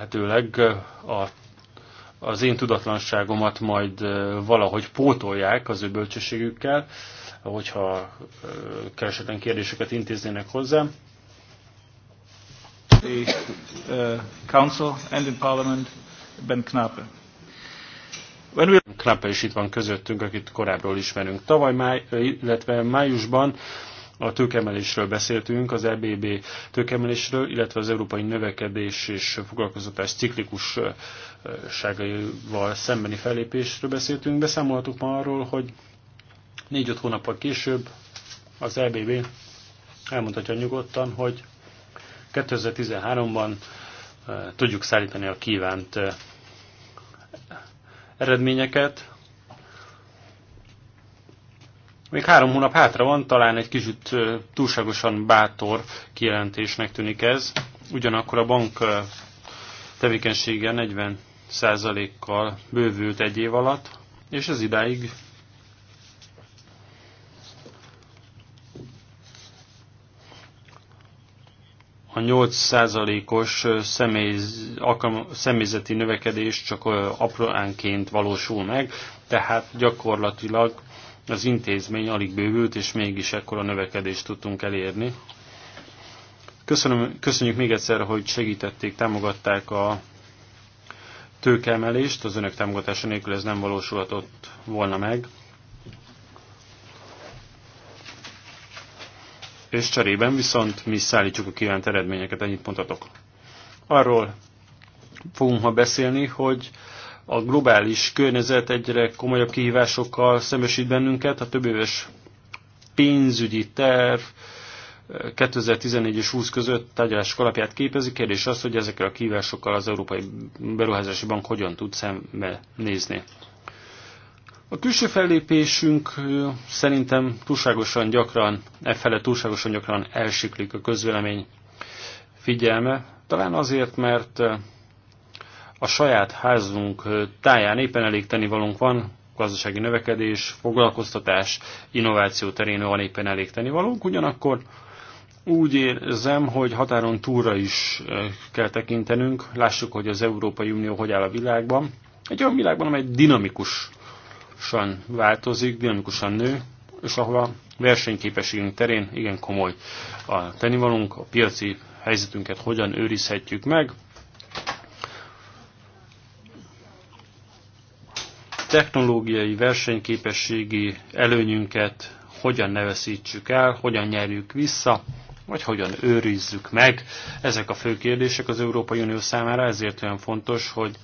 lehetőleg a, az én tudatlanságomat majd valahogy pótolják az ő bölcsességükkel, hogyha keresetlen kérdéseket intéznének hozzám. The uh, Council and in Parliament, Ben Knappe. Knappe is itt van közöttünk, akit korábbról ismerünk. Tavaly, máj, illetve májusban a tőkemelésről beszéltünk, az EBB tőkemelésről, illetve az európai növekedés és foglalkozatás ciklikusságaival szembeni fellépésről beszéltünk. Beszámoltuk ma arról, hogy négy-öt hónappal később az EBB elmondhatja nyugodtan, hogy 2013-ban eh, tudjuk szállítani a kívánt eh, eredményeket, még három hónap hátra van, talán egy kicsit túlságosan bátor kijelentésnek tűnik ez. Ugyanakkor a bank tevékenysége 40%-kal bővült egy év alatt, és ez idáig a 8%-os személy, személyzeti növekedés csak apránként valósul meg, tehát gyakorlatilag az intézmény alig bővült, és mégis ekkora növekedést tudtunk elérni. Köszönöm, köszönjük még egyszer, hogy segítették, támogatták a tőkeemelést, az önök támogatása nélkül ez nem valósulhatott volna meg. És cserében viszont mi szállítjuk a kívánt eredményeket, ennyit mondhatok. Arról fogunk ma beszélni, hogy a globális környezet egyre komolyabb kihívásokkal szembesít bennünket, a több éves pénzügyi terv 2014 eh, és 20 között tárgyalások alapját képezi. Kérdés az, hogy ezekkel a kihívásokkal az Európai Beruházási Bank hogyan tud szembe nézni. A külső fellépésünk eh, szerintem túlságosan gyakran, e fele túlságosan gyakran elsiklik a közvélemény figyelme. Talán azért, mert eh, a saját házunk táján éppen elég tennivalónk van, gazdasági növekedés, foglalkoztatás, innováció terén van éppen elég tennivalónk, ugyanakkor úgy érzem, hogy határon túlra is kell tekintenünk, lássuk, hogy az Európai Unió hogy áll a világban. Egy olyan világban, amely dinamikusan változik, dinamikusan nő, és ahol a versenyképességünk terén igen komoly a tennivalónk, a piaci helyzetünket hogyan őrizhetjük meg, technológiai versenyképességi előnyünket hogyan ne veszítsük el, hogyan nyerjük vissza, vagy hogyan őrizzük meg. Ezek a fő kérdések az Európai Unió számára, ezért olyan fontos, hogy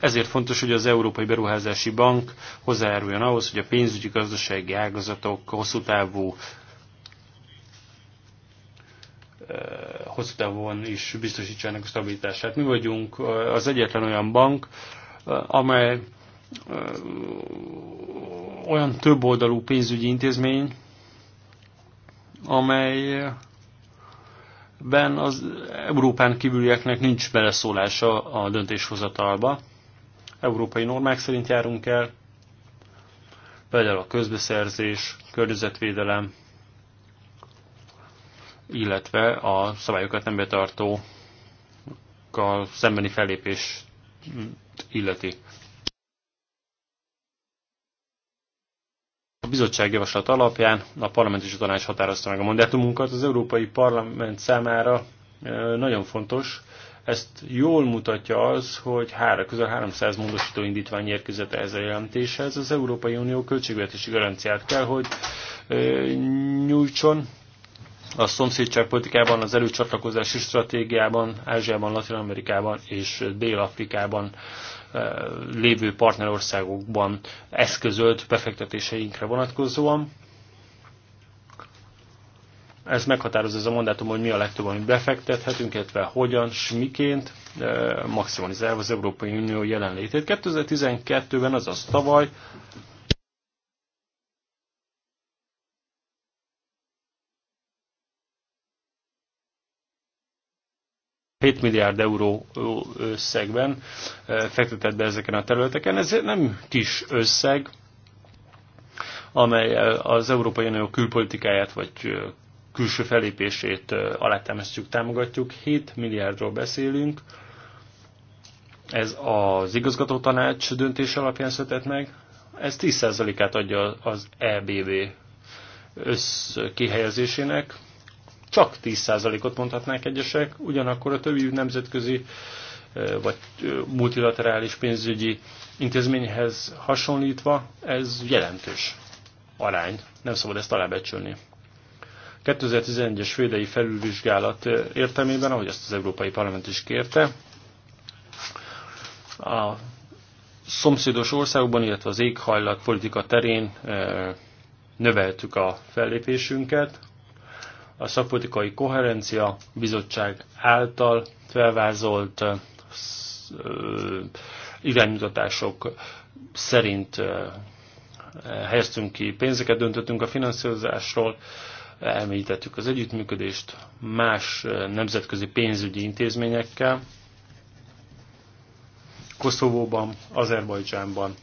Ezért fontos, hogy az Európai Beruházási Bank hozzájáruljon ahhoz, hogy a pénzügyi gazdasági ágazatok hosszú távú hosszú távon is ennek a stabilitását. Mi vagyunk az egyetlen olyan bank, amely olyan többoldalú pénzügyi intézmény, amelyben az Európán kívülieknek nincs beleszólása a döntéshozatalba. Európai normák szerint járunk el, például a közbeszerzés, környezetvédelem, illetve a szabályokat nem betartókkal szembeni fellépés illeti. A bizottság javaslat alapján a parlament és a tanács határozta meg a mandátumunkat. Az Európai Parlament számára nagyon fontos, ezt jól mutatja az, hogy hára, közel 300 módosító indítvány érkezett ez a jelentéshez. Az Európai Unió költségvetési garanciát kell, hogy nyújtson a szomszédságpolitikában, az előcsatlakozási stratégiában, Ázsiában, Latin Amerikában és Dél-Afrikában eh, lévő partnerországokban eszközölt befektetéseinkre vonatkozóan. Ez meghatározza ez a mandátum, hogy mi a legtöbb, amit befektethetünk, illetve hogyan, s miként eh, maximalizálva az Európai Unió jelenlétét. 2012-ben, azaz tavaly 7 milliárd euró összegben fektetett be ezeken a területeken. Ez nem kis összeg, amely az Európai Unió külpolitikáját vagy külső felépését alátámasztjuk, támogatjuk. 7 milliárdról beszélünk. Ez az igazgató tanács döntés alapján született meg. Ez 10%-át adja az EBB összkihelyezésének csak 10%-ot mondhatnák egyesek, ugyanakkor a többi nemzetközi vagy multilaterális pénzügyi intézményhez hasonlítva ez jelentős arány, nem szabad ezt alábecsülni. 2011-es védei felülvizsgálat értelmében, ahogy azt az Európai Parlament is kérte, a szomszédos országokban, illetve az éghajlat politika terén növeltük a fellépésünket a Szakpolitikai Koherencia Bizottság által felvázolt iránymutatások szerint helyeztünk ki pénzeket, döntöttünk a finanszírozásról, elmélyítettük az együttműködést más nemzetközi pénzügyi intézményekkel, Koszovóban, Azerbajdzsánban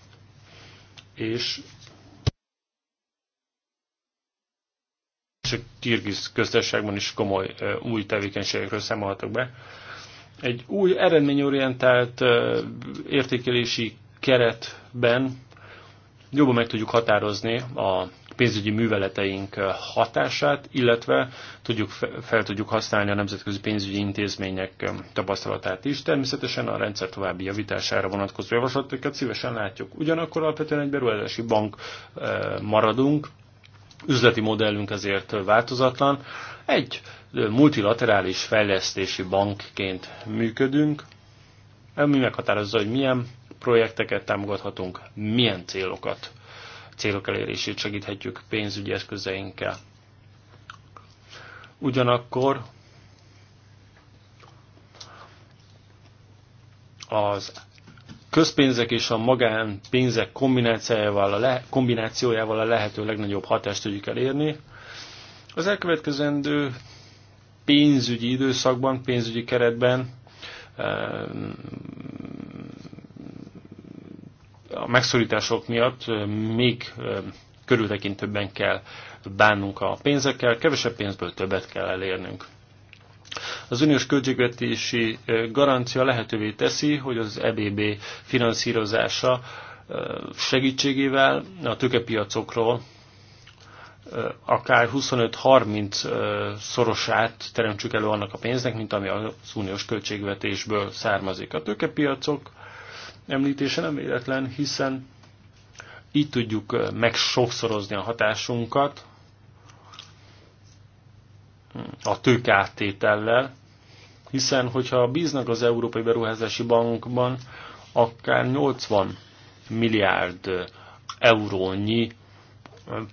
és és a Kirgiz köztársaságban is komoly új tevékenységekről számolhatok be. Egy új eredményorientált értékelési keretben jobban meg tudjuk határozni a pénzügyi műveleteink hatását, illetve tudjuk, fel tudjuk használni a nemzetközi pénzügyi intézmények tapasztalatát is. Természetesen a rendszer további javítására vonatkozó javaslatokat szívesen látjuk. Ugyanakkor alapvetően egy beruházási bank maradunk, üzleti modellünk ezért változatlan. Egy multilaterális fejlesztési bankként működünk, ami meghatározza, hogy milyen projekteket támogathatunk, milyen célokat, célok elérését segíthetjük pénzügyi eszközeinkkel. Ugyanakkor az közpénzek és a magánpénzek kombinációjával a, le, kombinációjával a lehető legnagyobb hatást tudjuk elérni. Az elkövetkezendő pénzügyi időszakban, pénzügyi keretben ehm, a megszorítások miatt ehm, még ehm, körültekintőbben kell bánnunk a pénzekkel, kevesebb pénzből többet kell elérnünk. Az uniós költségvetési garancia lehetővé teszi, hogy az EBB finanszírozása segítségével a tőkepiacokról akár 25-30 szorosát teremtsük elő annak a pénznek, mint ami az uniós költségvetésből származik. A tőkepiacok említése nem véletlen, hiszen így tudjuk megsokszorozni a hatásunkat, a tőkeáttétellel, hiszen hogyha bíznak az Európai Beruházási Bankban, akár 80 milliárd eurónyi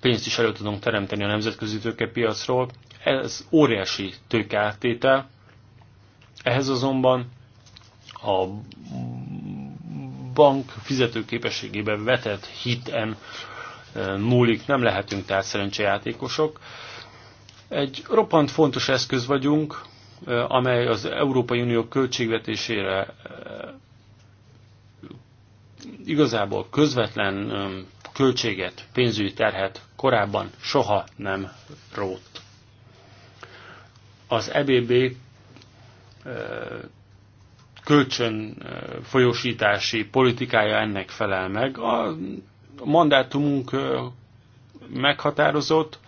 pénzt is elő tudunk teremteni a nemzetközi tőkepiacról. Ez óriási tőkeáttétel, ehhez azonban a bank fizetőképességében vetett hiten eh, múlik, nem lehetünk tehát szerencsejátékosok. Egy roppant fontos eszköz vagyunk, amely az Európai Unió költségvetésére igazából közvetlen költséget, pénzügyi terhet korábban soha nem rót. Az EBB kölcsön folyósítási politikája ennek felel meg. A mandátumunk meghatározott,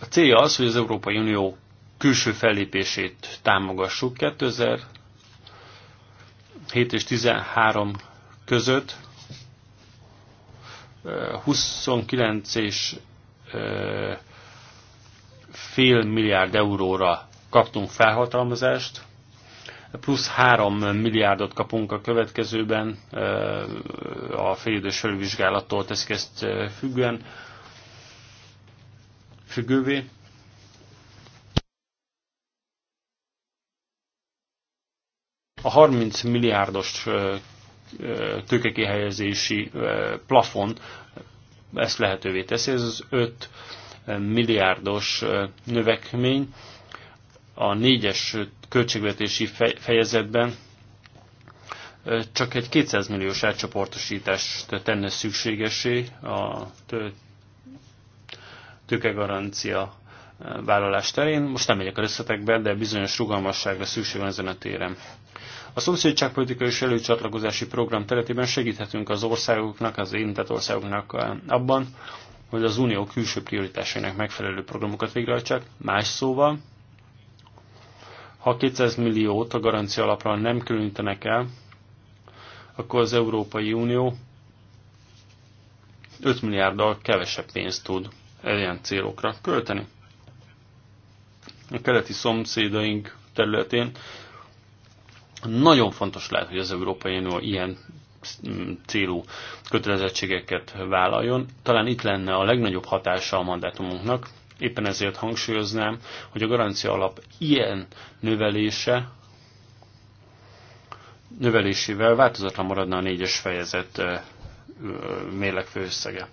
a célja az, hogy az Európai Unió külső fellépését támogassuk 2007 és 13 között 29 és fél milliárd euróra kaptunk felhatalmazást, plusz 3 milliárdot kapunk a következőben, a félidős felülvizsgálattól teszik ezt függően függővé. A 30 milliárdos tőkekihelyezési plafon ezt lehetővé teszi. Ez az 5 milliárdos növekmény a négyes költségvetési fejezetben csak egy 200 milliós átcsoportosítást tenne szükségesé a tőkegarancia eh, vállalás terén. Most nem megyek a részletekbe, de bizonyos rugalmasságra szükség van ezen a téren. A szomszédságpolitikai és előcsatlakozási program területében segíthetünk az országoknak, az érintett országoknak eh, abban, hogy az unió külső prioritásainak megfelelő programokat végrehajtsák. Más szóval, ha 200 milliót a garancia alapra nem különítenek el, akkor az Európai Unió 5 milliárddal kevesebb pénzt tud ilyen célokra költeni. A keleti szomszédaink területén nagyon fontos lehet, hogy az Európai Unió ilyen mm, célú kötelezettségeket vállaljon. Talán itt lenne a legnagyobb hatása a mandátumunknak. Éppen ezért hangsúlyoznám, hogy a garancia alap ilyen növelése növelésével változatlan maradna a négyes fejezet mérleg főösszege.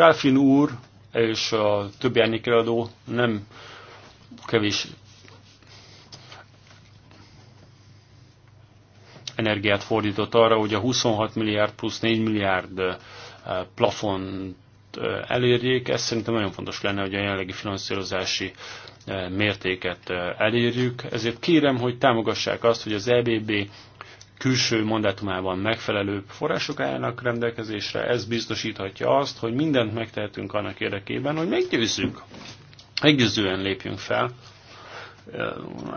Kálfin úr és a többi árnyékeladó nem kevés energiát fordított arra, hogy a 26 milliárd plusz 4 milliárd eh, plafont eh, elérjék. Ez szerintem nagyon fontos lenne, hogy a jelenlegi finanszírozási eh, mértéket elérjük. Ezért kérem, hogy támogassák azt, hogy az EBB külső mandátumában megfelelő források állnak rendelkezésre, ez biztosíthatja azt, hogy mindent megtehetünk annak érdekében, hogy meggyőzzük, meggyőzően lépjünk fel,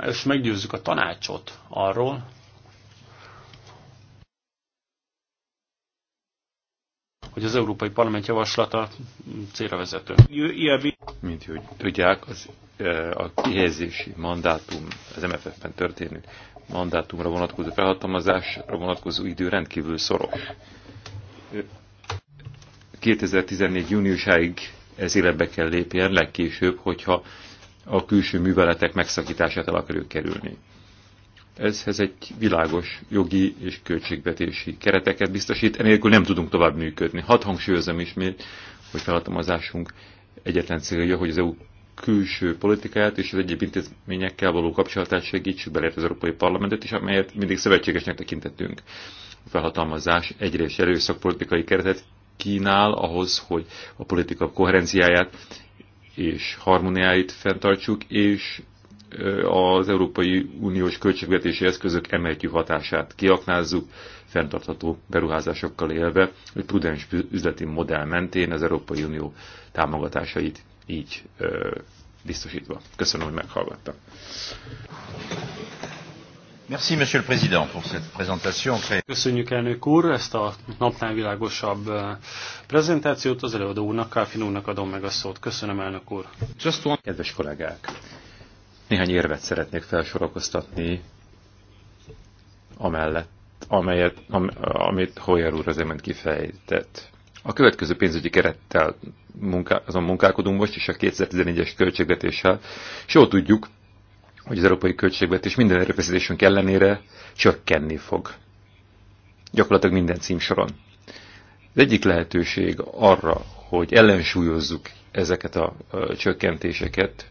és meggyőzzük a tanácsot arról, hogy az Európai Parlament javaslata célra vezető. Mint hogy tudják, az, eh, a kihelyezési mandátum az MFF-ben történő mandátumra vonatkozó felhatalmazásra vonatkozó idő rendkívül szoros. 2014. júniusáig ez életbe kell lépjen legkésőbb, hogyha a külső műveletek megszakítását el akarjuk kerülni. Ezhez egy világos jogi és költségvetési kereteket biztosít, enélkül nem tudunk tovább működni. Hadd hangsúlyozom ismét, hogy felhatalmazásunk egyetlen célja, hogy az EU külső politikáját és az egyéb intézményekkel való kapcsolatát segítsük, beleért az Európai Parlamentet is, amelyet mindig szövetségesnek tekintettünk. A felhatalmazás egyrészt erőszakpolitikai keretet kínál ahhoz, hogy a politika koherenciáját és harmóniáit fenntartsuk, és az Európai Uniós költségvetési eszközök emeltjű hatását kiaknázzuk, fenntartható beruházásokkal élve, hogy prudens üzleti modell mentén az Európai Unió támogatásait így ö, biztosítva. Köszönöm, hogy meghallgattam. Merci, Monsieur le Président, pour cette présentation. Köszönjük, elnök úr, ezt a napnál világosabb prezentációt az előadó úrnak, Káfin úrnak adom meg a szót. Köszönöm, elnök úr. Just one... Kedves kollégák, néhány érvet szeretnék felsorakoztatni amellett, amelyet, am, amit Hoyer úr az kifejtett. A következő pénzügyi kerettel munká, azon munkálkodunk most is a 2014-es költségvetéssel, és jól tudjuk, hogy az európai költségvetés minden erőfeszítésünk ellenére csökkenni fog. Gyakorlatilag minden címsoron. Az egyik lehetőség arra, hogy ellensúlyozzuk ezeket a csökkentéseket,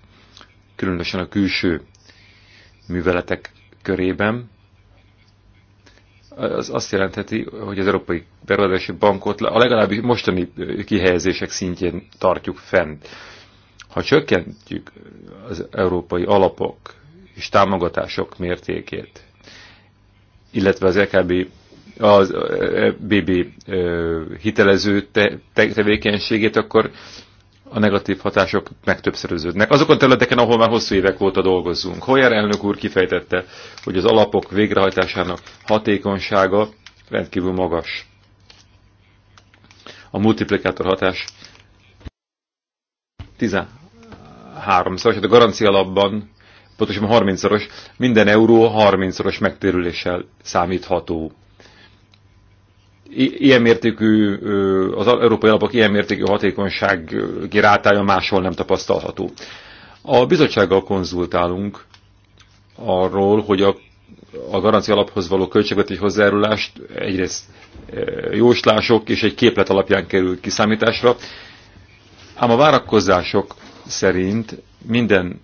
különösen a külső műveletek körében, az azt jelentheti, hogy az Európai Beruházási Bankot a legalábbis mostani kihelyezések szintjén tartjuk fent. Ha csökkentjük az európai alapok és támogatások mértékét, illetve az EKB az BB e hitelező te, te, tevékenységét, akkor a negatív hatások megtöbbszöröződnek. Azokon területeken, ahol már hosszú évek óta dolgozunk. Hoyer elnök úr kifejtette, hogy az alapok végrehajtásának hatékonysága rendkívül magas. A multiplikátor hatás 13-szoros, tehát a garancia alapban pontosan 30-szoros, minden euró 30-szoros megtérüléssel számítható ilyen mértékű, az európai alapok ilyen mértékű hatékonyság rátája máshol nem tapasztalható. A bizottsággal konzultálunk arról, hogy a, a garancia alaphoz való költségvetési hozzájárulást egyrészt jóslások és egy képlet alapján kerül kiszámításra, ám a várakozások szerint minden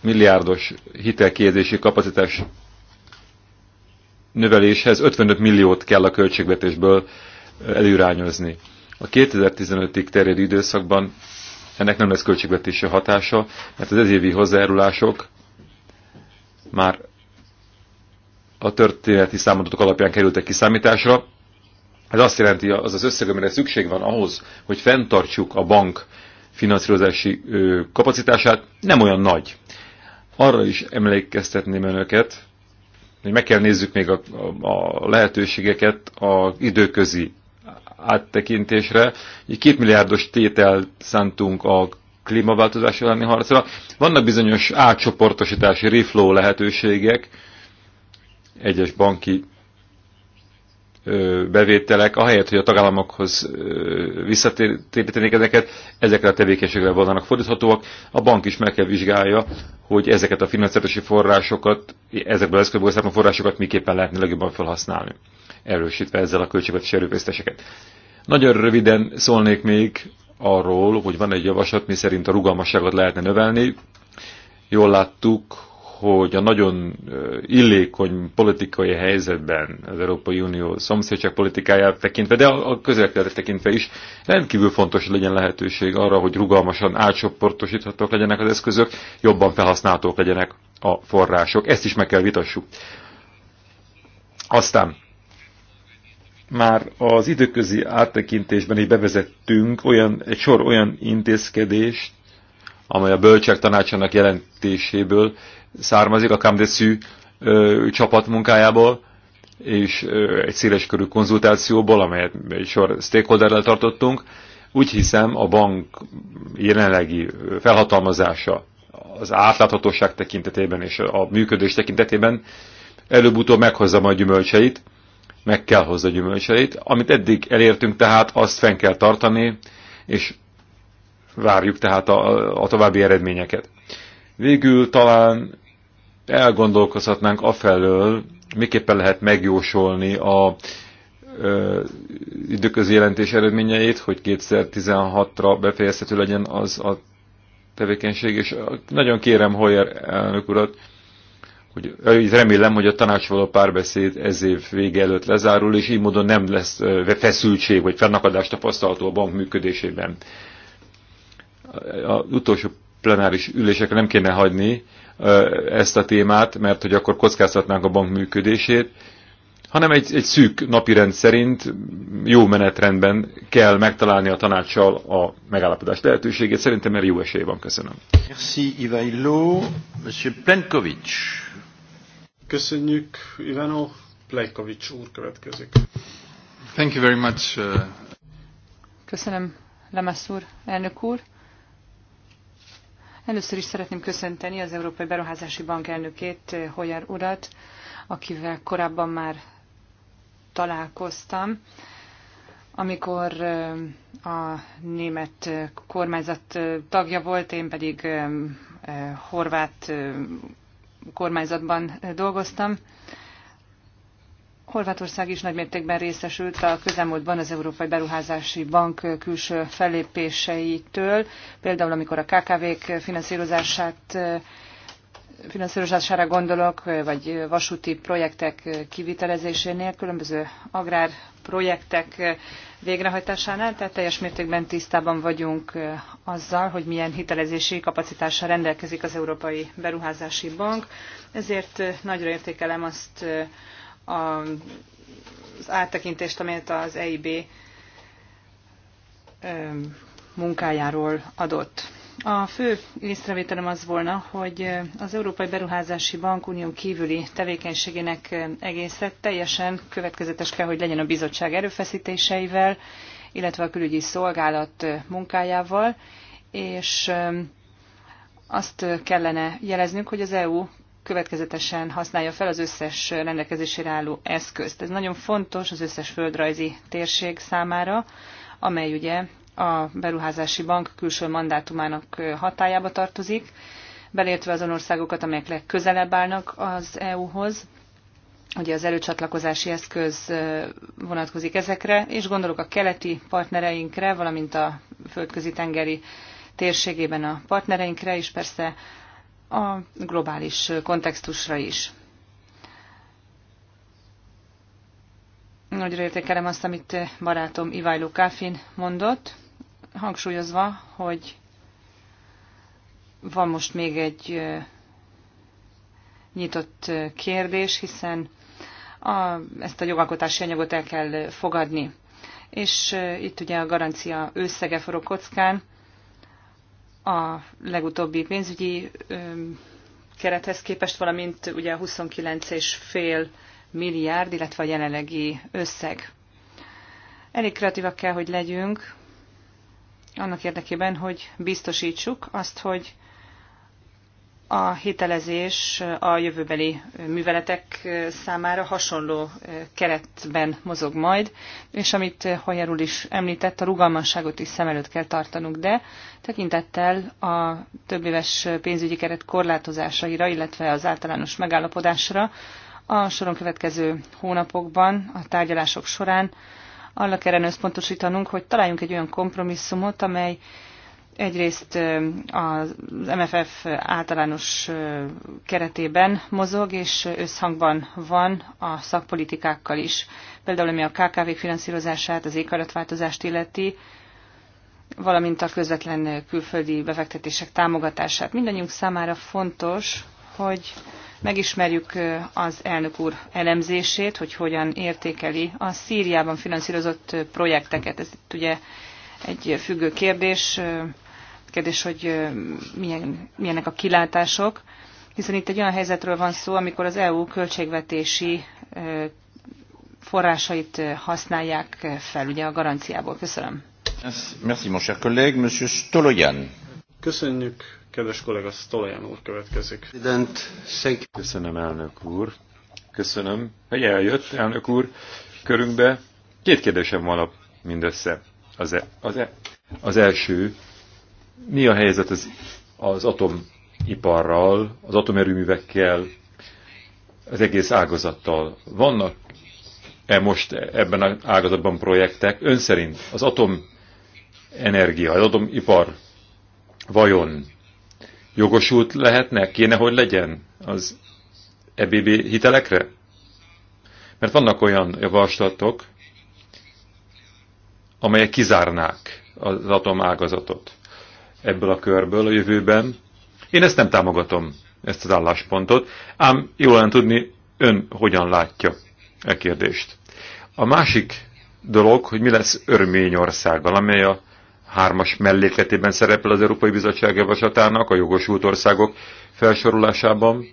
milliárdos hitelkérdési kapacitás növeléshez 55 milliót kell a költségvetésből előrányozni. A 2015-ig terjedő időszakban ennek nem lesz költségvetési hatása, mert az ezévi hozzájárulások már a történeti számadatok alapján kerültek kiszámításra. Ez azt jelenti, az az összeg, amire szükség van ahhoz, hogy fenntartsuk a bank finanszírozási kapacitását, nem olyan nagy. Arra is emlékeztetném önöket, hogy meg kell nézzük még a, a, a lehetőségeket az időközi áttekintésre. Egy két milliárdos tétel szántunk a klímaváltozás elleni harcra. Vannak bizonyos átcsoportosítási reflow lehetőségek egyes banki bevételek, ahelyett, hogy a tagállamokhoz visszatérítenék ezeket, ezekre a tevékenységre vannak fordíthatóak. A bank is meg kell vizsgálja, hogy ezeket a finanszírozási forrásokat, ezekből az eszközből forrásokat miképpen lehetne legjobban felhasználni, erősítve ezzel a költségvetési erőfeszteseket. Nagyon röviden szólnék még arról, hogy van egy javaslat, mi szerint a rugalmasságot lehetne növelni. Jól láttuk, hogy a nagyon illékony politikai helyzetben az Európai Unió szomszédság politikáját tekintve, de a közelkedet tekintve is rendkívül fontos, hogy legyen lehetőség arra, hogy rugalmasan átcsoportosíthatók legyenek az eszközök, jobban felhasználhatók legyenek a források. Ezt is meg kell vitassuk. Aztán már az időközi áttekintésben is bevezettünk olyan, egy sor olyan intézkedést, amely a bölcsek tanácsának jelentéséből származik, a Kamdeszű csapat munkájából, és egy széleskörű konzultációból, amelyet egy sor stakeholder tartottunk. Úgy hiszem, a bank jelenlegi felhatalmazása az átláthatóság tekintetében és a működés tekintetében előbb-utóbb meghozza majd gyümölcseit, meg kell hozza gyümölcseit. Amit eddig elértünk tehát, azt fenn kell tartani, és várjuk tehát a, a további eredményeket. Végül talán elgondolkozhatnánk afelől, miképpen lehet megjósolni a ö, időközi jelentés eredményeit, hogy 2016-ra befejezhető legyen az a tevékenység, és nagyon kérem Hoyer elnök urat, hogy remélem, hogy a tanácsvaló párbeszéd ez év vége előtt lezárul, és így módon nem lesz feszültség vagy fennakadás tapasztalható a bank működésében. Az utolsó plenáris ülésekre nem kéne hagyni ezt a témát, mert hogy akkor kockáztatnánk a bank működését, hanem egy, egy szűk napirend szerint jó menetrendben kell megtalálni a tanácssal a megállapodás lehetőségét. Szerintem erre jó esély van. Köszönöm. Merci Ivailo. Monsieur Plenkovics. Köszönjük Ivano. Plenkovics úr következik. Thank you very much. Uh, Köszönöm, Lemesz úr, elnök úr. Először is szeretném köszönteni az Európai Beruházási Bank elnökét, Hoyer urat, akivel korábban már találkoztam, amikor a német kormányzat tagja volt, én pedig horvát kormányzatban dolgoztam. Horvátország is nagymértékben részesült a közelmúltban az Európai Beruházási Bank külső fellépéseitől, például amikor a KKV-k finanszírozását finanszírozására gondolok, vagy vasúti projektek kivitelezésénél, különböző agrárprojektek végrehajtásánál, tehát teljes mértékben tisztában vagyunk azzal, hogy milyen hitelezési kapacitással rendelkezik az Európai Beruházási Bank. Ezért nagyra értékelem azt, az áttekintést, amelyet az EIB munkájáról adott. A fő észrevételem az volna, hogy az Európai Beruházási Bank unión kívüli tevékenységének egészet teljesen következetes kell, hogy legyen a bizottság erőfeszítéseivel, illetve a külügyi szolgálat munkájával, és azt kellene jeleznünk, hogy az EU következetesen használja fel az összes rendelkezésére álló eszközt. Ez nagyon fontos az összes földrajzi térség számára, amely ugye a beruházási bank külső mandátumának hatájába tartozik, belértve azon országokat, amelyek legközelebb állnak az EU-hoz, ugye az előcsatlakozási eszköz vonatkozik ezekre, és gondolok a keleti partnereinkre, valamint a földközi tengeri térségében a partnereinkre, és persze a globális kontextusra is. Nagyra értékelem azt, amit barátom Ivajló Káfin mondott, hangsúlyozva, hogy van most még egy nyitott kérdés, hiszen a, ezt a jogalkotási anyagot el kell fogadni. És itt ugye a garancia összege forog kockán, a legutóbbi pénzügyi kerethez képest, valamint ugye 29,5 milliárd, illetve a jelenlegi összeg. Elég kreatívak kell, hogy legyünk annak érdekében, hogy biztosítsuk azt, hogy a hitelezés a jövőbeli műveletek számára hasonló keretben mozog majd, és amit Hoyer úr is említett, a rugalmasságot is szem előtt kell tartanunk, de tekintettel a több éves pénzügyi keret korlátozásaira, illetve az általános megállapodásra a soron következő hónapokban, a tárgyalások során arra kellene összpontosítanunk, hogy találjunk egy olyan kompromisszumot, amely egyrészt az MFF általános keretében mozog, és összhangban van a szakpolitikákkal is. Például ami a kkv finanszírozását, az éghajlatváltozást illeti, valamint a közvetlen külföldi befektetések támogatását. Mindannyiunk számára fontos, hogy megismerjük az elnök úr elemzését, hogy hogyan értékeli a Szíriában finanszírozott projekteket. Ez itt ugye egy függő kérdés, Kérdés, hogy milyen, milyenek a kilátások, hiszen itt egy olyan helyzetről van szó, amikor az EU költségvetési forrásait használják fel, ugye a garanciából. Köszönöm. Merci, mon cher collègue, monsieur Stolojan. Köszönjük, kedves kollega Stolojan úr következik. Köszönöm, elnök úr. Köszönöm, hogy eljött, elnök úr, körünkbe. Két kérdésem van mindössze. Az, e, az, e, az első, mi a helyzet az, az atomiparral, az atomerőművekkel, az egész ágazattal? Vannak -e most ebben az ágazatban projektek? Ön szerint az atomenergia, az atomipar vajon jogosult lehetne, kéne, hogy legyen az EBB hitelekre? Mert vannak olyan javaslatok, amelyek kizárnák az atomágazatot ebből a körből a jövőben. Én ezt nem támogatom, ezt az álláspontot, ám jól lenne tudni, ön hogyan látja e kérdést. A másik dolog, hogy mi lesz Örményországgal, amely a hármas mellékletében szerepel az Európai Bizottság javaslatának, a jogosult országok felsorolásában.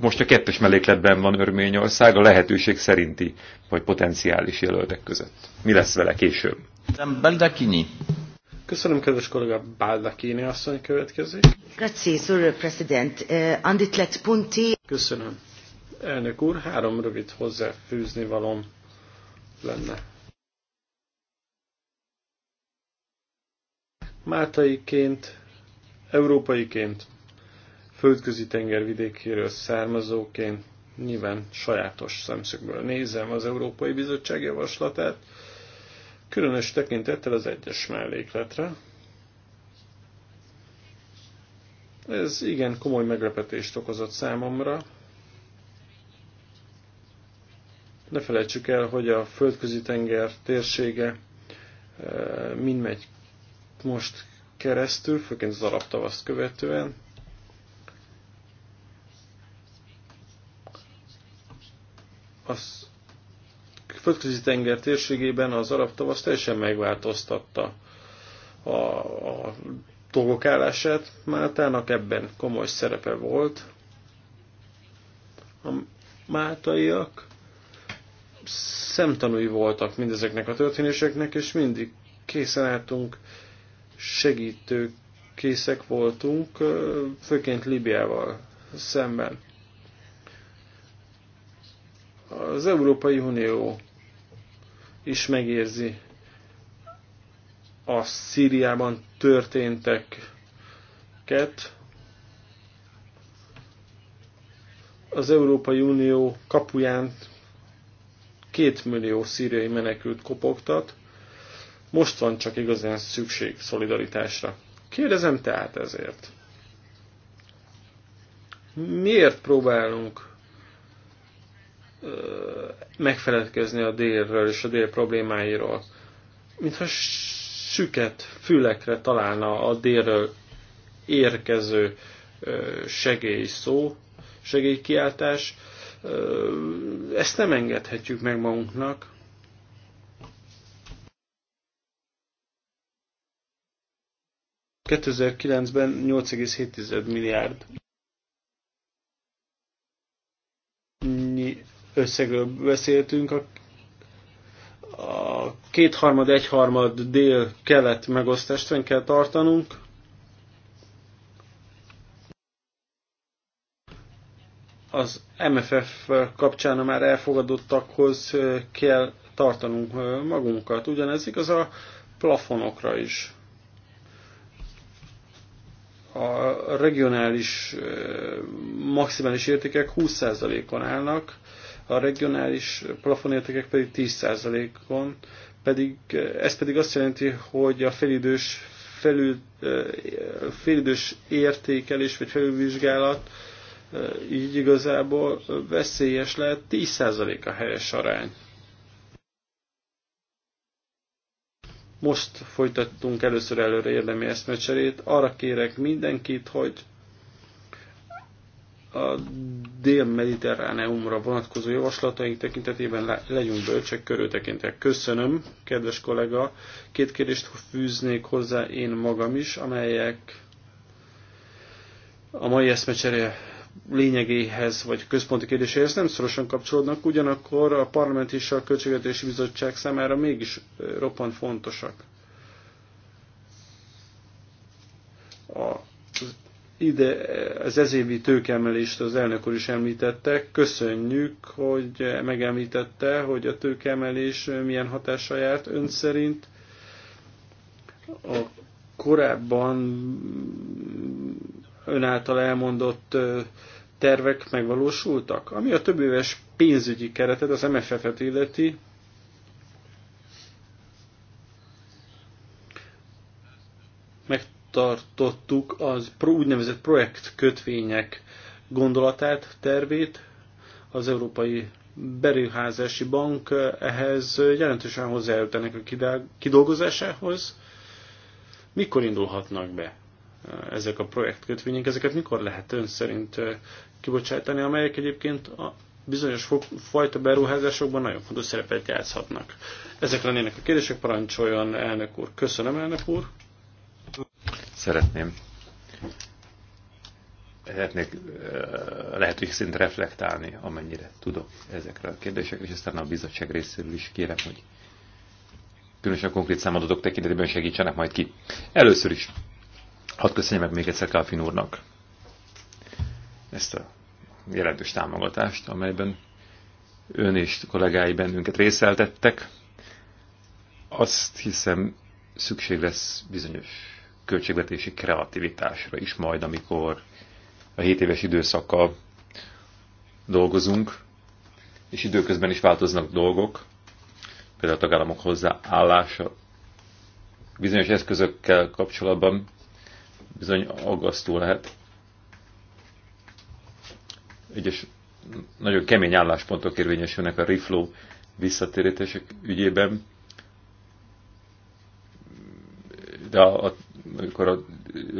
Most a kettes mellékletben van Örményország a lehetőség szerinti vagy potenciális jelöltek között. Mi lesz vele később? Köszönöm, kedves kollega Kéni asszony következik. Grazie, Sir President. Eh, Anditlet punti. Köszönöm. Elnök úr, három rövid hozzáfűzni valom lenne. Máltaiként, európaiként, földközi tengervidékéről származóként nyilván sajátos szemszögből nézem az Európai Bizottság javaslatát, Különös tekintettel az egyes mellékletre. Ez igen komoly meglepetést okozott számomra. Ne felejtsük el, hogy a földközi tenger térsége e, mind megy most keresztül, főként az arab tavaszt követően. Az földközi tenger térségében az arab tavasz teljesen megváltoztatta a, a dolgok állását. Máltának ebben komoly szerepe volt. A máltaiak szemtanúi voltak mindezeknek a történéseknek, és mindig készen álltunk, segítők készek voltunk, főként Libiával szemben. Az Európai Unió is megérzi a Szíriában történteket. Az Európai Unió kapuján két millió szíriai menekült kopogtat, most van csak igazán szükség szolidaritásra. Kérdezem tehát ezért. Miért próbálunk megfeledkezni a délről és a dél problémáiról. Mintha süket fülekre találna a délről érkező segély szó, segélykiáltás. Ezt nem engedhetjük meg magunknak. ...2009-ben 8,7 milliárd összegről beszéltünk, a, a kétharmad, egyharmad dél-kelet megosztástven kell tartanunk. Az MFF kapcsán a már elfogadottakhoz kell tartanunk magunkat. Ugyanez igaz a plafonokra is. A regionális maximális értékek 20%-on állnak, a regionális plafonértékek pedig 10%-on, pedig, ez pedig azt jelenti, hogy a felidős, felül, felidős értékelés vagy felülvizsgálat így igazából veszélyes lehet 10% a helyes arány. Most folytattunk először előre érdemi eszmecserét. Arra kérek mindenkit, hogy a dél-mediterráneumra vonatkozó javaslataink tekintetében legyünk bölcsek, körültekintek. Köszönöm, kedves kollega. Két kérdést fűznék hozzá én magam is, amelyek a mai eszmecsere lényegéhez vagy központi kérdéséhez nem szorosan kapcsolódnak, ugyanakkor a parlament és a Költségvetési Bizottság számára mégis roppant fontosak. A ide az ezévi tőkemelést az elnök úr is említette. Köszönjük, hogy megemlítette, hogy a tőkemelés milyen hatása járt ön szerint. A korábban ön által elmondott tervek megvalósultak? Ami a több éves pénzügyi keretet, az MFF-et illeti, tartottuk az úgynevezett kötvények gondolatát, tervét. Az Európai Beruházási Bank ehhez jelentősen hozzájárult ennek a kidolgozásához. Mikor indulhatnak be ezek a projektkötvények? Ezeket mikor lehet ön szerint kibocsátani, amelyek egyébként a bizonyos fajta beruházásokban nagyon fontos szerepet játszhatnak. Ezek lennének a kérdések, parancsoljon elnök úr. Köszönöm, elnök úr szeretném lehetnék, lehetőség szint reflektálni, amennyire tudok ezekre a kérdésekre, és aztán a bizottság részéről is kérem, hogy különösen a konkrét számadatok tekintetében segítsenek majd ki. Először is hadd köszönjem meg még egyszer Kálfin úrnak ezt a jelentős támogatást, amelyben ön és kollégái bennünket részeltettek. Azt hiszem, szükség lesz bizonyos költségvetési kreativitásra is majd, amikor a 7 éves időszakkal dolgozunk, és időközben is változnak dolgok, például a tagállamok hozzáállása bizonyos eszközökkel kapcsolatban bizony aggasztó lehet. Egyes nagyon kemény álláspontok érvényesülnek a reflow visszatérítések ügyében, de a, a amikor a,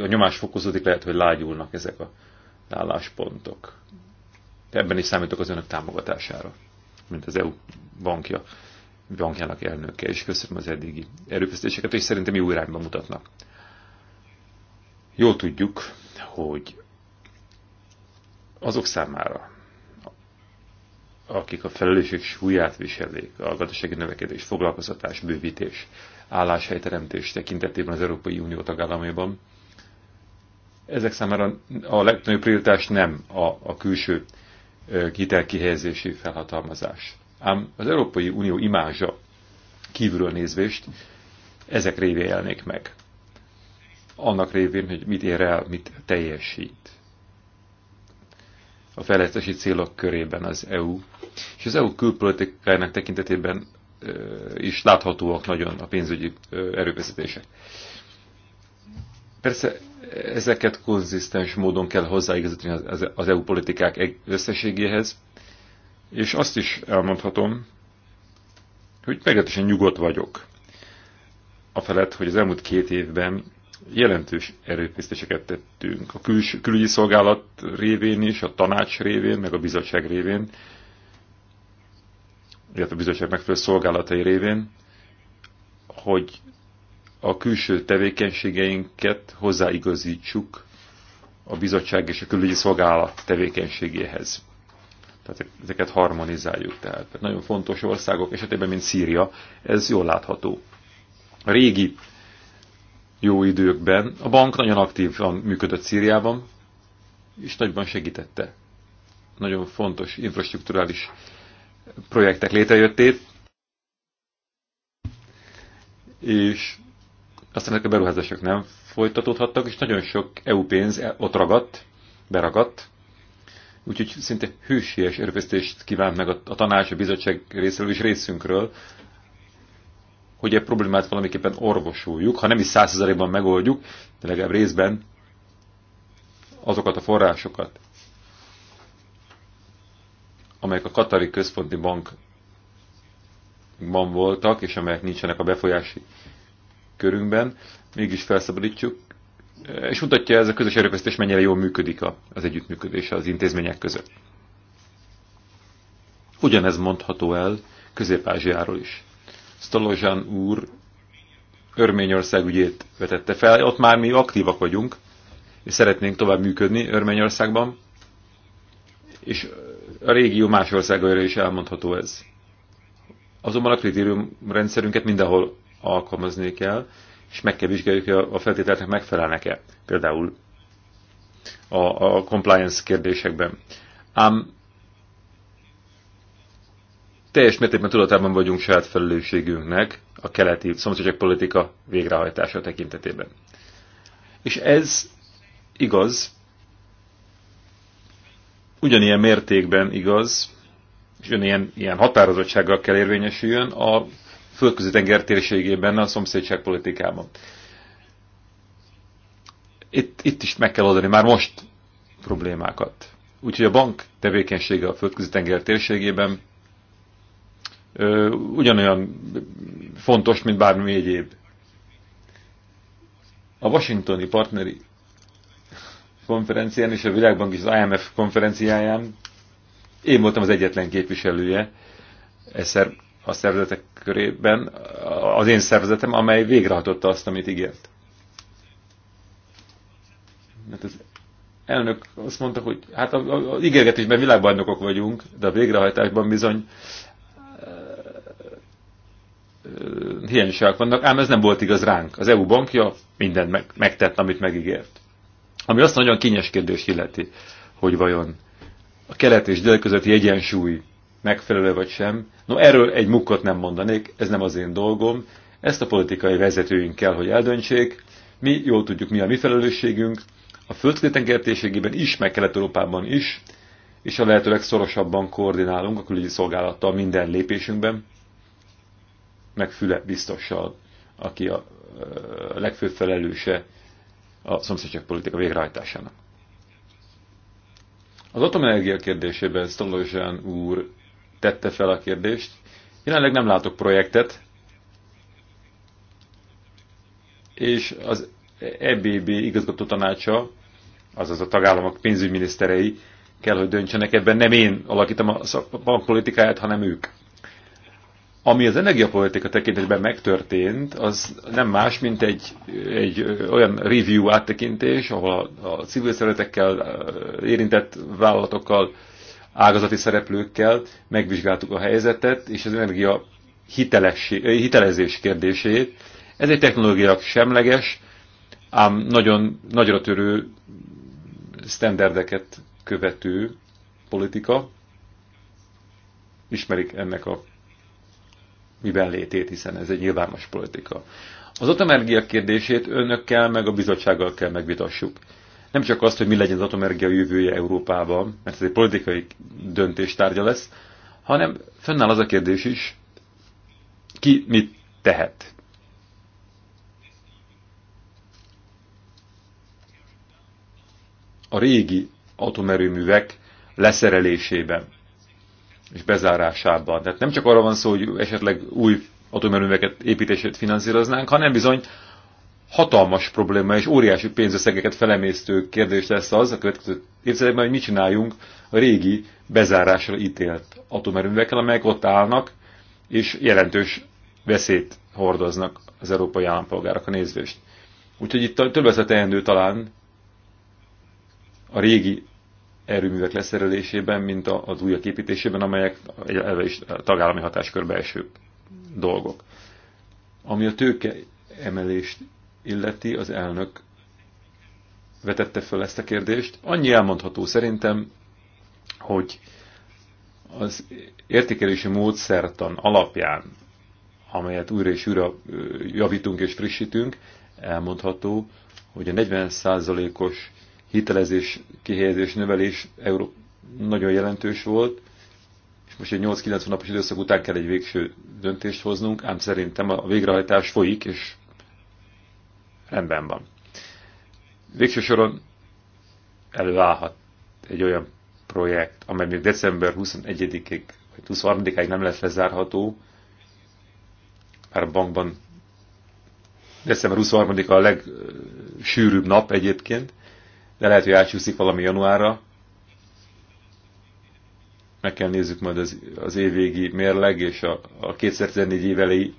a nyomás fokozódik, lehet, hogy lágyulnak ezek a álláspontok. Ebben is számítok az önök támogatására, mint az EU bankja, bankjának elnöke, és köszönöm az eddigi erőfeszítéseket, és szerintem jó irányba mutatnak. Jól tudjuk, hogy azok számára, akik a felelősség súlyát viselik, a gazdasági növekedés, foglalkoztatás, bővítés, álláshelyteremtés tekintetében az Európai Unió tagállamaiban. Ezek számára a legnagyobb prioritás nem a, a külső hitelkihelyezési felhatalmazás. Ám az Európai Unió imázsa kívülről nézvést ezek révén élnék meg. Annak révén, hogy mit ér el, mit teljesít. A fejlesztési célok körében az EU, és az EU külpolitikájának tekintetében is láthatóak nagyon a pénzügyi erőfeszítések. Persze ezeket konzisztens módon kell hozzáigazítani az EU politikák összességéhez, és azt is elmondhatom, hogy meglehetősen nyugodt vagyok. A felett, hogy az elmúlt két évben jelentős erőfeszítéseket tettünk. A külügyi szolgálat révén is, a tanács révén, meg a bizottság révén illetve a bizottság megfelelő szolgálatai révén, hogy a külső tevékenységeinket hozzáigazítsuk a bizottság és a külügyi szolgálat tevékenységéhez. Tehát ezeket harmonizáljuk. Tehát nagyon fontos országok esetében, mint Szíria, ez jól látható. A régi jó időkben a bank nagyon aktívan működött Szíriában, és nagyban segítette. Nagyon fontos infrastruktúrális projektek létrejöttét, és aztán ezek a beruházások nem folytatódhattak, és nagyon sok EU pénz ott ragadt, beragadt, úgyhogy szinte hűséges erőfeszítést kívánt meg a, tanács, a bizottság részéről és részünkről, hogy egy problémát valamiképpen orvosoljuk, ha nem is százszerzalékban megoldjuk, de legalább részben azokat a forrásokat, amelyek a Katari Központi Bankban voltak, és amelyek nincsenek a befolyási körünkben, mégis felszabadítjuk, és mutatja ez a közös erőfeszítés, mennyire jól működik az együttműködés az intézmények között. Ugyanez mondható el Közép-Ázsiáról is. Stolozsán úr Örményország ügyét vetette fel, ott már mi aktívak vagyunk, és szeretnénk tovább működni Örményországban, és a régió más országaira is elmondható ez. Azonban a kritériumrendszerünket mindenhol alkalmazni kell, és meg kell vizsgáljuk, hogy a feltételeknek megfelelnek-e. Például a, a compliance kérdésekben. Ám teljes mértékben tudatában vagyunk saját felelősségünknek a keleti szomszédság politika végrehajtása tekintetében. És ez igaz ugyanilyen mértékben igaz, és ugyanilyen ilyen határozottsággal kell érvényesüljön a földközi tenger térségében, a szomszédságpolitikában. Itt, itt is meg kell oldani már most problémákat. Úgyhogy a bank tevékenysége a földközi tenger térségében ö, ugyanolyan fontos, mint bármi egyéb. A washingtoni partneri konferencián és a Világbank is az IMF konferenciáján. Én voltam az egyetlen képviselője eszer a szervezetek körében, az én szervezetem, amely végrehajtotta azt, amit ígért. Mert hát az elnök azt mondta, hogy hát az ígérgetésben világbajnokok vagyunk, de a végrehajtásban bizony hiányosságok vannak, ám ez nem volt igaz ránk. Az EU bankja mindent megtett, amit megígért. Ami azt nagyon kényes kérdés illeti, hogy vajon a kelet és dél közötti egyensúly megfelelő vagy sem. No, erről egy mukkot nem mondanék, ez nem az én dolgom. Ezt a politikai vezetőink kell, hogy eldöntsék. Mi jól tudjuk, mi a mi felelősségünk. A földkéten is, meg Kelet-Európában is, és a lehető legszorosabban koordinálunk a külügyi szolgálattal minden lépésünkben, meg Füle biztossal, aki a legfőbb felelőse a politika végrehajtásának. Az atomenergia kérdésében Stolozsán úr tette fel a kérdést. Jelenleg nem látok projektet, és az EBB igazgató tanácsa, azaz a tagállamok pénzügyminiszterei kell, hogy döntsenek. Ebben nem én alakítom a bankpolitikáját, hanem ők. Ami az energiapolitika tekintetben megtörtént, az nem más, mint egy, egy olyan review áttekintés, ahol a, a civil szeretekkel, érintett vállalatokkal, ágazati szereplőkkel megvizsgáltuk a helyzetet, és az energia hitelezés kérdését. Ez egy technológia semleges, ám nagyon nagyra törő sztenderdeket követő politika. Ismerik ennek a miben létét, hiszen ez egy nyilvános politika. Az atomenergia kérdését önökkel meg a bizottsággal kell megvitassuk. Nem csak azt, hogy mi legyen az atomenergia jövője Európában, mert ez egy politikai döntéstárgya lesz, hanem fennáll az a kérdés is, ki mit tehet. A régi atomerőművek leszerelésében és bezárásában. Tehát nem csak arra van szó, hogy esetleg új atomerőműveket építését finanszíroznánk, hanem bizony hatalmas probléma és óriási pénzösszegeket felemésztő kérdés lesz az a következő évtizedekben, hogy mit csináljunk a régi bezárásra ítélt atomerőművekkel, amelyek ott állnak, és jelentős veszélyt hordoznak az európai a nézvést. Úgyhogy itt több lesz a teendő talán a régi erőművek leszerelésében, mint az újak építésében, amelyek eleve is tagállami hatáskörbe eső dolgok. Ami a tőke emelést illeti, az elnök vetette föl ezt a kérdést. Annyi elmondható szerintem, hogy az értékelési módszertan alapján, amelyet újra és újra javítunk és frissítünk, elmondható, hogy a 40%-os hitelezés, kihelyezés, növelés Euró nagyon jelentős volt, és most egy 8-9 napos időszak után kell egy végső döntést hoznunk, ám szerintem a végrehajtás folyik, és rendben van. Végső soron előállhat egy olyan projekt, amely még december 21-ig vagy 23-ig nem lesz lezárható, már a bankban december 23-a a legsűrűbb nap egyébként, de lehet, hogy átsúszik valami januárra. Meg kell nézzük majd az, az évvégi mérleg és a, a 2014 év elejé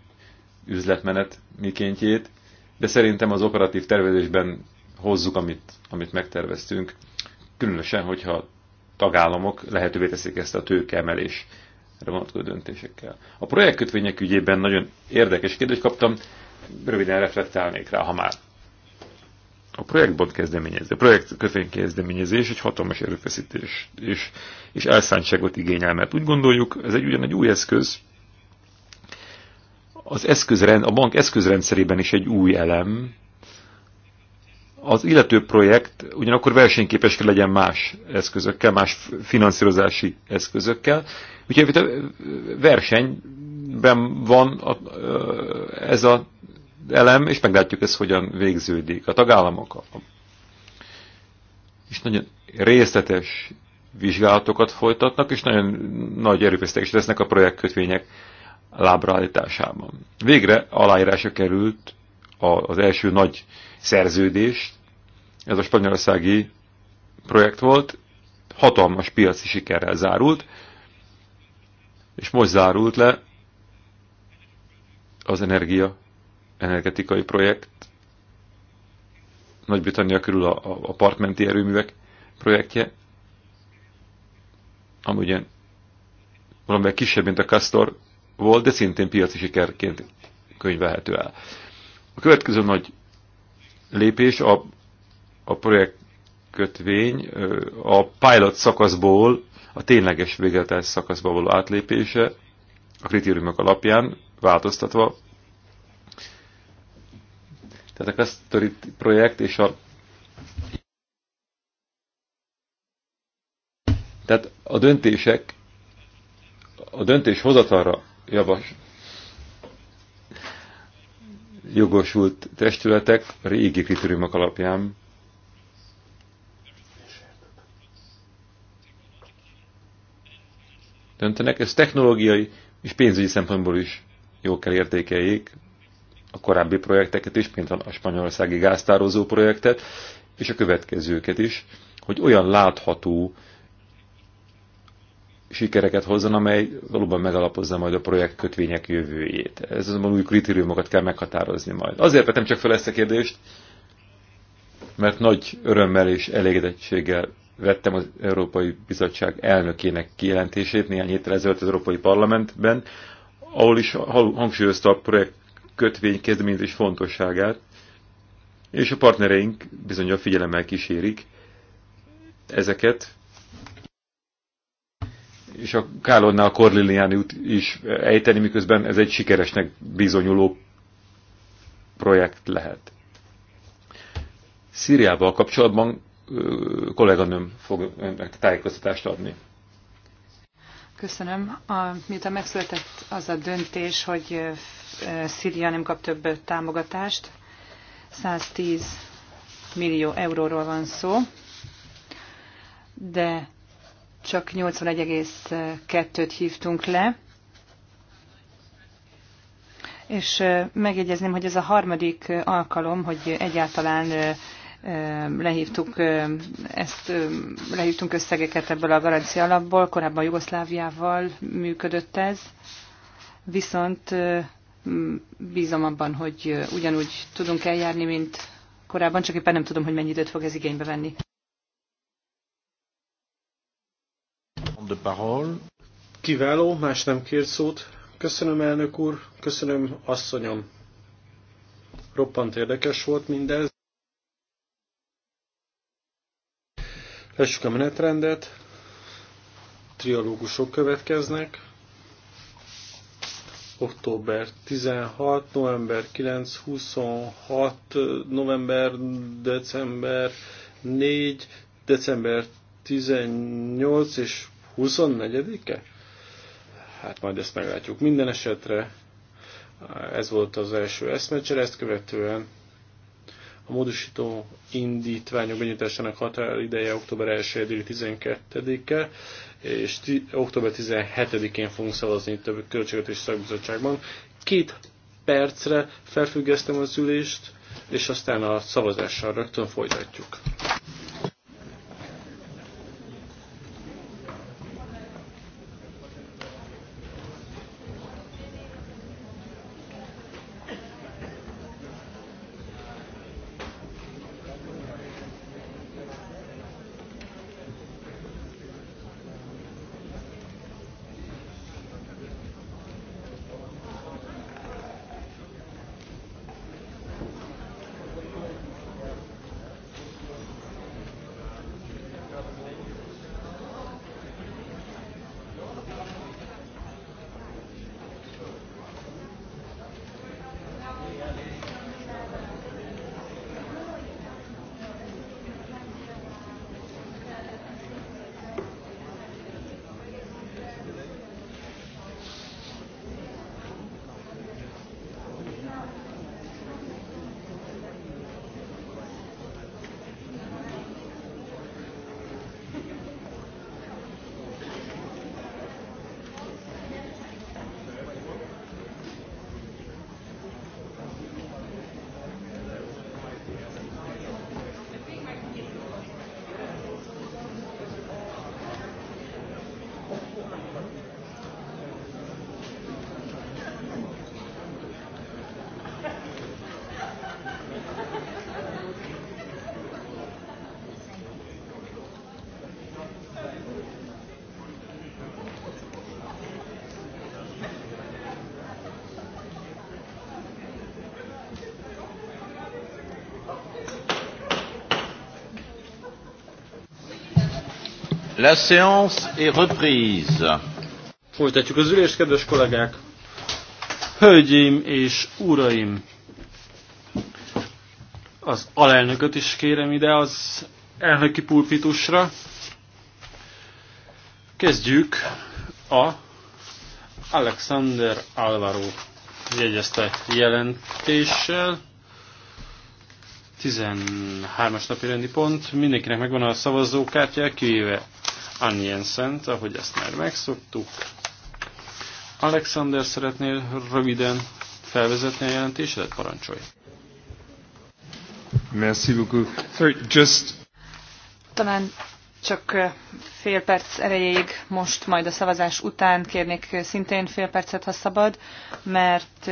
üzletmenet mikéntjét, de szerintem az operatív tervezésben hozzuk, amit, amit megterveztünk, különösen, hogyha tagállamok lehetővé teszik ezt a tőkeemelésre vonatkozó döntésekkel. A projektkötvények ügyében nagyon érdekes kérdést kaptam, röviden reflektálnék rá, ha már a projektbot kezdeményezés, a projekt kezdeményezés egy hatalmas erőfeszítés és, és elszántságot igényel, mert úgy gondoljuk, ez egy ugyan egy új eszköz, az eszközrend, a bank eszközrendszerében is egy új elem, az illető projekt ugyanakkor versenyképes kell legyen más eszközökkel, más finanszírozási eszközökkel. Úgyhogy a versenyben van a, ez a elem, és meglátjuk ezt, hogyan végződik a tagállamok. És nagyon részletes vizsgálatokat folytatnak, és nagyon nagy erőfeszítés lesznek a projektkötvények lábraállításában. Végre aláírása került az első nagy szerződés, ez a spanyolországi projekt volt, hatalmas piaci sikerrel zárult, és most zárult le az energia energetikai projekt, Nagy-Britannia körül a, a, a partmenti erőművek projektje, ami ugye valamivel kisebb, mint a Castor volt, de szintén piaci sikerként könyvelhető el. A következő nagy lépés a, a projekt kötvény a pilot szakaszból a tényleges végrehajtás szakaszba való átlépése a kritériumok alapján változtatva tehát a Cluster projekt és a Tehát a döntések, a döntés hozatalra javas jogosult testületek a régi kritériumok alapján döntenek. Ez technológiai és pénzügyi szempontból is jól kell értékeljék a korábbi projekteket is, mint a spanyolországi gáztározó projektet, és a következőket is, hogy olyan látható sikereket hozzon, amely valóban megalapozza majd a projekt kötvények jövőjét. Ez azonban új kritériumokat kell meghatározni majd. Azért vetem csak fel ezt a kérdést, mert nagy örömmel és elégedettséggel vettem az Európai Bizottság elnökének kijelentését néhány héttel ezelőtt az Európai Parlamentben, ahol is hangsúlyozta a projekt kötvény kezdeményezés fontosságát, és a partnereink bizony a figyelemmel kísérik ezeket, és a Kálonnál a út is ejteni, miközben ez egy sikeresnek bizonyuló projekt lehet. Szíriával kapcsolatban kolléganőm fog önnek tájékoztatást adni. Köszönöm. A, miután megszületett az a döntés, hogy Szíria nem kap több támogatást. 110 millió euróról van szó, de csak 81,2-t hívtunk le. És megjegyezném, hogy ez a harmadik alkalom, hogy egyáltalán lehívtuk, ezt, lehívtunk összegeket ebből a garancia alapból, korábban Jugoszláviával működött ez, viszont bízom abban, hogy ugyanúgy tudunk eljárni, mint korábban, csak éppen nem tudom, hogy mennyi időt fog ez igénybe venni. Kiváló, más nem kér szót. Köszönöm, elnök úr, köszönöm, asszonyom. Roppant érdekes volt mindez. Lessük a menetrendet. Trialógusok következnek október 16, november 9, 26, november, december 4, december 18 és 24-e? Hát majd ezt meglátjuk. Minden esetre eh, ez volt az első eszmecsere, ezt követően a módosító indítványok benyújtásának határideje október 1 12-e és október 17-én fogunk szavazni itt a Költségvetési Szakbizottságban. Két percre felfüggesztem az ülést, és aztán a szavazással rögtön folytatjuk. La séance est reprise. Folytatjuk az ülést, kedves kollégák! Hölgyeim és uraim! Az alelnököt is kérem ide az elnöki pulpitusra. Kezdjük a Alexander Alvaro jegyezte jelentéssel. 13-as napi rendi pont. Mindenkinek megvan a szavazókártya, kivéve Annien Szent, ahogy ezt már megszoktuk. Alexander, szeretnél röviden felvezetni a jelentésedet? Parancsolj! Merci beaucoup. Sorry, just... Talán csak fél perc erejéig most, majd a szavazás után kérnék szintén fél percet, ha szabad, mert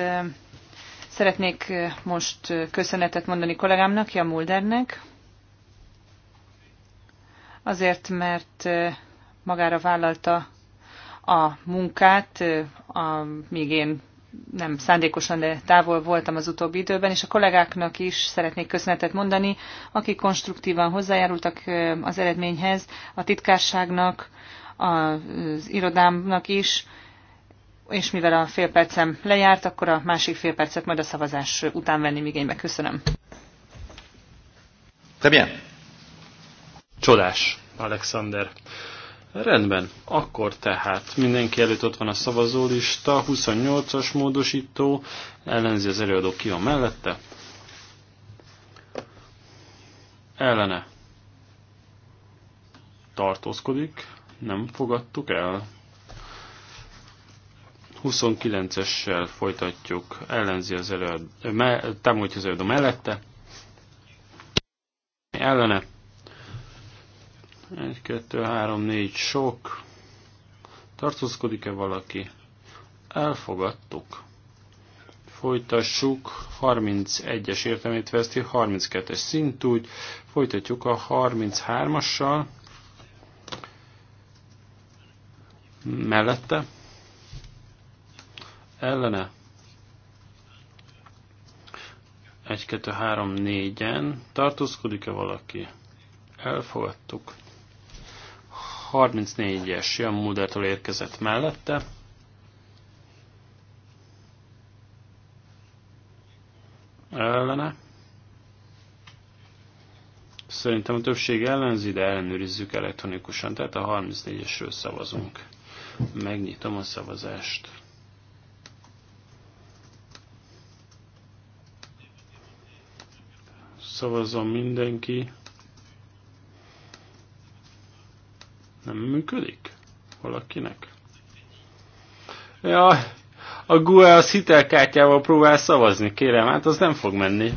szeretnék most köszönetet mondani kollégámnak, Jan Muldernek, azért, mert magára vállalta a munkát, a, míg én nem szándékosan, de távol voltam az utóbbi időben, és a kollégáknak is szeretnék köszönetet mondani, akik konstruktívan hozzájárultak az eredményhez, a titkárságnak, az irodámnak is, és mivel a fél percem lejárt, akkor a másik fél percet majd a szavazás után venni igénybe. Köszönöm. Très bien. Csodás, Alexander. Rendben, akkor tehát mindenki előtt ott van a szavazólista, 28-as módosító, ellenzi az előadó ki van mellette. Ellene tartózkodik, nem fogadtuk el. 29-essel folytatjuk, ellenzi az előadó, támogatja az előadó mellette. Ellene 1, 2, 3, 4, sok. Tartózkodik-e valaki? Elfogadtuk. Folytassuk 31-es értelmét veszti, 32-es szintúgy. Folytatjuk a 33-assal. Mellette. Ellene. 1, 2, 3, 4-en. Tartózkodik-e valaki? Elfogadtuk. 34-es Jan Mulder-től érkezett mellette. Ellene. Szerintem a többség ellenzi, de ellenőrizzük elektronikusan, tehát a 34-esről szavazunk. Megnyitom a szavazást. Szavazom mindenki. nem működik? Valakinek? Ja, a GUE a hitelkártyával próbál szavazni, kérem, hát az nem fog menni.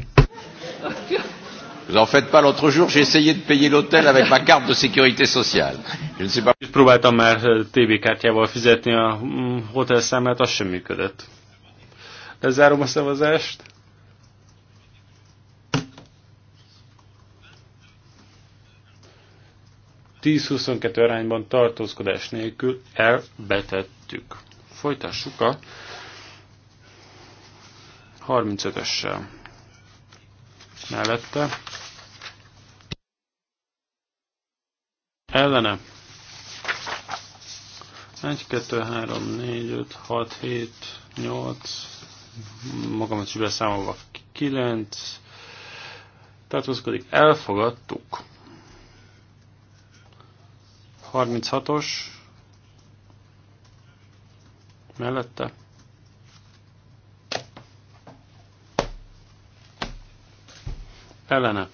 Vous en faites pas, l'autre jour j'ai essayé de payer l'hôtel avec ma carte de sécurité sociale. Je ne sais pas. Próbáltam már eh, TB kártyával fizetni a mm, hotelszámlát, az sem működött. Lezárom a szavazást. 10-22 arányban tartózkodás nélkül elbetettük. Folytassuk a 35-össel. Mellette ellene 1, 2, 3, 4, 5, 6, 7, 8, magamat is beszámolva 9, tartózkodik, elfogadtuk. 36-os mellette. Ellene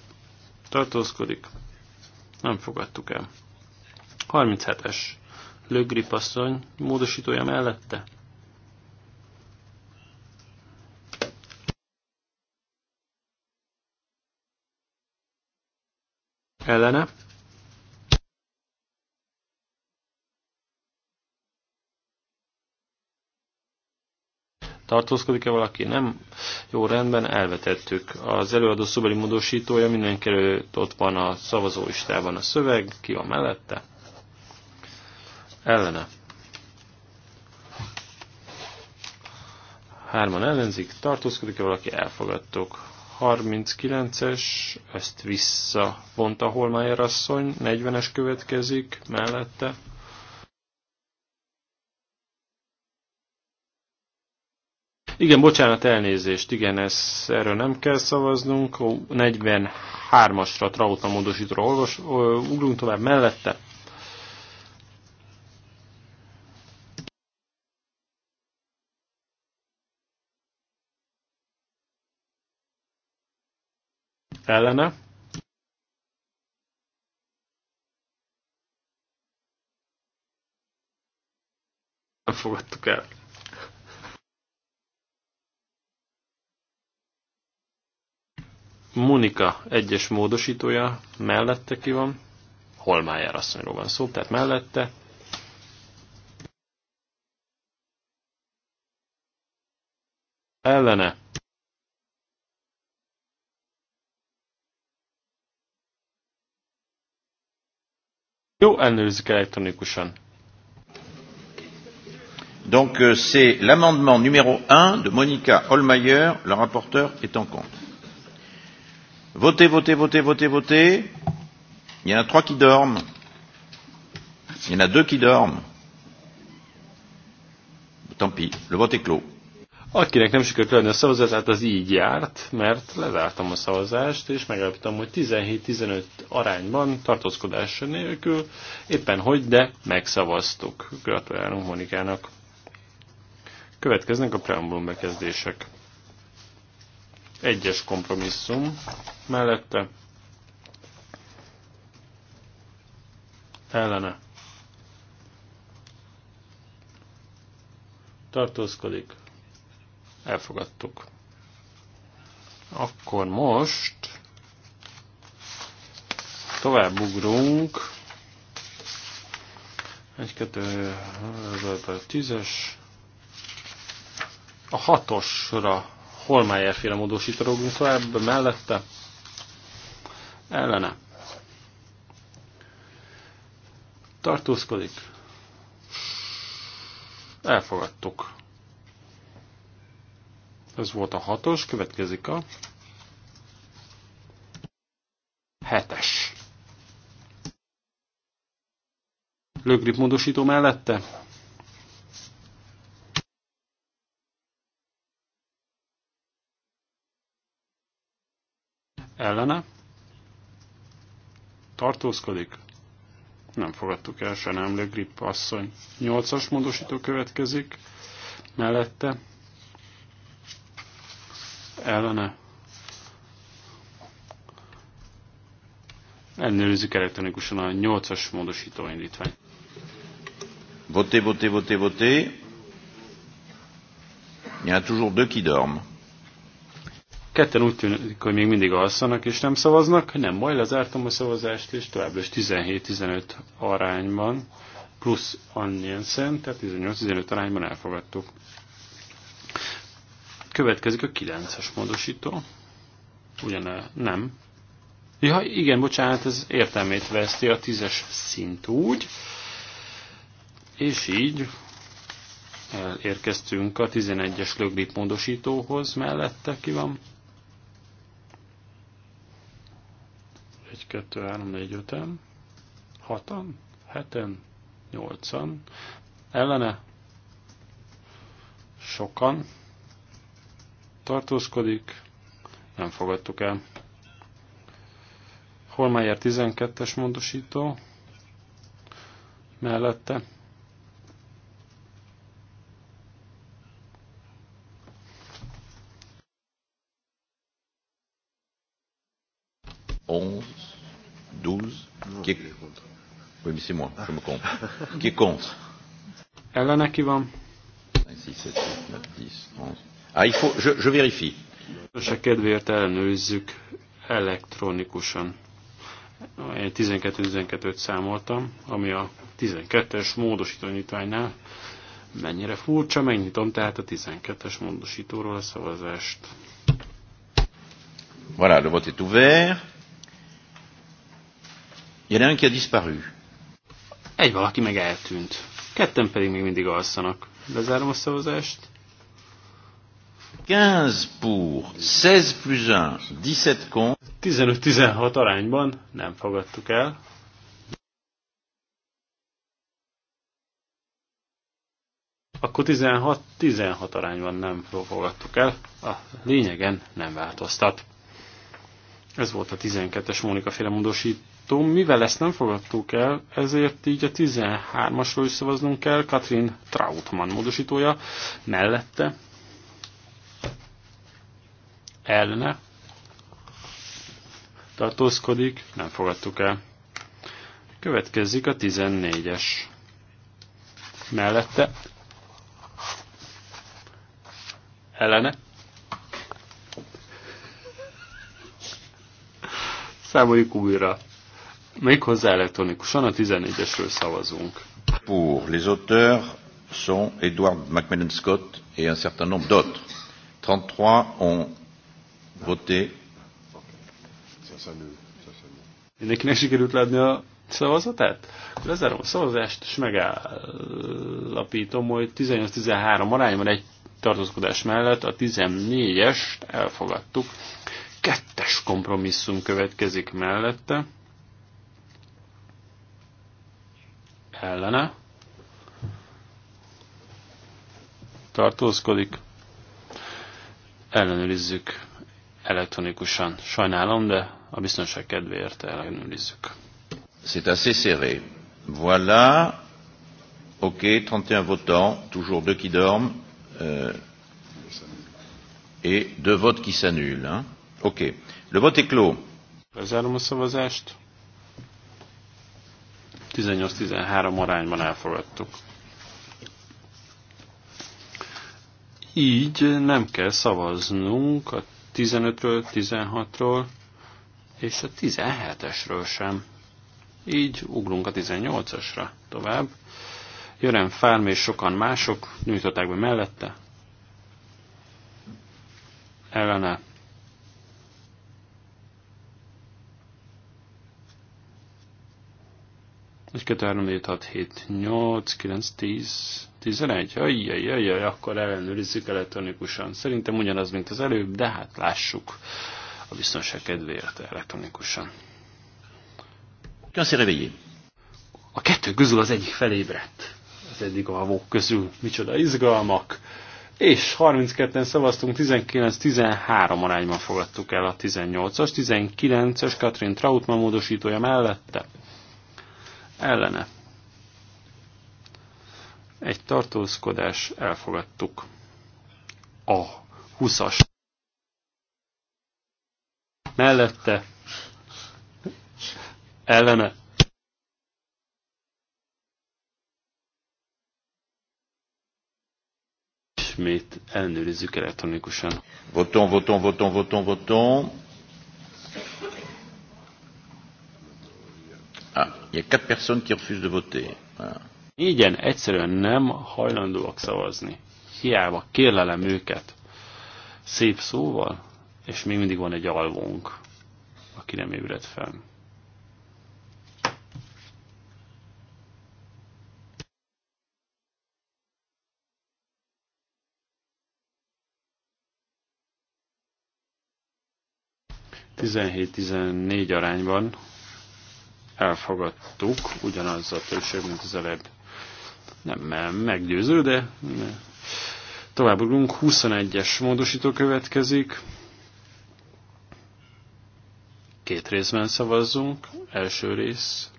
tartózkodik. Nem fogadtuk el. 37-es lögripasszony módosítója mellette. Ellene Tartózkodik-e valaki? Nem. Jó, rendben, elvetettük. Az előadó szobeli módosítója mindenkelőtt ott van a szavazólistában a szöveg. Ki van mellette? Ellene. Hárman ellenzik. Tartózkodik-e valaki? Elfogadtuk. 39-es, ezt visszavonta Holmájer asszony, 40-es következik mellette. Igen, bocsánat, elnézést. Igen, ez, erről nem kell szavaznunk. 43-asra Trauta módosítóra olvas, ugrunk tovább mellette. Ellene. Nem fogadtuk el. Monika egyes módosítója mellette ki van, Holmájár asszonyról van szó, tehát mellette. Ellene. Jó, ellenőrizzük elektronikusan. Donc euh, c'est l'amendement numéro 1 de Monica Holmeyer, la rapporteur est en compte. Votez, votez, votez, votez, votez. Il y en a trois qui dorment. Il y en a deux qui dorment. Tant pis, le vote est clos. Akinek nem sikerült lenni a szavazatát, az így járt, mert lezártam a szavazást, és megállapítom, hogy 17-15 arányban, tartózkodás nélkül, éppen hogy, de megszavaztuk. Gratulálunk Monikának. Következnek a preambulum bekezdések. Egyes kompromisszum mellette ellene tartózkodik. Elfogadtuk. Akkor most tovább ugrunk. Egy, kettő, ez a tízes. A hatosra Holmeyer féle módosítóról ebbe mellette, ellene. Tartózkodik. Elfogadtuk. Ez volt a hatos, következik a hetes. Lőgrip módosító mellette tartózkodik? Nem fogadtuk el, se nem Grip asszony. Nyolcas módosító következik, mellette, ellene. Ellenőrizzük elektronikusan a nyolcas módosító indítvány. Voté, voté, voté, voté. Il y a toujours deux qui dorment. Ketten úgy tűnik, hogy még mindig alszanak és nem szavaznak. Nem baj, lezártam a szavazást, és továbbra is 17-15 arányban, plusz annyien szent, tehát 18-15 arányban elfogadtuk. Következik a 9-es módosító. Ugyane nem. Ja, igen, bocsánat, ez értelmét veszti a 10-es szint úgy. És így érkeztünk a 11-es löglip módosítóhoz mellette, ki van 1, 2, 3, 4, 5-en, 6-an, 7-en, 8-an, ellene sokan tartózkodik, nem fogadtuk el. Holmeyer 12-es módosító mellette. Oh. 12. Non, Qui est... contre. Oui, mais c'est moi, ah. je me compte. Ah. Qui est contre Ellene ki van? 6, 7, 8, 9, 10, 11. Ah, il faut, je, je vérifie. És a kedvéért ellenőrizzük elektronikusan. Én 12-12-t számoltam, ami a 12-es módosítónyitványnál mennyire furcsa. Megnyitom tehát a 12-es módosítóról a szavazást. Voilà, le vote est ouvert. Il y en a un qui a disparu. Egy valaki meg eltűnt. Ketten pedig még mindig alszanak. Lezárom a szavazást. 15 pour, 16 plus 1, 17 con. 15-16 arányban nem fogadtuk el. Akkor 16-16 arányban nem fogadtuk el. A lényegen nem változtat. Ez volt a 12-es Mónika féle módosít módosító, mivel ezt nem fogadtuk el, ezért így a 13-asról is szavaznunk kell, Katrin Trautmann módosítója mellette, ellene, tartózkodik, nem fogadtuk el. Következik a 14-es. Mellette, ellene, Számoljuk újra. Méghozzá elektronikusan a 14-esről szavazunk. Pour les auteurs sont Edward McMillan Scott et un certain nombre d'autres. 33 ont voté. Mindenkinek sikerült látni a szavazatát? lezárom a szavazást, és megállapítom, hogy 18-13 arányban egy tartózkodás mellett a 14-est elfogadtuk. Kettes kompromisszum következik mellette. ellene tartózkodik. Ellenőrizzük elektronikusan. Sajnálom, de a biztonság kedvéért ellenőrizzük. C'est assez serré. Voilà. Ok, 31 votants, toujours deux qui dorment euh, et deux votes qui s'annulent. Hein. Ok. Le vote est clos. 18-13 arányban elfogadtuk. Így nem kell szavaznunk a 15-ről, 16-ról és a 17-esről sem. Így ugrunk a 18-asra tovább. Jörem Fárm és sokan mások nyújtották be mellette. Ellene 1, 2, 3, 4, 6, 7, 8, 9, 10, 11. Ajjaj, ajjaj, akkor ellenőrizzük elektronikusan. Szerintem ugyanaz, mint az előbb, de hát lássuk a biztonság kedvéért elektronikusan. Köszönöm, A kettő közül az egyik felébredt. Az eddig a havók közül. Micsoda izgalmak. És 32-en szavaztunk, 19-13 arányban fogadtuk el a 18-as, 19-es Katrin Trautmann módosítója mellette ellene. Egy tartózkodás elfogadtuk. A 20-as. Mellette ellene. Ismét elnőrizzük elektronikusan. Voton, voton, voton, voton, voton. Il y a quatre personnes qui refusent de voter. Igen, egyszerűen nem hajlandóak szavazni. Hiába kérlelem őket. Szép szóval, és még mindig van egy alvónk, aki nem ébred fel. Tizenhét-tizennégy arányban elfogadtuk, ugyanaz a többség, mint az előbb. Nem meggyőző, de tovább 21-es módosító következik. Két részben szavazzunk. Első rész.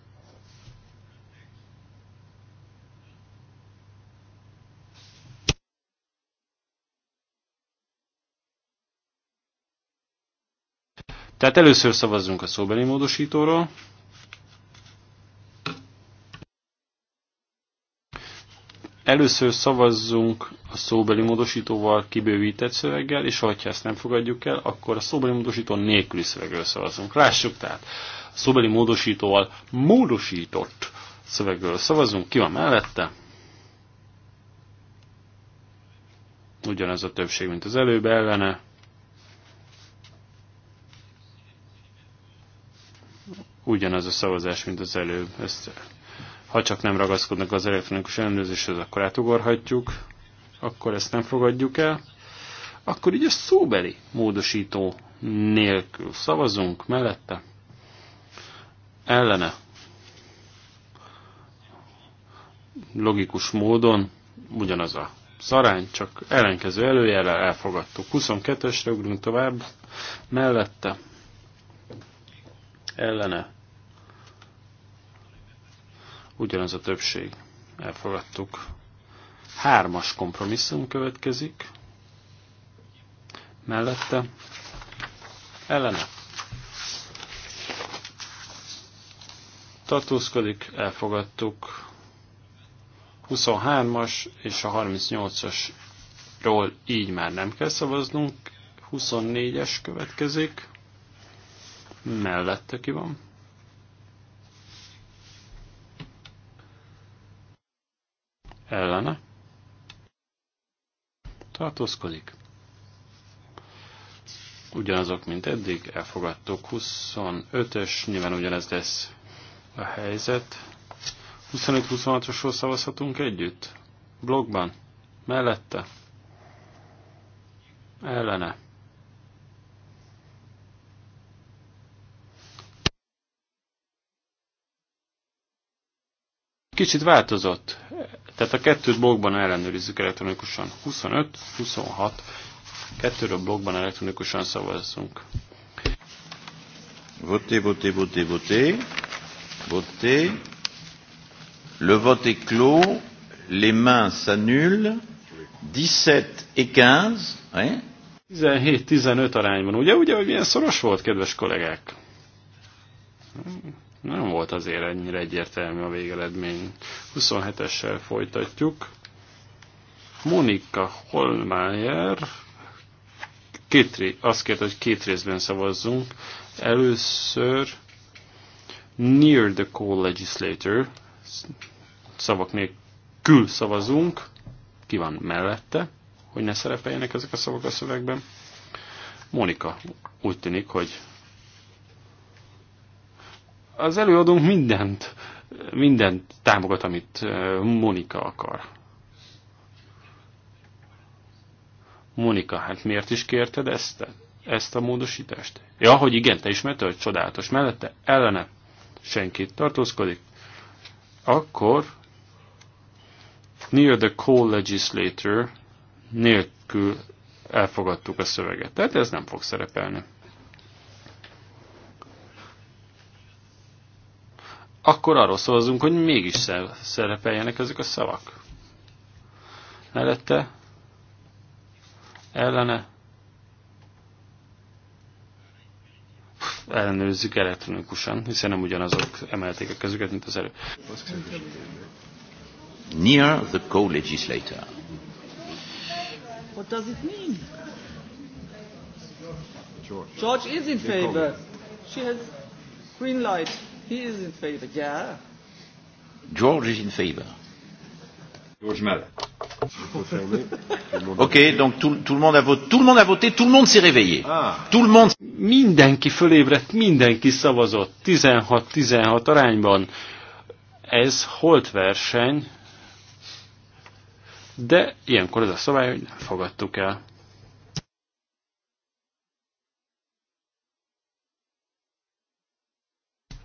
Tehát először szavazzunk a szóbeli módosítóról. Először szavazzunk a szóbeli módosítóval kibővített szöveggel, és ha ezt nem fogadjuk el, akkor a szóbeli módosító nélküli szövegről szavazunk. Lássuk tehát, a szóbeli módosítóval módosított szövegről szavazunk, ki van mellette? Ugyanez a többség, mint az előbb ellene. Ugyanaz a szavazás, mint az előbb. Ezt ha csak nem ragaszkodnak az elektronikus ellenőrzéshez, akkor átugorhatjuk, akkor ezt nem fogadjuk el. Akkor így a szóbeli módosító nélkül szavazunk mellette. Ellene logikus módon ugyanaz a szarány, csak ellenkező előjellel elfogadtuk. 22-esre ugrunk tovább, mellette ellene ugyanaz a többség. Elfogadtuk. Hármas kompromisszum következik. Mellette ellene. Tartózkodik, elfogadtuk. 23-as és a 38-asról így már nem kell szavaznunk. 24-es következik. Mellette ki van. ellene tartózkodik. Ugyanazok, mint eddig, elfogadtuk. 25-ös, nyilván ugyanez lesz a helyzet. 25-26-osról szavazhatunk együtt? Blogban? Mellette? Ellene? kicsit változott. Tehát a kettőt blogban ellenőrizzük elektronikusan. 25, 26, kettőről blogban elektronikusan szavazzunk. Voté, voté, voté, voté. Voté. Le vote est clos. Les mains s'annulent. 17 et 15. Hein? 17-15 arányban. Ugye, ugye, hogy milyen szoros volt, kedves kollégák? Nem volt azért ennyire egyértelmű a végeredmény. 27-essel folytatjuk. Monika Holmeyer két, ré... azt kérte, hogy két részben szavazzunk. Először Near the Co-Legislator szavak nélkül szavazunk. Ki van mellette, hogy ne szerepeljenek ezek a szavak a szövegben. Monika, úgy tűnik, hogy az előadónk mindent, mindent támogat, amit Monika akar. Monika, hát miért is kérted ezt, ezt a módosítást? Ja, hogy igen, te is hogy csodálatos. Mellette ellene senkit tartózkodik. Akkor near the co-legislator nélkül elfogadtuk a szöveget. Tehát ez nem fog szerepelni. akkor arról szózunk, hogy mégis szerepeljenek ezek a szavak. Mellette, ellene, ellenőrizzük elektronikusan, hiszen nem ugyanazok emelték a közüket, mint az elő. Near the co-legislator. What does it mean? George, George is in favor. She has green light. He is in favor, yeah. George is in favor. George mellett. ok, donc tout, tout, le monde a voté, tout le monde a voté, tout le monde s'est réveillé. Ah. Tout le monde... Mindenki fölébredt, mindenki szavazott, 16-16 arányban. Ez holt verseny, de ilyenkor ez a szabály, hogy nem fogadtuk el.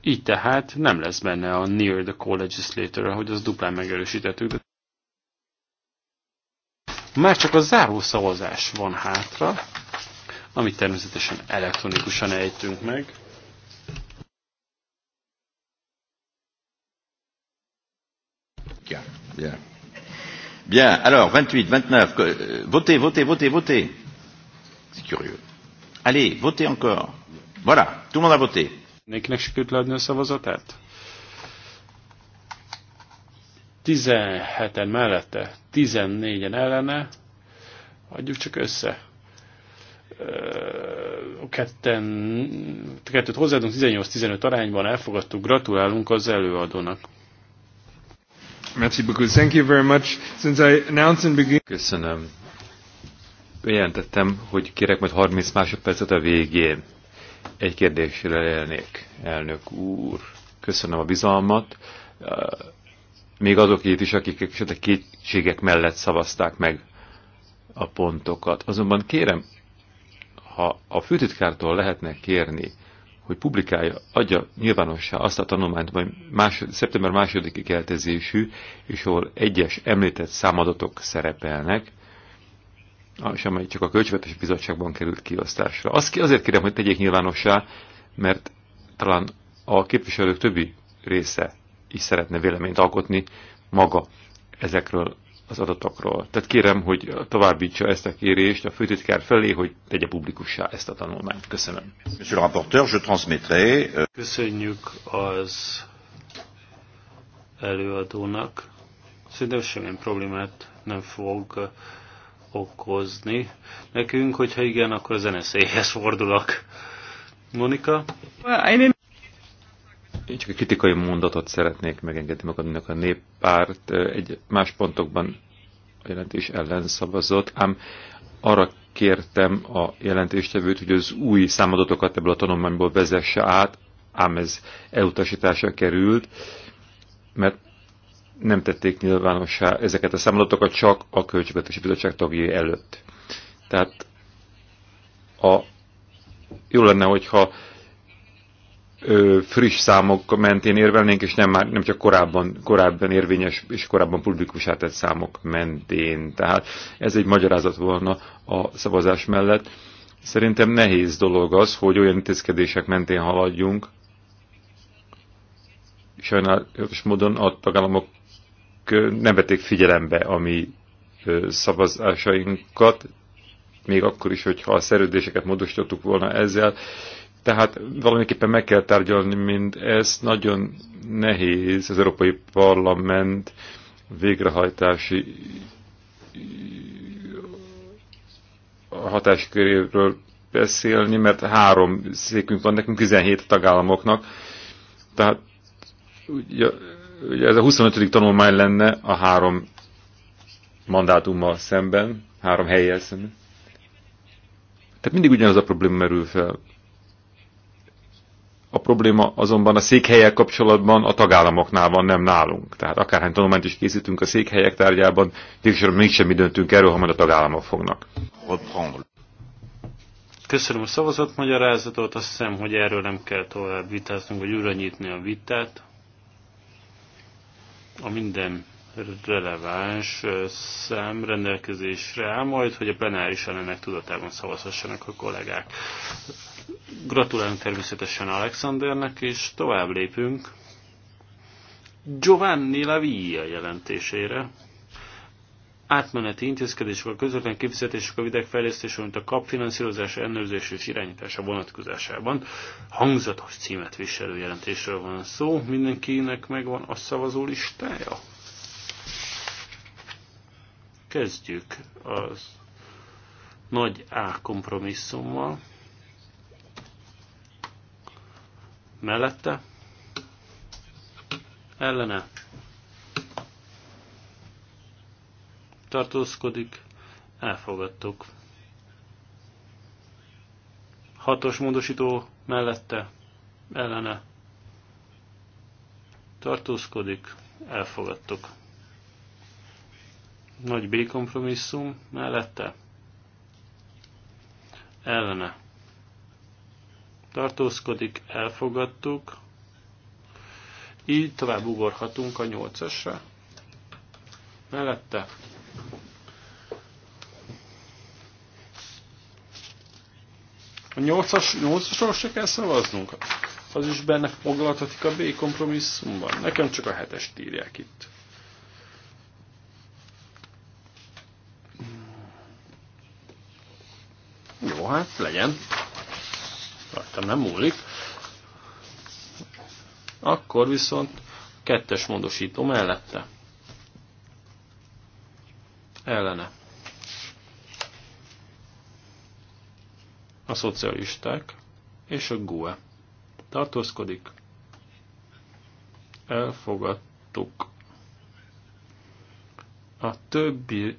Így tehát nem lesz benne a near the co-legislator, ahogy az duplán megerősítettük. Már csak a záró szavazás van hátra, amit természetesen elektronikusan ejtünk meg. Bien, bien. Bien, alors 28, 29, euh, votez, votez, votez, votez. C'est curieux. Allez, votez encore. Voilà, tout le monde a voté. Mindenkinek sikerült leadni a szavazatát? 17-en mellette, 14-en ellene, adjuk csak össze. Ketten, kettőt hozzáadunk, 18-15 arányban elfogadtuk, gratulálunk az előadónak. Thank you very much. Since I announced in begin... Köszönöm. Jelentettem, hogy kérek majd 30 másodpercet a végén. Egy kérdésre élnék, elnök úr. Köszönöm a bizalmat. Még azokért is, akik esetleg kétségek mellett szavazták meg a pontokat. Azonban kérem, ha a főtitkártól lehetne kérni, hogy publikálja, adja nyilvánossá azt a tanulmányt, majd más, szeptember második keltezésű, és ahol egyes említett számadatok szerepelnek, és amely csak a Költségvetési Bizottságban került kiosztásra. Azt azért kérem, hogy tegyék nyilvánossá, mert talán a képviselők többi része is szeretne véleményt alkotni maga ezekről az adatokról. Tehát kérem, hogy továbbítsa ezt a kérést a főtitkár felé, hogy tegye publikussá ezt a tanulmányt. Köszönöm. Monsieur le rapporteur, je transmettrai... Euh, Köszönjük az előadónak. Szerintem semmilyen problémát nem fog okozni nekünk, hogyha igen, akkor a zeneszélyhez fordulok. Monika? Én csak egy kritikai mondatot szeretnék megengedni magadnak a néppárt. Egy más pontokban a jelentés ellen szavazott, ám arra kértem a jelentéstevőt, hogy az új számadatokat ebből a tanulmányból vezesse át, ám ez elutasításra került, mert nem tették nyilvánossá ezeket a számolatokat csak a Költségvetési Bizottság tagjai előtt. Tehát a, jó lenne, hogyha ö, friss számok mentén érvelnénk, és nem, már, nem csak korábban, korábban érvényes és korábban publikusá tett számok mentén. Tehát ez egy magyarázat volna a szavazás mellett. Szerintem nehéz dolog az, hogy olyan intézkedések mentén haladjunk, sajnálatos módon a tagállamok nem vették figyelembe a mi szavazásainkat, még akkor is, hogyha a szerződéseket módosítottuk volna ezzel. Tehát valamiképpen meg kell tárgyalni ez Nagyon nehéz az Európai Parlament végrehajtási hatásköréről beszélni, mert három székünk van nekünk, 17 tagállamoknak. Tehát ugye, ugye ez a 25. tanulmány lenne a három mandátummal szemben, három helyjel szemben. Tehát mindig ugyanaz a probléma merül fel. A probléma azonban a székhelyek kapcsolatban a tagállamoknál van, nem nálunk. Tehát akárhány tanulmányt is készítünk a székhelyek tárgyában, végsősorban mégsem mi döntünk erről, ha majd a tagállamok fognak. Köszönöm a szavazatmagyarázatot, azt hiszem, hogy erről nem kell tovább vitáznunk, vagy újra nyitni a vitát a minden releváns szem rendelkezésre áll majd, hogy a plenárisan ennek tudatában szavazhassanak a kollégák. Gratulálunk természetesen Alexandernek, és tovább lépünk Giovanni Lavia jelentésére átmeneti intézkedések a közvetlen kifizetések a vidékfejlesztés, mint a kapfinanszírozás, ellenőrzés és irányítása vonatkozásában hangzatos címet viselő jelentésről van szó. Mindenkinek megvan a szavazó listája? Kezdjük az nagy A kompromisszummal. Mellette? Ellene? tartózkodik, elfogadtuk. Hatos módosító mellette, ellene tartózkodik, elfogadtuk. Nagy B kompromisszum mellette, ellene tartózkodik, elfogadtuk. Így tovább ugorhatunk a 8 Mellette A 8-as, 8-asról se kell szavaznunk? Az is benne foglalhatik a B kompromisszumban. Nekem csak a 7-est írják itt. Jó, hát legyen. Rajtam nem múlik. Akkor viszont kettes módosító mellette. Ellene. a szocialisták és a GUE tartózkodik. Elfogadtuk. A többi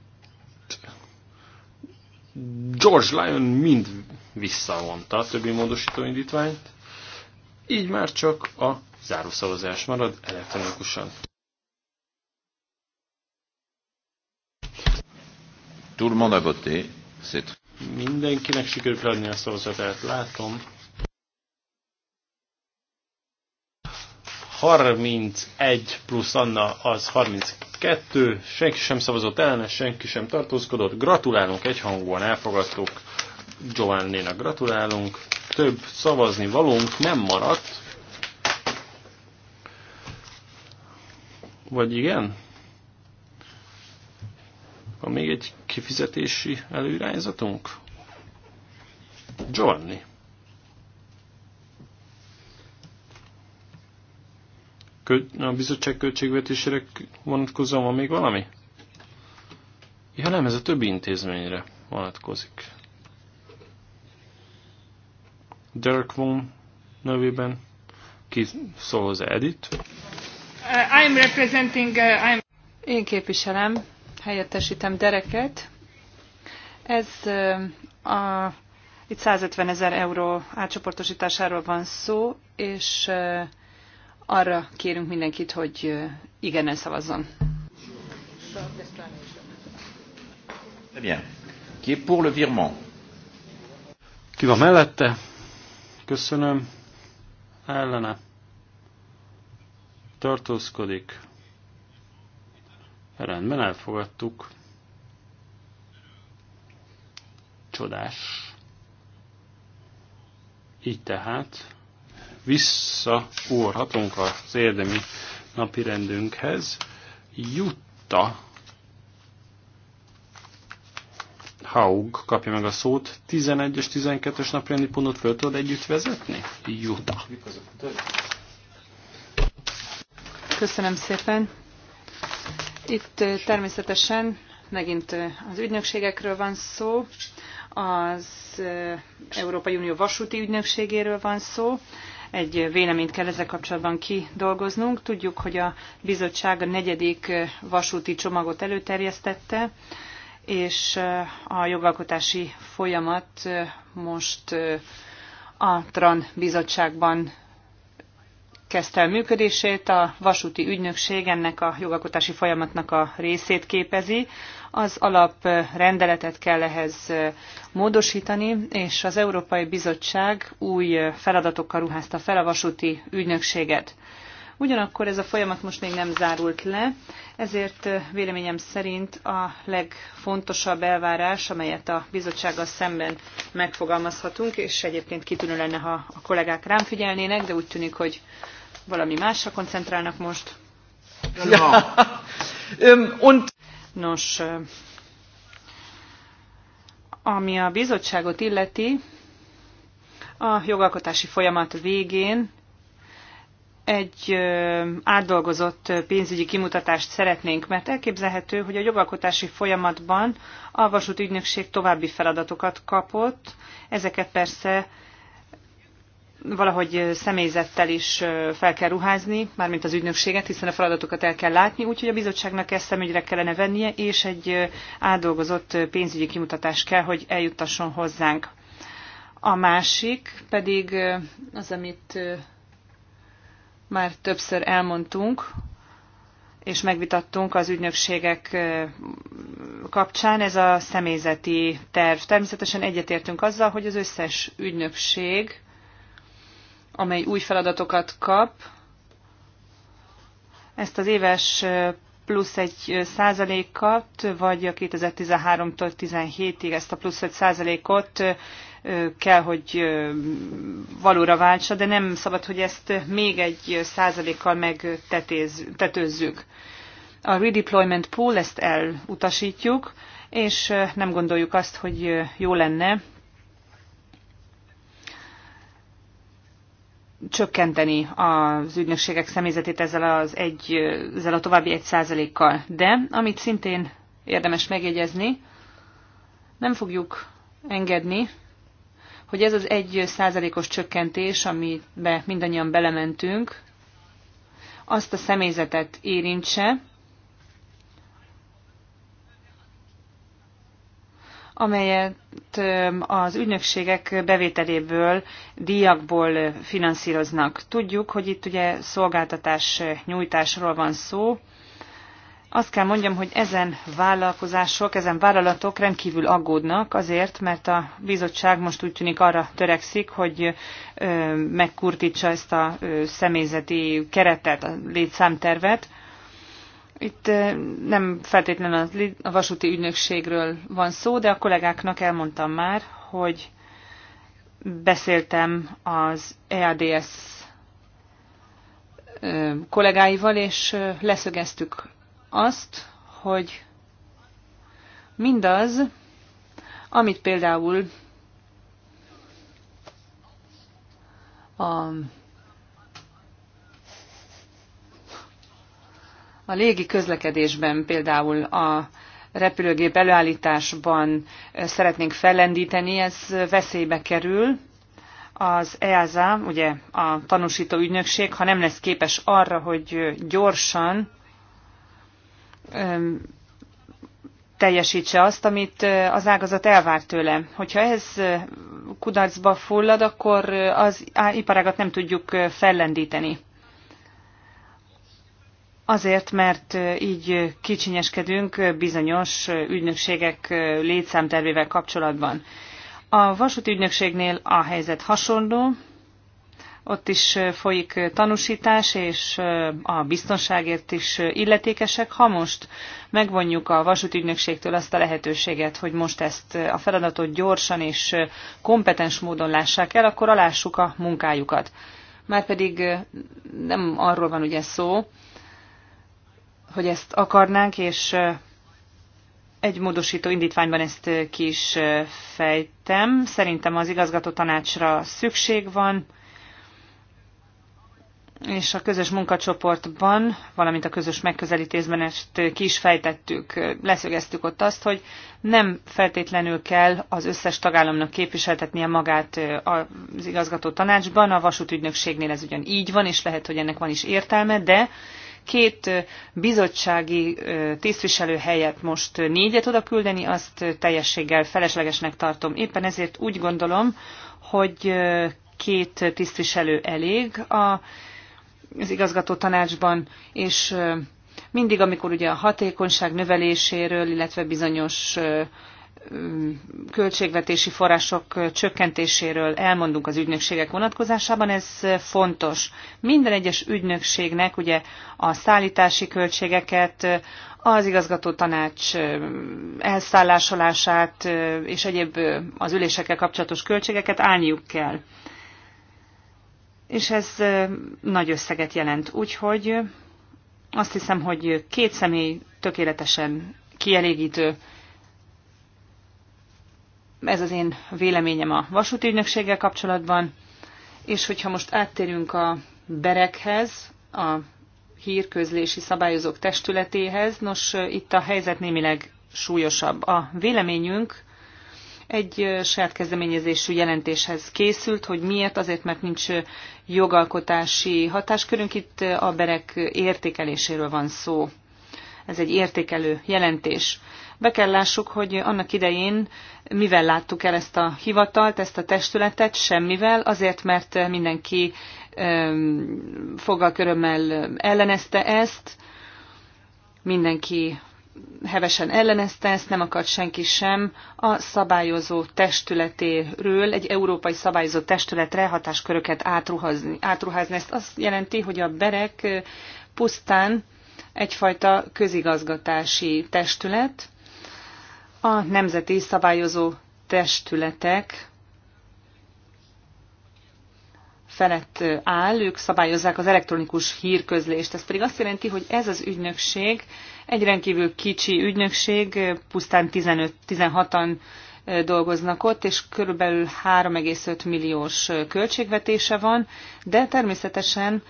George Lyon mind visszavonta a többi módosító indítványt, így már csak a zárószavazás marad elektronikusan. Tout le monde a voté, c'est Mindenkinek sikerült leadni a szavazatát, látom. 31 plusz Anna az 32, senki sem szavazott ellene, senki sem tartózkodott. Gratulálunk, egyhangúan elfogadtuk. Giovanni-nak gratulálunk. Több szavazni valunk, nem maradt. Vagy igen? Van még egy kifizetési előirányzatunk? Johnny. a bizottság költségvetésére vonatkozom, van még valami? Ja nem, ez a többi intézményre vonatkozik. Dirk von nevében ki szól az Edit? Uh, I'm representing, uh, I'm... Én képviselem helyettesítem dereket. Ez a, itt 150 ezer euró átcsoportosításáról van szó, és arra kérünk mindenkit, hogy igen szavazzon. Très bien. Qui est pour le virement? Ki van mellette? Köszönöm. Ellene. Tartózkodik. Rendben, elfogadtuk. Csodás. Így tehát visszaúrhatunk az érdemi napirendünkhez. Jutta Haug kapja meg a szót. 11 és 12-es napirendi pontot föl tudod együtt vezetni? Jutta. Köszönöm szépen. Itt természetesen megint az ügynökségekről van szó, az Európai Unió vasúti ügynökségéről van szó. Egy véleményt kell ezzel kapcsolatban kidolgoznunk. Tudjuk, hogy a bizottság a negyedik vasúti csomagot előterjesztette, és a jogalkotási folyamat most a TRAN bizottságban kezdte el működését, a vasúti ügynökség ennek a jogalkotási folyamatnak a részét képezi. Az alaprendeletet kell ehhez módosítani, és az Európai Bizottság új feladatokkal ruházta fel a vasúti ügynökséget. Ugyanakkor ez a folyamat most még nem zárult le, ezért véleményem szerint a legfontosabb elvárás, amelyet a bizottsággal szemben megfogalmazhatunk, és egyébként kitűnő lenne, ha a kollégák rám figyelnének, de úgy tűnik, hogy valami másra koncentrálnak most. Ja. Und... Nos, ami a bizottságot illeti, a jogalkotási folyamat végén egy átdolgozott pénzügyi kimutatást szeretnénk, mert elképzelhető, hogy a jogalkotási folyamatban a ügynökség további feladatokat kapott, ezeket persze valahogy személyzettel is fel kell ruházni, mármint az ügynökséget, hiszen a feladatokat el kell látni, úgyhogy a bizottságnak ezt szemügyre kellene vennie, és egy átdolgozott pénzügyi kimutatás kell, hogy eljuttasson hozzánk. A másik pedig az, amit már többször elmondtunk, és megvitattunk az ügynökségek kapcsán, ez a személyzeti terv. Természetesen egyetértünk azzal, hogy az összes ügynökség amely új feladatokat kap. Ezt az éves plusz egy százalékat, vagy a 2013-tól 17-ig ezt a plusz egy százalékot kell, hogy valóra váltsa, de nem szabad, hogy ezt még egy százalékkal megtetőzzük. A redeployment pool, ezt elutasítjuk, és nem gondoljuk azt, hogy jó lenne csökkenteni az ügynökségek személyzetét ezzel, az egy, ezzel a további egy százalékkal. De, amit szintén érdemes megjegyezni, nem fogjuk engedni, hogy ez az egy százalékos csökkentés, amibe mindannyian belementünk, azt a személyzetet érintse, amelyet az ügynökségek bevételéből, díjakból finanszíroznak. Tudjuk, hogy itt ugye szolgáltatás nyújtásról van szó. Azt kell mondjam, hogy ezen vállalkozások, ezen vállalatok rendkívül aggódnak azért, mert a bizottság most úgy tűnik arra törekszik, hogy megkurtítsa ezt a személyzeti keretet, a létszámtervet, itt nem feltétlenül a vasúti ügynökségről van szó, de a kollégáknak elmondtam már, hogy beszéltem az EADS kollégáival, és leszögeztük azt, hogy mindaz, amit például a A légi közlekedésben például a repülőgép előállításban szeretnénk fellendíteni, ez veszélybe kerül. Az EASA, ugye a tanúsító ügynökség, ha nem lesz képes arra, hogy gyorsan teljesítse azt, amit az ágazat elvár tőle. Hogyha ez kudarcba fullad, akkor az iparágat nem tudjuk fellendíteni. Azért, mert így kicsinyeskedünk bizonyos ügynökségek létszámtervével kapcsolatban. A vasúti ügynökségnél a helyzet hasonló, ott is folyik tanúsítás, és a biztonságért is illetékesek. Ha most megvonjuk a ügynökségtől azt a lehetőséget, hogy most ezt a feladatot gyorsan és kompetens módon lássák el, akkor alássuk a munkájukat. Márpedig nem arról van ugye szó, hogy ezt akarnánk, és egy módosító indítványban ezt ki is fejtem. Szerintem az igazgató tanácsra szükség van, és a közös munkacsoportban, valamint a közös megközelítésben ezt ki is fejtettük, leszögeztük ott azt, hogy nem feltétlenül kell az összes tagállamnak képviseltetnie magát az igazgató tanácsban, a vasútügynökségnél ez ugyan így van, és lehet, hogy ennek van is értelme, de két bizottsági tisztviselő helyett most négyet oda küldeni, azt teljességgel feleslegesnek tartom. Éppen ezért úgy gondolom, hogy két tisztviselő elég a, az igazgató tanácsban, és mindig, amikor ugye a hatékonyság növeléséről, illetve bizonyos költségvetési források csökkentéséről elmondunk az ügynökségek vonatkozásában, ez fontos. Minden egyes ügynökségnek ugye a szállítási költségeket, az igazgató tanács elszállásolását és egyéb az ülésekkel kapcsolatos költségeket állniuk kell. És ez nagy összeget jelent. Úgyhogy azt hiszem, hogy két személy tökéletesen kielégítő ez az én véleményem a vasúti ügynökséggel kapcsolatban. És hogyha most áttérünk a berekhez, a hírközlési szabályozók testületéhez, nos, itt a helyzet némileg súlyosabb. A véleményünk egy saját kezdeményezésű jelentéshez készült, hogy miért, azért, mert nincs jogalkotási hatáskörünk, itt a berek értékeléséről van szó. Ez egy értékelő jelentés. Be kell lássuk, hogy annak idején mivel láttuk el ezt a hivatalt, ezt a testületet, semmivel, azért, mert mindenki fogalkörömmel ellenezte ezt, mindenki hevesen ellenezte ezt, nem akart senki sem a szabályozó testületéről egy európai szabályozó testületre hatásköröket átruházni. átruházni. Ezt azt jelenti, hogy a berek pusztán egyfajta közigazgatási testület, a nemzeti szabályozó testületek felett áll, ők szabályozzák az elektronikus hírközlést. Ez pedig azt jelenti, hogy ez az ügynökség egy rendkívül kicsi ügynökség, pusztán 15-16-an dolgoznak ott, és körülbelül 3,5 milliós költségvetése van, de természetesen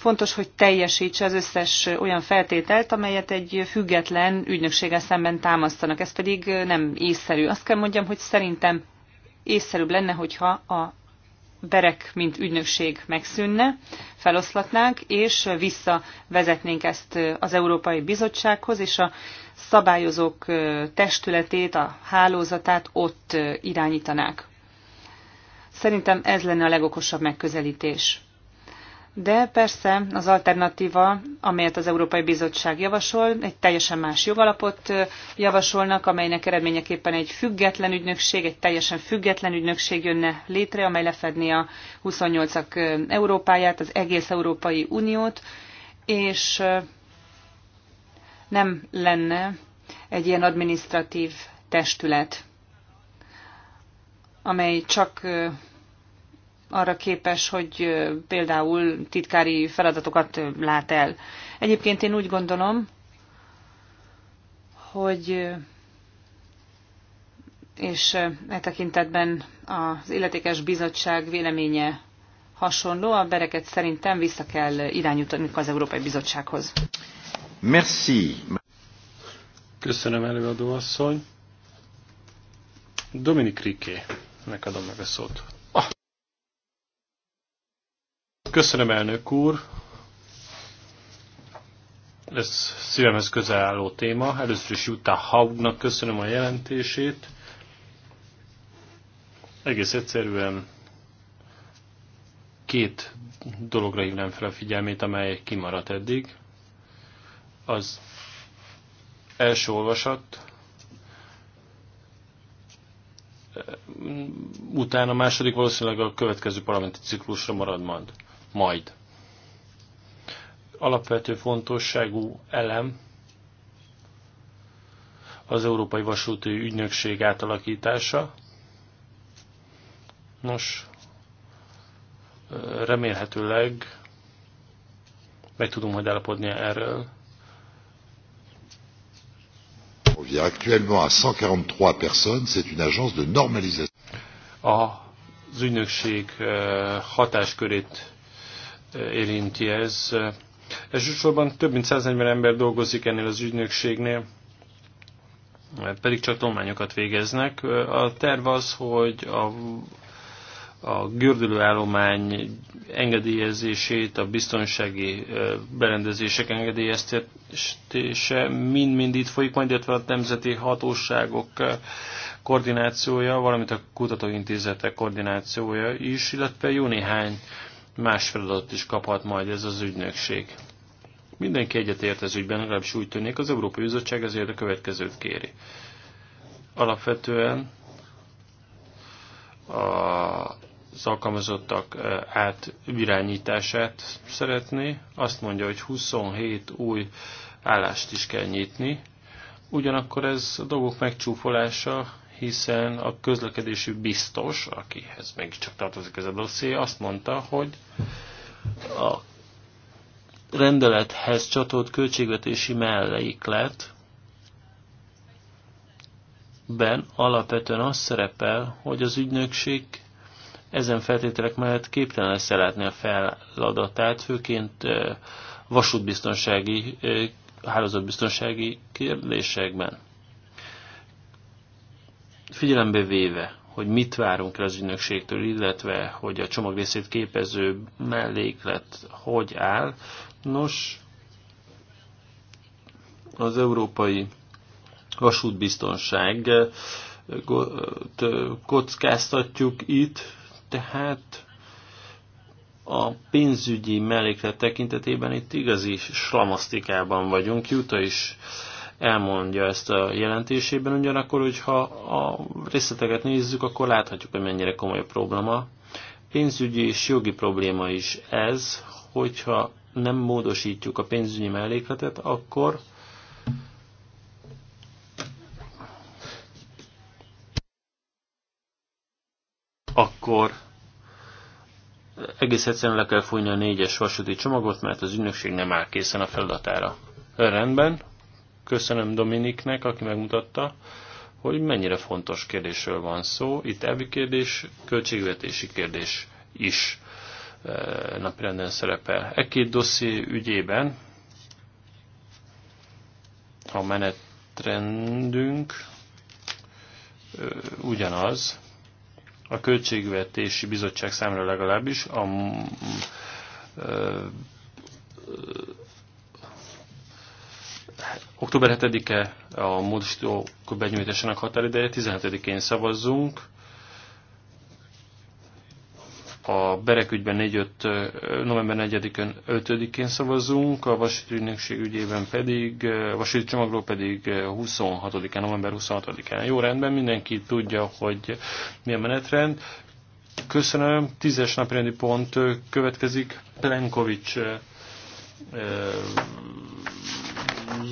Fontos, hogy teljesítse az összes olyan feltételt, amelyet egy független ügynökséggel szemben támasztanak. Ez pedig nem észszerű. Azt kell mondjam, hogy szerintem észszerűbb lenne, hogyha a berek, mint ügynökség megszűnne, feloszlatnánk, és visszavezetnénk ezt az Európai Bizottsághoz, és a szabályozók testületét, a hálózatát ott irányítanák. Szerintem ez lenne a legokosabb megközelítés. De persze az alternatíva, amelyet az Európai Bizottság javasol, egy teljesen más jogalapot javasolnak, amelynek eredményeképpen egy független ügynökség, egy teljesen független ügynökség jönne létre, amely lefedni a 28-ak Európáját, az egész Európai Uniót, és nem lenne egy ilyen administratív testület, amely csak arra képes, hogy például titkári feladatokat lát el. Egyébként én úgy gondolom, hogy és e tekintetben az illetékes bizottság véleménye hasonló, a bereket szerintem vissza kell irányítani az Európai Bizottsághoz. Merci. Köszönöm előadó asszony. Dominik Riké, adom meg a szót. Köszönöm, elnök úr! Ez szívemhez közel álló téma. Először is Jutta Haugnak köszönöm a jelentését. Egész egyszerűen két dologra hívnám fel a figyelmét, amely kimaradt eddig. Az első olvasat, utána a második valószínűleg a következő parlamenti ciklusra marad majd majd. Alapvető fontosságú elem az Európai Vasúti Ügynökség átalakítása. Nos, remélhetőleg meg tudunk majd állapodni erről. Il y a actuellement à 143 personnes, c'est une agence de normalisation. Az ügynökség eh, hatáskörét érinti ez. Elsősorban több mint 140 ember dolgozik ennél az ügynökségnél, pedig csak tolmányokat végeznek. A terv az, hogy a a gördülőállomány engedélyezését, a biztonsági berendezések engedélyeztetése mind-mind itt folyik, majd illetve a nemzeti hatóságok koordinációja, valamint a kutatóintézetek koordinációja is, illetve jó néhány más feladatot is kaphat majd ez az ügynökség. Mindenki egyetért ez ügyben, legalábbis úgy tűnik, az Európai Bizottság ezért a következőt kéri. Alapvetően az alkalmazottak eh, átvirányítását szeretné. Azt mondja, hogy 27 új állást is kell nyitni. Ugyanakkor ez a dolgok megcsúfolása, hiszen a közlekedési biztos, akihez mégiscsak tartozik ez a dosszé, azt mondta, hogy a rendelethez csatolt költségvetési melléklet ben alapvetően az szerepel, hogy az ügynökség ezen feltételek mellett képtelen lesz ellátni a feladatát, főként vasútbiztonsági, hálózatbiztonsági kérdésekben. Figyelembe véve, hogy mit várunk el az ügynökségtől, illetve hogy a csomag részét képező melléklet hogy áll, nos, az európai vasútbiztonság eh, kockáztatjuk itt, tehát a pénzügyi melléklet tekintetében itt igazi slamasztikában vagyunk. Juta is elmondja ezt a jelentésében, ugyanakkor, hogyha a részleteket nézzük, akkor láthatjuk, hogy mennyire komoly a probléma. Pénzügyi és jogi probléma is ez, hogyha nem módosítjuk a pénzügyi mellékletet, akkor akkor egész egyszerűen le kell fújni a négyes vasúti csomagot, mert az ügynökség nem áll készen a feladatára. Rendben, Köszönöm Dominiknek, aki megmutatta, hogy mennyire fontos kérdésről van szó. Itt elvi kérdés, költségvetési kérdés is e, napirenden szerepel. E két dosszié ügyében a menetrendünk e, ugyanaz, a Költségvetési Bizottság számára legalábbis a e, Október 7-e a módosítók benyújtásának határideje, 17-én szavazzunk. A berekügyben 4-5, november 4-ön 5-én szavazzunk, a vasúti ügynökség ügyében pedig, a vasúti csomagról pedig 26-án, november 26-án. Jó rendben, mindenki tudja, hogy mi a menetrend. Köszönöm, tízes napirendi pont következik. Plenkovics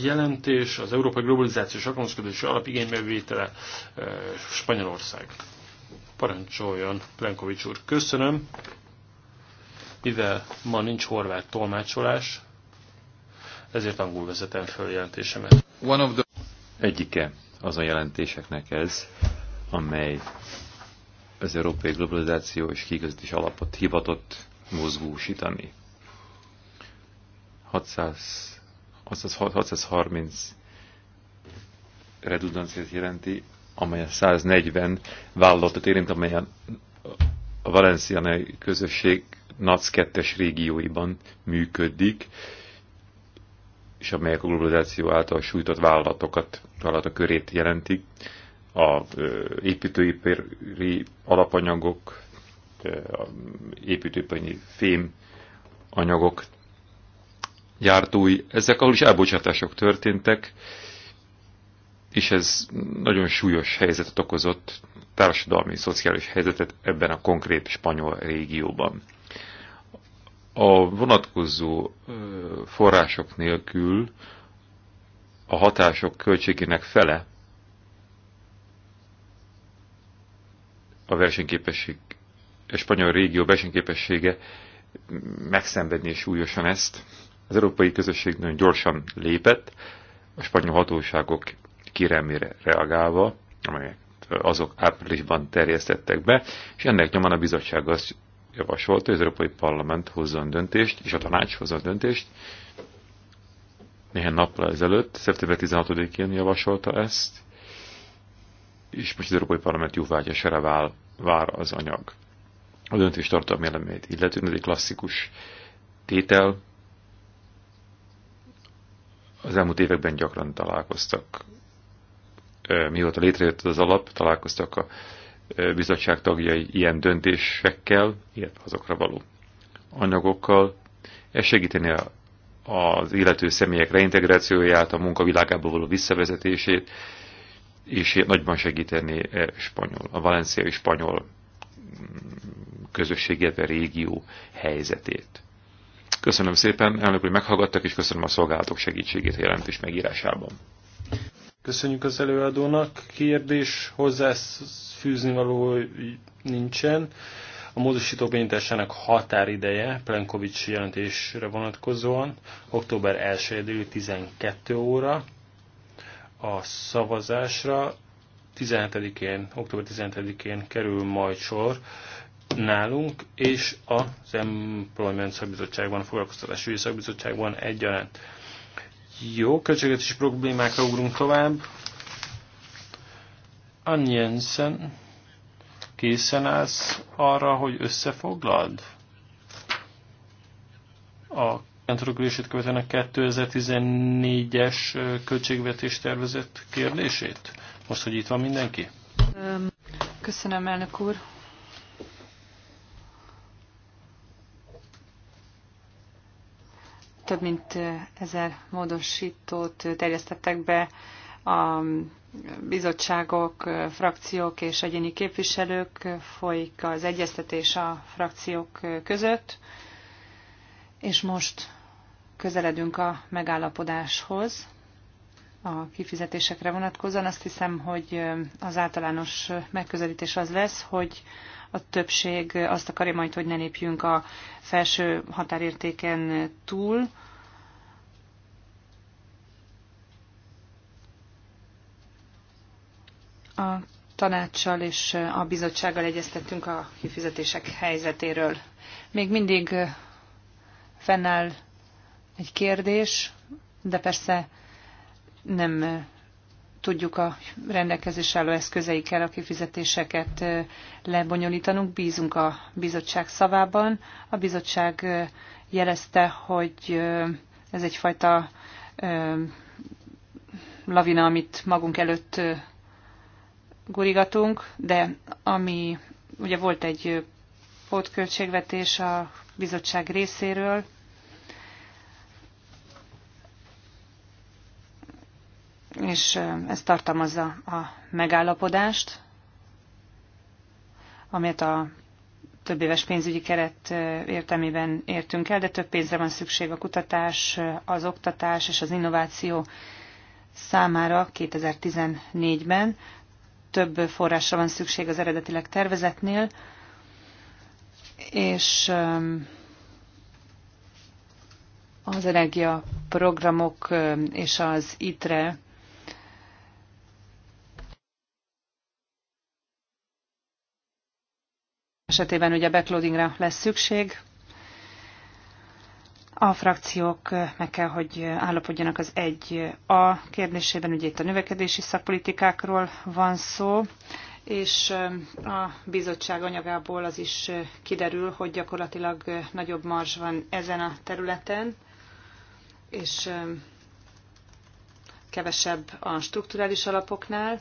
jelentés az Európai Globalizációs Alkalmazkodási Alap igénybevétele eh, Spanyolország. Parancsoljon, Plenkovics úr. Köszönöm. Mivel ma nincs horvát tolmácsolás, ezért angol vezetem a jelentésemet. One of the... Egyike az a jelentéseknek ez, amely az európai globalizáció és kigazdítás alapot hivatott mozgósítani. 600 630 redundanciát jelenti, amely a 140 vállalatot érint, amely a Valenciai közösség NAC 2-es régióiban működik, és amelyek a globalizáció által sújtott vállalatokat, vállalatok körét jelentik, a építőipari alapanyagok, építőipari fém anyagok gyártói, ezek alul is elbocsátások történtek, és ez nagyon súlyos helyzetet okozott, társadalmi, szociális helyzetet ebben a konkrét spanyol régióban. A vonatkozó források nélkül a hatások költségének fele a versenyképesség, a spanyol régió versenyképessége megszenvedni súlyosan ezt, az európai közösség nagyon gyorsan lépett, a spanyol hatóságok kérelmére reagálva, amelyek azok áprilisban terjesztettek be, és ennek nyomán a bizottság azt javasolta, hogy az Európai Parlament hozzon döntést, és a tanács hozzon döntést. Néhány nappal ezelőtt, szeptember 16-én javasolta ezt, és most az Európai Parlament sere vál, vár az anyag. A döntés tartalmi elemét illetően ez egy klasszikus tétel, az elmúlt években gyakran találkoztak. Mióta létrejött az alap, találkoztak a bizottság tagjai ilyen döntésekkel, illetve azokra való anyagokkal. Ez segíteni az illető személyek reintegrációját, a munkavilágába való visszavezetését, és nagyban segíteni a e spanyol, a valenciai spanyol mm, közösséget, a régió helyzetét. Köszönöm szépen, elnök úr, meghallgattak, és köszönöm a szolgálatok segítségét a jelentés megírásában. Köszönjük az előadónak. Kérdés hozzá fűzni való nincsen. A módosító benyújtásának határideje Plenkovics jelentésre vonatkozóan október 1 déli 12 óra a szavazásra 17-én, október 17-én kerül majd sor nálunk és az Employment Szakbizottságban, a Foglalkoztatásügyi Szakbizottságban egyaránt. Jó, költségvetési problémákra ugrunk tovább. Anjensen, készen állsz arra, hogy összefoglald? A kentrogülését követően a 2014-es költségvetés tervezett kérdését? Most, hogy itt van mindenki? Köszönöm, elnök úr. Több mint ezer módosítót terjesztettek be a bizottságok, frakciók és egyéni képviselők, folyik az egyeztetés a frakciók között, és most közeledünk a megállapodáshoz a kifizetésekre vonatkozóan. Azt hiszem, hogy az általános megközelítés az lesz, hogy a többség azt akarja majd, hogy ne lépjünk a felső határértéken túl. A tanácssal és a bizottsággal egyeztettünk a kifizetések helyzetéről. Még mindig fennáll egy kérdés, de persze nem tudjuk a rendelkezés álló eszközeikkel a kifizetéseket lebonyolítanunk. Bízunk a bizottság szavában. A bizottság jelezte, hogy ez egyfajta lavina, amit magunk előtt gurigatunk, de ami ugye volt egy pótköltségvetés a bizottság részéről, és ez tartalmazza a megállapodást, amelyet a több éves pénzügyi keret értelmében értünk el, de több pénzre van szükség a kutatás, az oktatás és az innováció számára 2014-ben. Több forrásra van szükség az eredetileg tervezetnél, és az energiaprogramok és az ITRE esetében ugye backloadingra lesz szükség. A frakciók meg kell, hogy állapodjanak az egy a kérdésében, ugye itt a növekedési szakpolitikákról van szó, és a bizottság anyagából az is kiderül, hogy gyakorlatilag nagyobb marzs van ezen a területen, és kevesebb a strukturális alapoknál,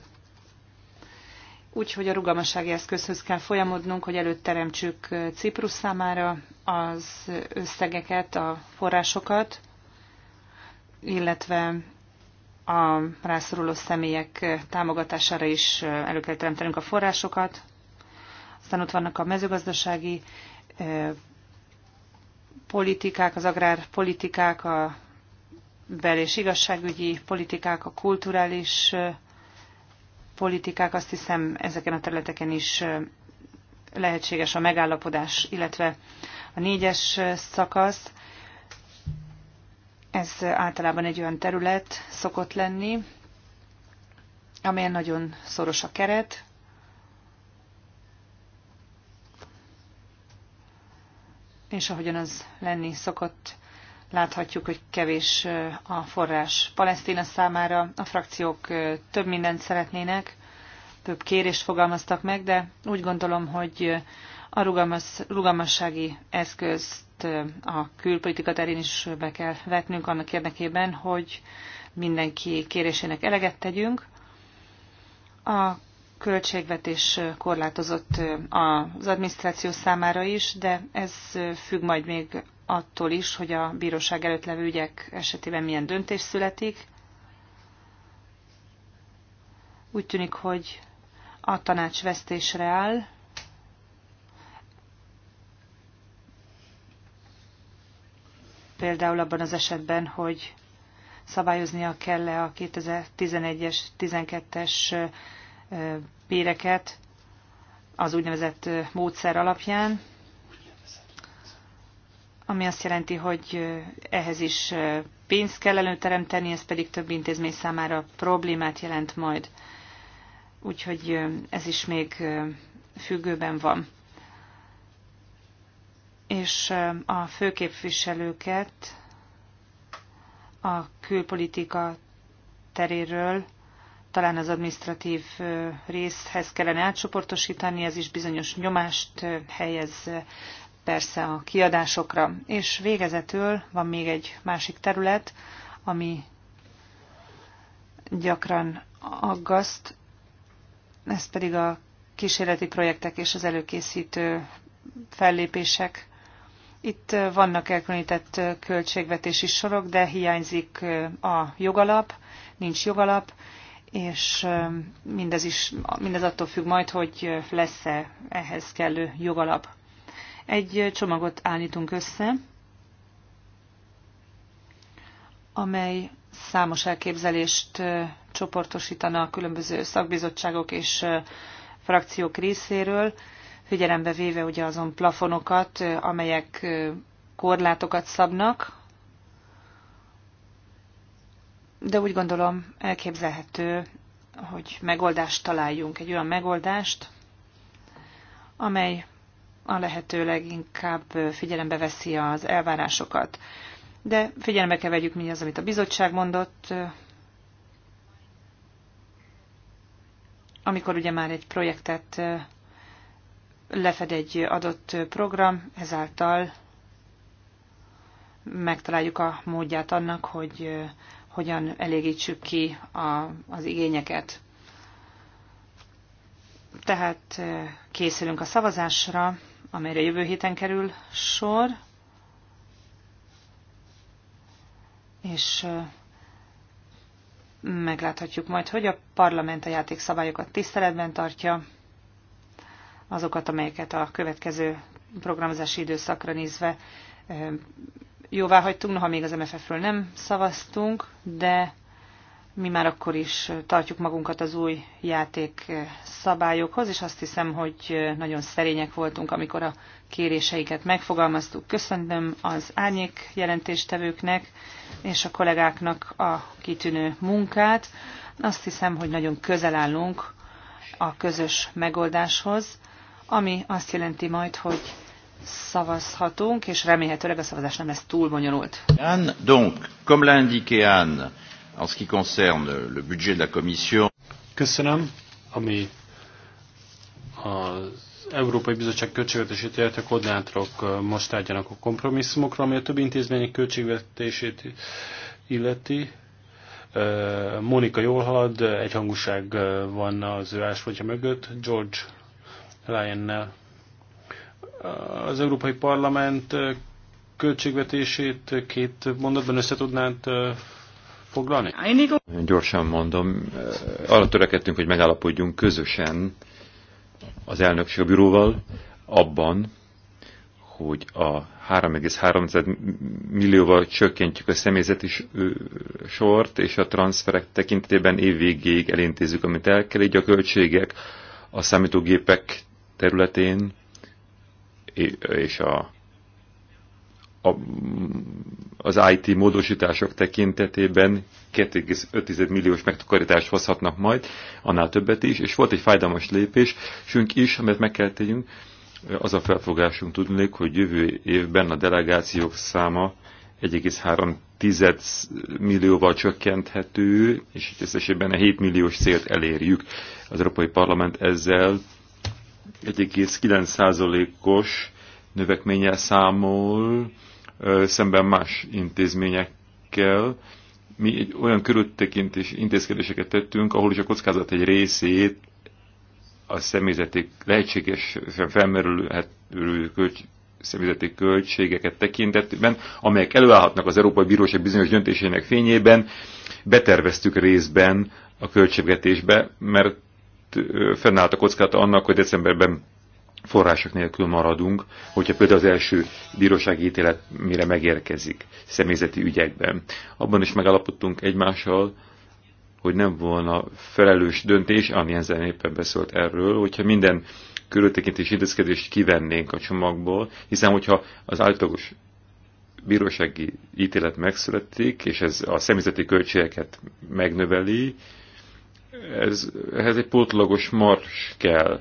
úgyhogy a rugalmassági eszközhöz kell folyamodnunk, hogy előtt teremtsük Ciprus számára az összegeket, a forrásokat, illetve a rászoruló személyek támogatására is elő kell teremtenünk a forrásokat. Aztán ott vannak a mezőgazdasági politikák, az agrárpolitikák, a bel- és igazságügyi politikák, a kulturális politikák, politikák, azt hiszem ezeken a területeken is lehetséges a megállapodás, illetve a négyes szakasz. Ez általában egy olyan terület szokott lenni, amelyen nagyon szoros a keret, és ahogyan az lenni szokott, Láthatjuk, hogy kevés a forrás Palesztina számára. A frakciók több mindent szeretnének, több kérést fogalmaztak meg, de úgy gondolom, hogy a rugalmas, rugalmassági eszközt a külpolitika terén is be kell vetnünk annak érdekében, hogy mindenki kérésének eleget tegyünk. A költségvetés korlátozott az adminisztráció számára is, de ez függ majd még attól is, hogy a bíróság előtt levő ügyek esetében milyen döntés születik. Úgy tűnik, hogy a tanács vesztésre áll. Például abban az esetben, hogy szabályoznia kell -e a 2011-es, 12-es béreket az úgynevezett módszer alapján, ami azt jelenti, hogy ehhez is pénzt kell előteremteni, ez pedig több intézmény számára problémát jelent majd. Úgyhogy ez is még függőben van. És a főképviselőket a külpolitika teréről talán az administratív részhez kellene átcsoportosítani, ez is bizonyos nyomást helyez persze a kiadásokra. És végezetül van még egy másik terület, ami gyakran aggaszt, ez pedig a kísérleti projektek és az előkészítő fellépések. Itt vannak elkülönített költségvetési sorok, de hiányzik a jogalap, nincs jogalap, és mindez, is, mindez attól függ majd, hogy lesz-e ehhez kellő jogalap. Egy csomagot állítunk össze, amely számos elképzelést csoportosítana a különböző szakbizottságok és frakciók részéről, figyelembe véve ugye azon plafonokat, amelyek korlátokat szabnak, de úgy gondolom elképzelhető, hogy megoldást találjunk, egy olyan megoldást, amely a lehető leginkább figyelembe veszi az elvárásokat. De figyelembe kell vegyük az, amit a bizottság mondott, amikor ugye már egy projektet lefed egy adott program, ezáltal megtaláljuk a módját annak, hogy hogyan elégítsük ki a, az igényeket. Tehát készülünk a szavazásra, amelyre jövő héten kerül sor, és megláthatjuk majd, hogy a parlament a játékszabályokat tiszteletben tartja, azokat, amelyeket a következő programozási időszakra nézve jóvá hagytunk, noha még az MFF-ről nem szavaztunk, de mi már akkor is tartjuk magunkat az új játék szabályokhoz, és azt hiszem, hogy nagyon szerények voltunk, amikor a kéréseiket megfogalmaztuk. Köszönöm az árnyék jelentéstevőknek és a kollégáknak a kitűnő munkát. Azt hiszem, hogy nagyon közel állunk a közös megoldáshoz, ami azt jelenti majd, hogy szavazhatunk, és remélhetőleg a szavazás nem lesz túl bonyolult. Anne, donc, comme l'a indiqué Anne, En ce qui concerne le budget de la Commission. Köszönöm, ami az Európai Bizottság költségvetését illetve koordinátorok most tárgyanak a kompromisszumokra, ami a több intézmények költségvetését illeti. Monika jól halad, egyhangúság van az ő ásfogja mögött, George Lyonnel. Az Európai Parlament költségvetését két mondatban összetudnád foglalni? Gyorsan mondom, eh, arra törekedtünk, hogy megállapodjunk közösen az elnökség bíróval abban, hogy a 3,3 millióval csökkentjük a személyzeti sort, és a transferek tekintetében évvégéig elintézzük, amit el kell, így a költségek a számítógépek területén és a a, az IT módosítások tekintetében 2,5 milliós megtakarítást hozhatnak majd, annál többet is, és volt egy fájdalmas lépés, sünk is, amit meg kell tegyünk. Az a felfogásunk tudnék, hogy jövő évben a delegációk száma 1,3 millióval csökkenthető, és összesében a 7 milliós célt elérjük. Az Európai Parlament ezzel 1,9 százalékos növekménnyel számol, szemben más intézményekkel. Mi egy olyan körültekintés intézkedéseket tettünk, ahol is a kockázat egy részét a személyzeti lehetséges felmerülő költ személyzeti költségeket tekintetben, amelyek előállhatnak az Európai Bíróság bizonyos döntésének fényében, beterveztük részben a költségvetésbe, mert fennállt a kockázata annak, hogy decemberben források nélkül maradunk, hogyha például az első bírósági ítélet mire megérkezik személyzeti ügyekben. Abban is megalapodtunk egymással, hogy nem volna felelős döntés, amilyen zen éppen beszélt erről, hogyha minden körültekintés intézkedést kivennénk a csomagból, hiszen hogyha az általános bírósági ítélet megszületik, és ez a személyzeti költségeket megnöveli, ez, ehhez egy pótlagos mars kell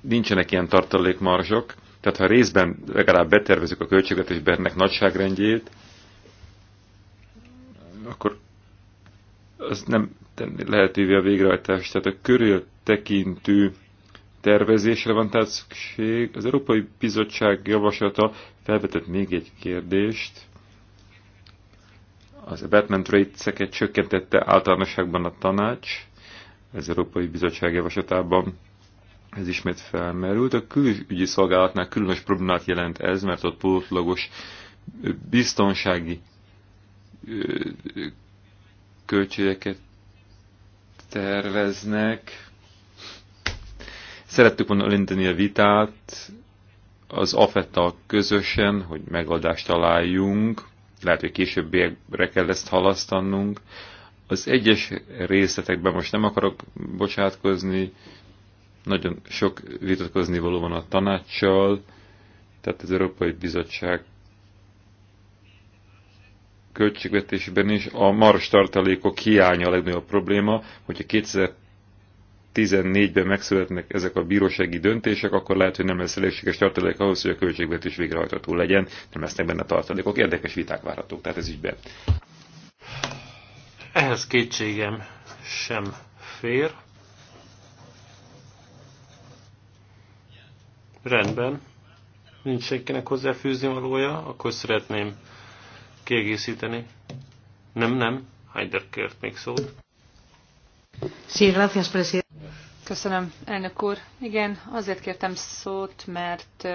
nincsenek ilyen tartalékmarzsok, tehát ha részben legalább betervezük a költségvetésben ennek nagyságrendjét, akkor az nem lehetővé a végrehajtás. Tehát a tekintő tervezésre van tehát szükség. Az Európai Bizottság javaslata felvetett még egy kérdést. Az abatement rates-eket csökkentette általánosságban a tanács, az Európai Bizottság javaslatában ez ismét felmerült. A külügyi szolgálatnál különös problémát jelent ez, mert ott pótlagos biztonsági költségeket terveznek. Szerettük volna elindítani a vitát az afeta közösen, hogy megoldást találjunk. Lehet, hogy későbbiekre kell ezt halasztanunk. Az egyes részletekben most nem akarok bocsátkozni, nagyon sok vitatkozni való van a tanácssal, tehát az Európai Bizottság költségvetésben is a mars tartalékok hiánya a legnagyobb probléma, hogyha 2014-ben megszületnek ezek a bírósági döntések, akkor lehet, hogy nem lesz elégséges tartalék ahhoz, hogy a költségvetés végrehajtható legyen, nem lesznek benne tartalékok. Érdekes viták várhatók, tehát ez ügyben. Ehhez kétségem sem fér. Rendben. Nincs senkinek hozzáfűzni valója, akkor szeretném kiegészíteni. Nem, nem. Heider kért még szót. Köszönöm, elnök úr. Igen, azért kértem szót, mert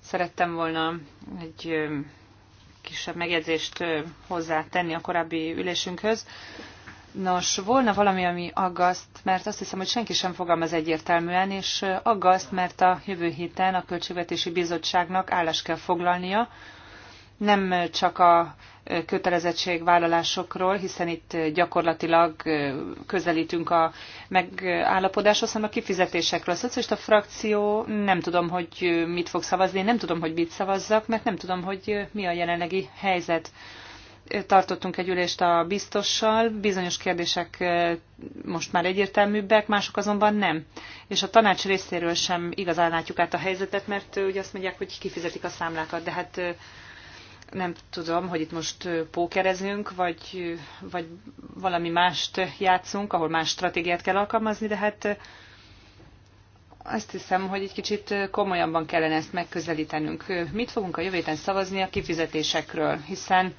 szerettem volna egy kisebb megjegyzést hozzátenni a korábbi ülésünkhöz. Nos, volna valami, ami aggaszt, mert azt hiszem, hogy senki sem fogalmaz egyértelműen, és aggaszt, mert a jövő héten a Költségvetési Bizottságnak állást kell foglalnia, nem csak a kötelezettségvállalásokról, hiszen itt gyakorlatilag közelítünk a megállapodáshoz, hanem a kifizetésekről. A szocialista frakció nem tudom, hogy mit fog szavazni, nem tudom, hogy mit szavazzak, mert nem tudom, hogy mi a jelenlegi helyzet tartottunk egy ülést a biztossal, bizonyos kérdések most már egyértelműbbek, mások azonban nem. És a tanács részéről sem igazán látjuk át a helyzetet, mert ugye azt mondják, hogy kifizetik a számlákat, de hát nem tudom, hogy itt most pókerezünk, vagy, vagy valami mást játszunk, ahol más stratégiát kell alkalmazni, de hát azt hiszem, hogy egy kicsit komolyabban kellene ezt megközelítenünk. Mit fogunk a jövő héten szavazni a kifizetésekről, hiszen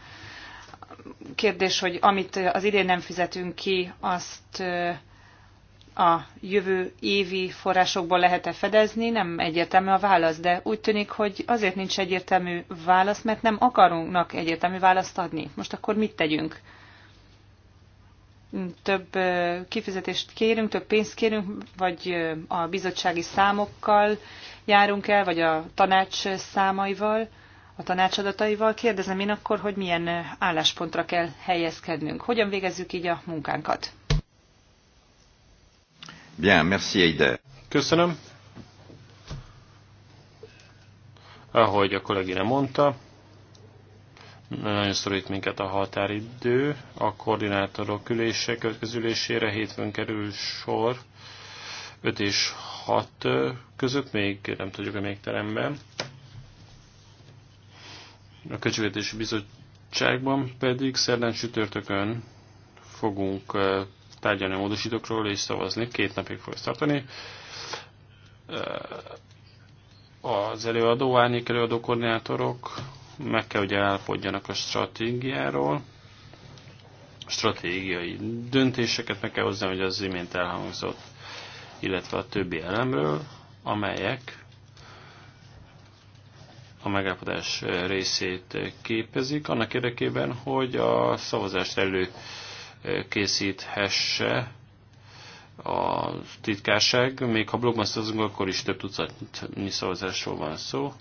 kérdés, hogy amit az idén nem fizetünk ki, azt a jövő évi forrásokból lehet-e fedezni, nem egyértelmű a válasz, de úgy tűnik, hogy azért nincs egyértelmű válasz, mert nem akarunknak egyértelmű választ adni. Most akkor mit tegyünk? Több kifizetést kérünk, több pénzt kérünk, vagy a bizottsági számokkal járunk el, vagy a tanács számaival a tanácsadataival. Kérdezem én akkor, hogy milyen álláspontra kell helyezkednünk. Hogyan végezzük így a munkánkat? Bien, merci Eide. Köszönöm. Ahogy a kollégire mondta, nagyon szorít minket a határidő. A koordinátorok ülése közülésére hétfőn kerül sor 5 és 6 között, még nem tudjuk, hogy még teremben. A Költségvetési Bizottságban pedig szerdán csütörtökön fogunk tárgyalni a módosítókról és szavazni. Két napig fog ezt tartani. Az előadó, árnyék előadó koordinátorok meg kell, hogy állapodjanak a stratégiáról, stratégiai döntéseket meg kell hozzá, hogy az imént elhangzott, illetve a többi elemről, amelyek a megállapodás részét képezik, annak érdekében, hogy a szavazást elő készíthesse a titkárság, még ha blogban szavazunk, akkor is több tucatnyi szavazásról van szó.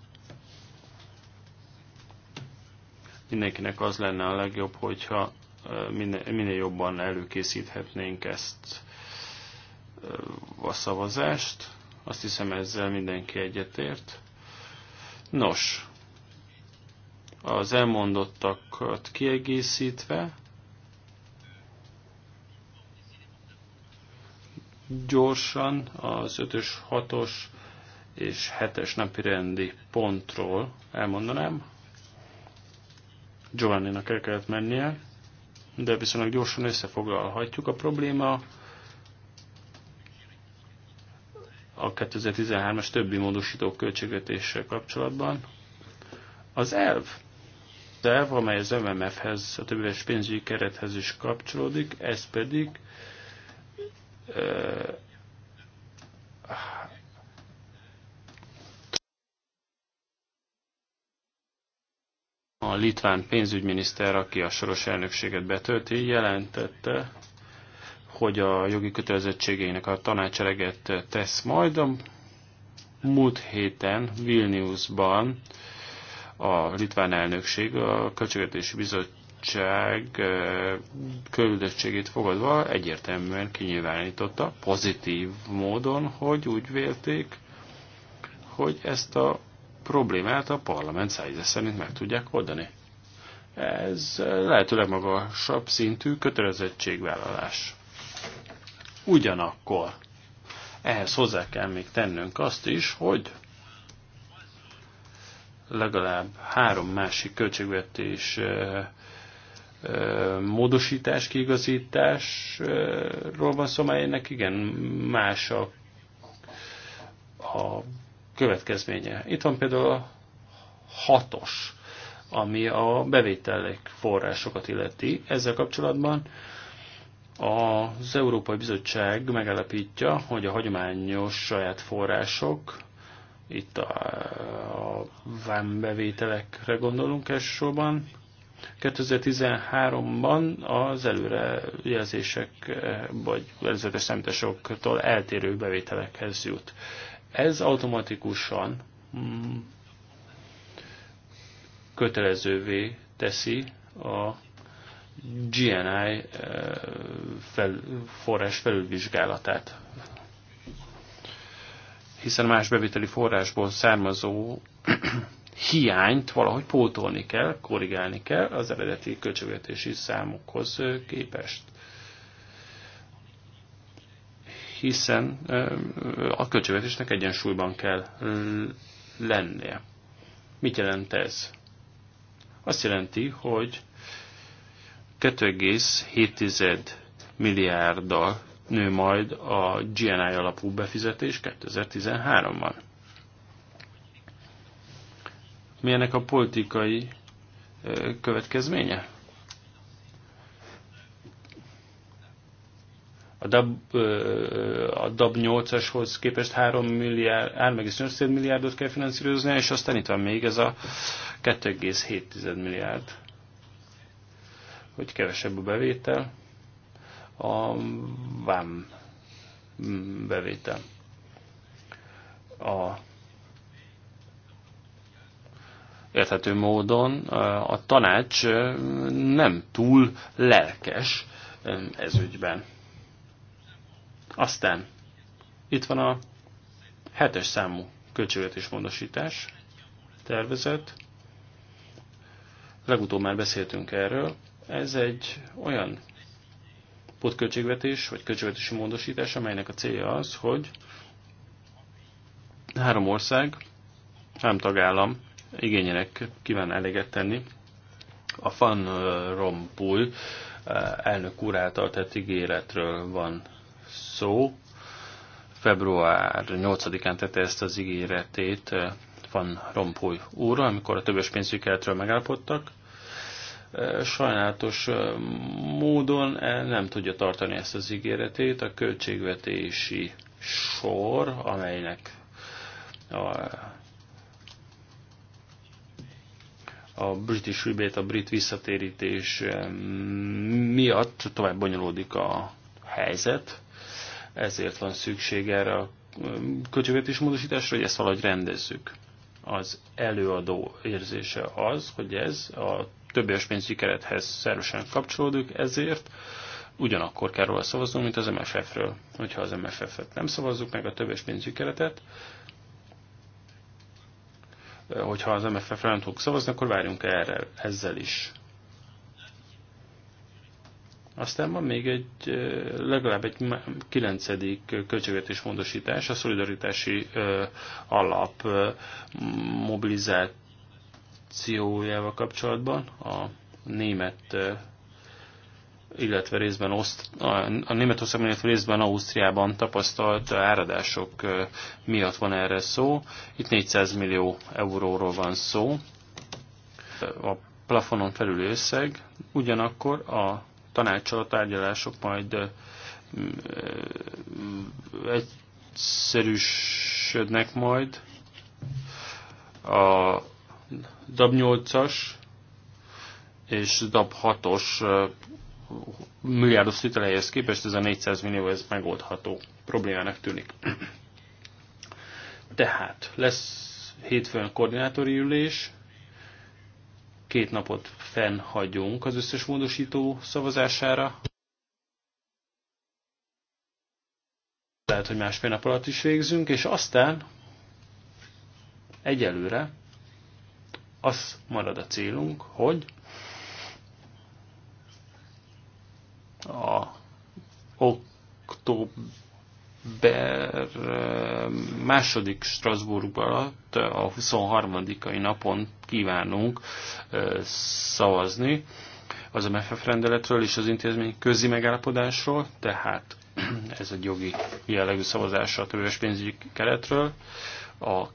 Mindenkinek az lenne a legjobb, hogyha minél, jobban előkészíthetnénk ezt a szavazást. Azt hiszem ezzel mindenki egyetért. Nos, az elmondottakat kiegészítve, gyorsan az 5-ös, 6-os és 7-es napi rendi pontról elmondanám. Giovanni-nak el kellett mennie, de viszonylag gyorsan összefoglalhatjuk. A probléma a 2013-as többi módosító költségvetéssel kapcsolatban. Az elv, az elv, amely az MMF-hez, a többéves pénzügyi kerethez is kapcsolódik, ez pedig a litván pénzügyminiszter, aki a soros elnökséget betölti, jelentette, hogy a jogi kötelezettségeinek a tanácsereget tesz majd. A múlt héten Vilniusban a litván elnökség, a Költségvetési Bizottság eh, küldöttségét fogadva egyértelműen kinyilvánította pozitív módon, hogy úgy vélték, hogy ezt a problémát a parlament szájéze szerint meg tudják oldani. Ez lehetőleg magasabb szintű kötelezettségvállalás. Ugyanakkor ehhez hozzá kell még tennünk azt is, hogy legalább három másik költségvetés módosítás, kiigazításról van szó, melynek igen más a, a következménye. Itt van például a hatos, ami a bevételek forrásokat illeti. Ezzel kapcsolatban az Európai Bizottság megállapítja, hogy a hagyományos saját források, itt a, a vámbevételekre gondolunk elsősorban, 2013-ban az előrejelzések vagy előzetes számításoktól eltérő bevételekhez jut. Ez automatikusan mm, kötelezővé teszi a GNI eh, fel, forrás felülvizsgálatát. Hiszen más bevételi forrásból származó hiányt valahogy pótolni kell, korrigálni kell az eredeti költségvetési számokhoz eh, képest. Hiszen eh, a költségvetésnek egyensúlyban kell lennie. Mit jelent ez? Azt jelenti, hogy 2,7 milliárddal nő majd a GNI alapú befizetés 2013-ban. Mi ennek a politikai következménye? A DAB, 8-ashoz képest 3 milliárd, 3,8 milliárdot kell finanszírozni, és aztán itt van még ez a 2,7 milliárd hogy kevesebb a bevétel, a vám bevétel. A érthető módon a tanács nem túl lelkes ez ügyben. Aztán itt van a hetes számú költségvetés módosítás tervezet. Legutóbb már beszéltünk erről. Ez egy olyan pótköltségvetés, vagy költségvetési módosítás, amelynek a célja az, hogy három ország, három tagállam igényének kíván eléget tenni a Van Rompuy eh, elnök úr által tett ígéretről van szó. Február 8-án tette ezt az ígéretét eh, Van Rompuy úr, amikor a többes pénzügykeretről megállapodtak sajnálatos módon nem tudja tartani ezt az ígéretét. A költségvetési sor, amelynek a, a British Rebate, a brit visszatérítés miatt tovább bonyolódik a helyzet, ezért van szükség erre a költségvetés módosításra, hogy ezt valahogy rendezzük. Az előadó érzése az, hogy ez a többes pénzügyi kerethez szervesen kapcsolódik, ezért ugyanakkor kell róla szavaznunk, mint az MFF-ről. Hogyha az MFF-et nem szavazzuk meg, a többes pénzügyi keretet, hogyha az MFF-re nem tudunk szavazni, akkor várjunk erre, ezzel is. Aztán van még egy, legalább egy kilencedik költségvetés módosítás, a szolidaritási alap mobilizált reakciójával kapcsolatban a német illetve részben Oszt a Németországban, illetve részben Ausztriában tapasztalt áradások miatt van erre szó. Itt 400 millió euróról van szó. A plafonon felüli összeg. Ugyanakkor a tanácsal a tárgyalások majd egyszerűsödnek majd. A DAB 8-as és DAB 6-os milliárdos hitelejéhez képest ez a 400 millió ez megoldható problémának tűnik. Tehát lesz hétfőn koordinátori ülés, két napot hagyunk az összes módosító szavazására. Lehet, hogy másfél nap alatt is végzünk, és aztán egyelőre az marad a célunk, hogy a október eh, második Strasbourgban eh, a 23-ai napon kívánunk eh, szavazni az MFF rendeletről és az intézmény közi megállapodásról, tehát ez egy jogi jellegű szavazása a többes pénzügyi keretről. A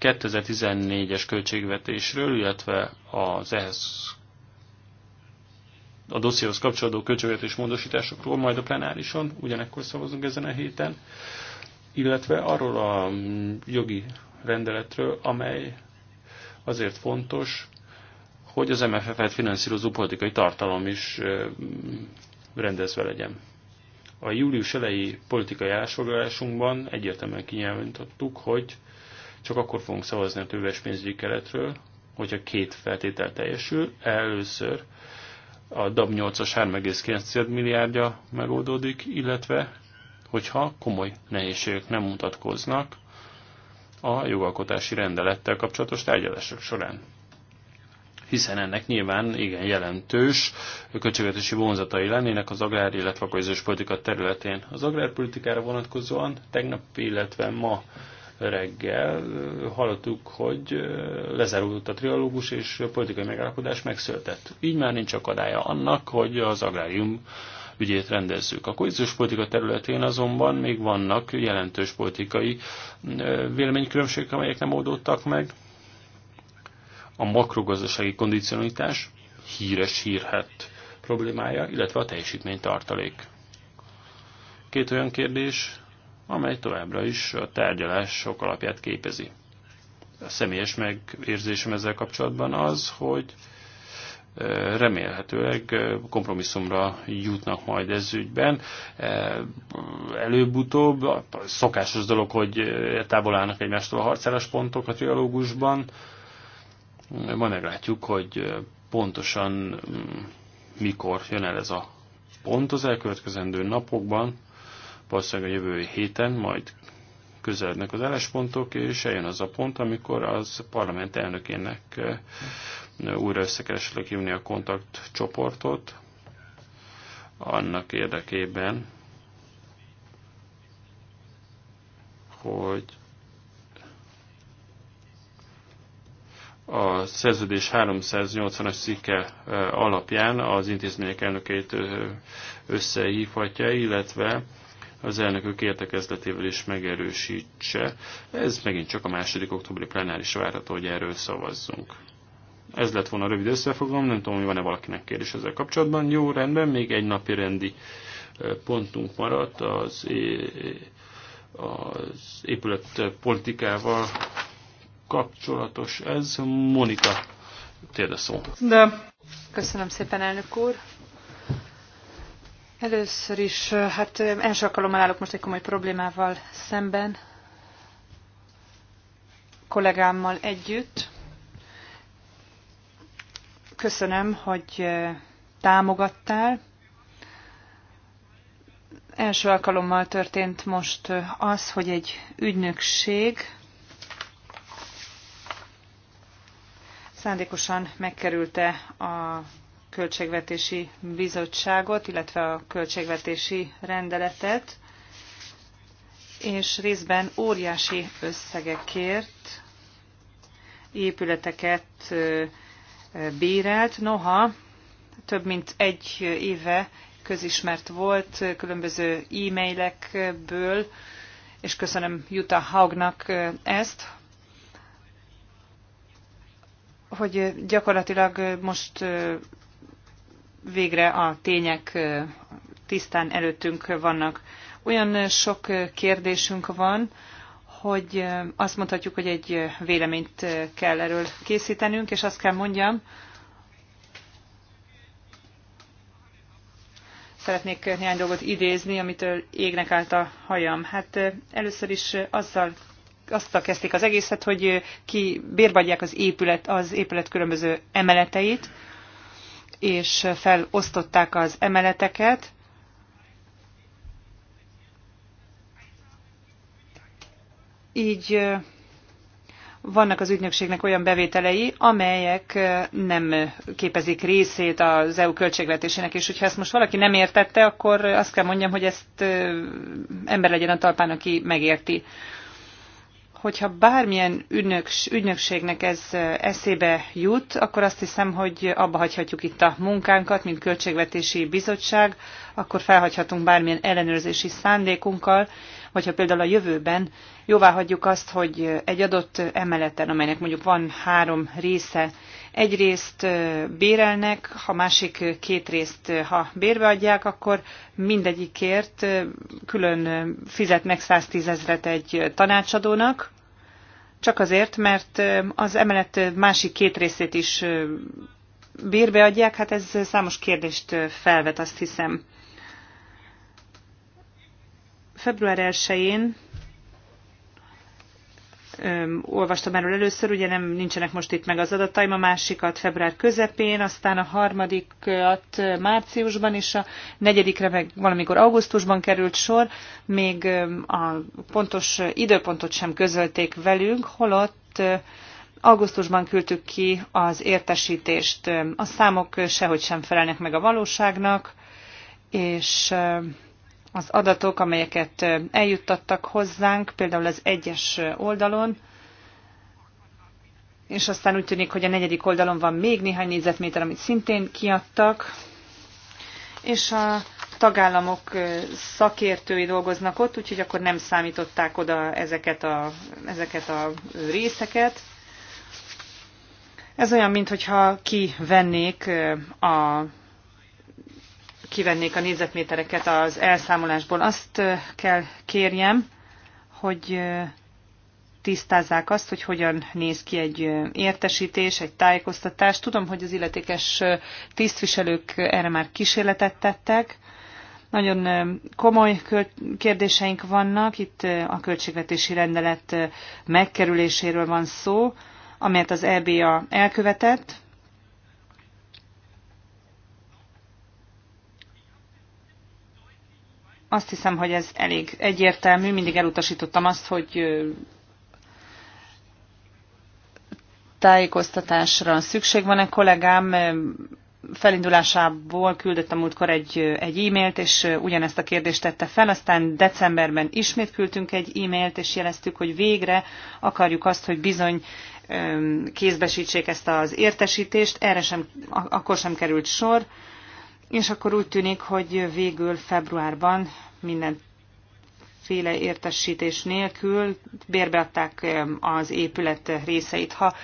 2014-es költségvetésről, illetve az ehhez a dossziéhoz kapcsolódó költségvetés módosításokról majd a plenárison, ugyanekkor szavazunk ezen a héten, illetve arról a jogi rendeletről, amely azért fontos, hogy az MFF-et finanszírozó politikai tartalom is rendezve legyen. A július elejé politikai állásfoglalásunkban egyértelműen kinyilvánítottuk, hogy csak akkor fogunk szavazni a többes pénzügyi keretről, hogyha két feltétel teljesül. Először a DAB 8-as 3,9 milliárdja megoldódik, illetve hogyha komoly nehézségek nem mutatkoznak a jogalkotási rendelettel kapcsolatos tárgyalások során. Hiszen ennek nyilván igen jelentős költségvetési vonzatai lennének az agrár, illetve a politika területén. Az agrárpolitikára vonatkozóan tegnap, illetve ma reggel hallottuk, hogy lezárult a trialógus, és a politikai megállapodás megszületett. Így már nincs akadálya annak, hogy az agrárium ügyét rendezzük. A kohéziós politika területén azonban még vannak jelentős politikai véleménykülönbségek, amelyek nem oldódtak meg. A makrogazdasági kondicionalitás híres hírhet problémája, illetve a teljesítménytartalék. Két olyan kérdés, amely továbbra is a tárgyalások alapját képezi. A személyes megérzésem ezzel kapcsolatban az, hogy e, remélhetőleg e, kompromisszumra jutnak majd ez ügyben. E, előbb-utóbb szokásos dolog, hogy távol állnak egymástól a harcáros pontok a trialógusban. Majd meglátjuk, hogy pontosan mikor jön el ez a pont az elkövetkezendő napokban valószínűleg a jövő héten majd közelednek az álláspontok, és eljön az a pont, amikor az parlament elnökének eh, újra össze kell esetleg hívni a kontaktcsoportot, annak érdekében, hogy a szerződés 380-as cikke eh, alapján az intézmények elnökeit eh, összehívhatja, illetve az elnökök értekezletével is megerősítse. Ez megint csak a második októberi plenáris várható, hogy erről szavazzunk. Ez lett volna a rövid összefoglalom, nem tudom, hogy van-e valakinek kérdés ezzel kapcsolatban. Jó, rendben, még egy napi rendi pontunk maradt az, az épületpolitikával kapcsolatos. Ez Monika, térde szó. De. Köszönöm szépen, elnök úr. Először is, hát első alkalommal állok most egy komoly problémával szemben, kollégámmal együtt. Köszönöm, hogy támogattál. Első alkalommal történt most az, hogy egy ügynökség szándékosan megkerülte a Költségvetési Bizottságot, illetve a költségvetési rendeletet, és részben óriási összegekért épületeket bérelt. Noha több mint egy éve közismert volt különböző e-mailekből, és köszönöm Jutta Haugnak ezt, hogy gyakorlatilag most végre a tények tisztán előttünk vannak. Olyan sok kérdésünk van, hogy azt mondhatjuk, hogy egy véleményt kell erről készítenünk, és azt kell mondjam, szeretnék néhány dolgot idézni, amitől égnek állt a hajam. Hát először is azzal azt kezdték az egészet, hogy ki bérbadják az épület, az épület különböző emeleteit, és felosztották az emeleteket. Így vannak az ügynökségnek olyan bevételei, amelyek nem képezik részét az EU költségvetésének, és hogyha ezt most valaki nem értette, akkor azt kell mondjam, hogy ezt ember legyen a talpán, aki megérti hogyha bármilyen ügynöks, ügynökségnek ez eszébe jut, akkor azt hiszem, hogy abba hagyhatjuk itt a munkánkat, mint Költségvetési Bizottság, akkor felhagyhatunk bármilyen ellenőrzési szándékunkkal, vagy ha például a jövőben jóvá hagyjuk azt, hogy egy adott emeleten, amelynek mondjuk van három része, egy részt bérelnek, ha másik két részt, ha bérbe adják, akkor mindegyikért külön fizetnek 110 ezeret egy tanácsadónak, csak azért, mert az emelet másik két részét is bérbe adják, hát ez számos kérdést felvet, azt hiszem. Február 1-én öm, olvastam erről először, ugye nem nincsenek most itt meg az adataim, a másikat február közepén, aztán a harmadikat márciusban, és a negyedikre meg valamikor augusztusban került sor, még a pontos időpontot sem közölték velünk, holott augusztusban küldtük ki az értesítést. A számok sehogy sem felelnek meg a valóságnak, és az adatok, amelyeket eljuttattak hozzánk, például az egyes oldalon, és aztán úgy tűnik, hogy a negyedik oldalon van még néhány négyzetméter, amit szintén kiadtak, és a tagállamok szakértői dolgoznak ott, úgyhogy akkor nem számították oda ezeket a, ezeket a részeket. Ez olyan, mintha kivennék a kivennék a négyzetmétereket az elszámolásból. Azt kell kérjem, hogy tisztázzák azt, hogy hogyan néz ki egy értesítés, egy tájékoztatás. Tudom, hogy az illetékes tisztviselők erre már kísérletet tettek. Nagyon komoly kérdéseink vannak. Itt a költségvetési rendelet megkerüléséről van szó, amelyet az EBA elkövetett Azt hiszem, hogy ez elég egyértelmű. Mindig elutasítottam azt, hogy tájékoztatásra szükség van-e. Kollégám felindulásából küldött a múltkor egy, egy e-mailt, és ugyanezt a kérdést tette fel, aztán decemberben ismét küldtünk egy e-mailt, és jeleztük, hogy végre akarjuk azt, hogy bizony kézbesítsék ezt az értesítést, erre sem, akkor sem került sor és akkor úgy tűnik, hogy végül februárban mindenféle értesítés nélkül bérbeadták az épület részeit. Ha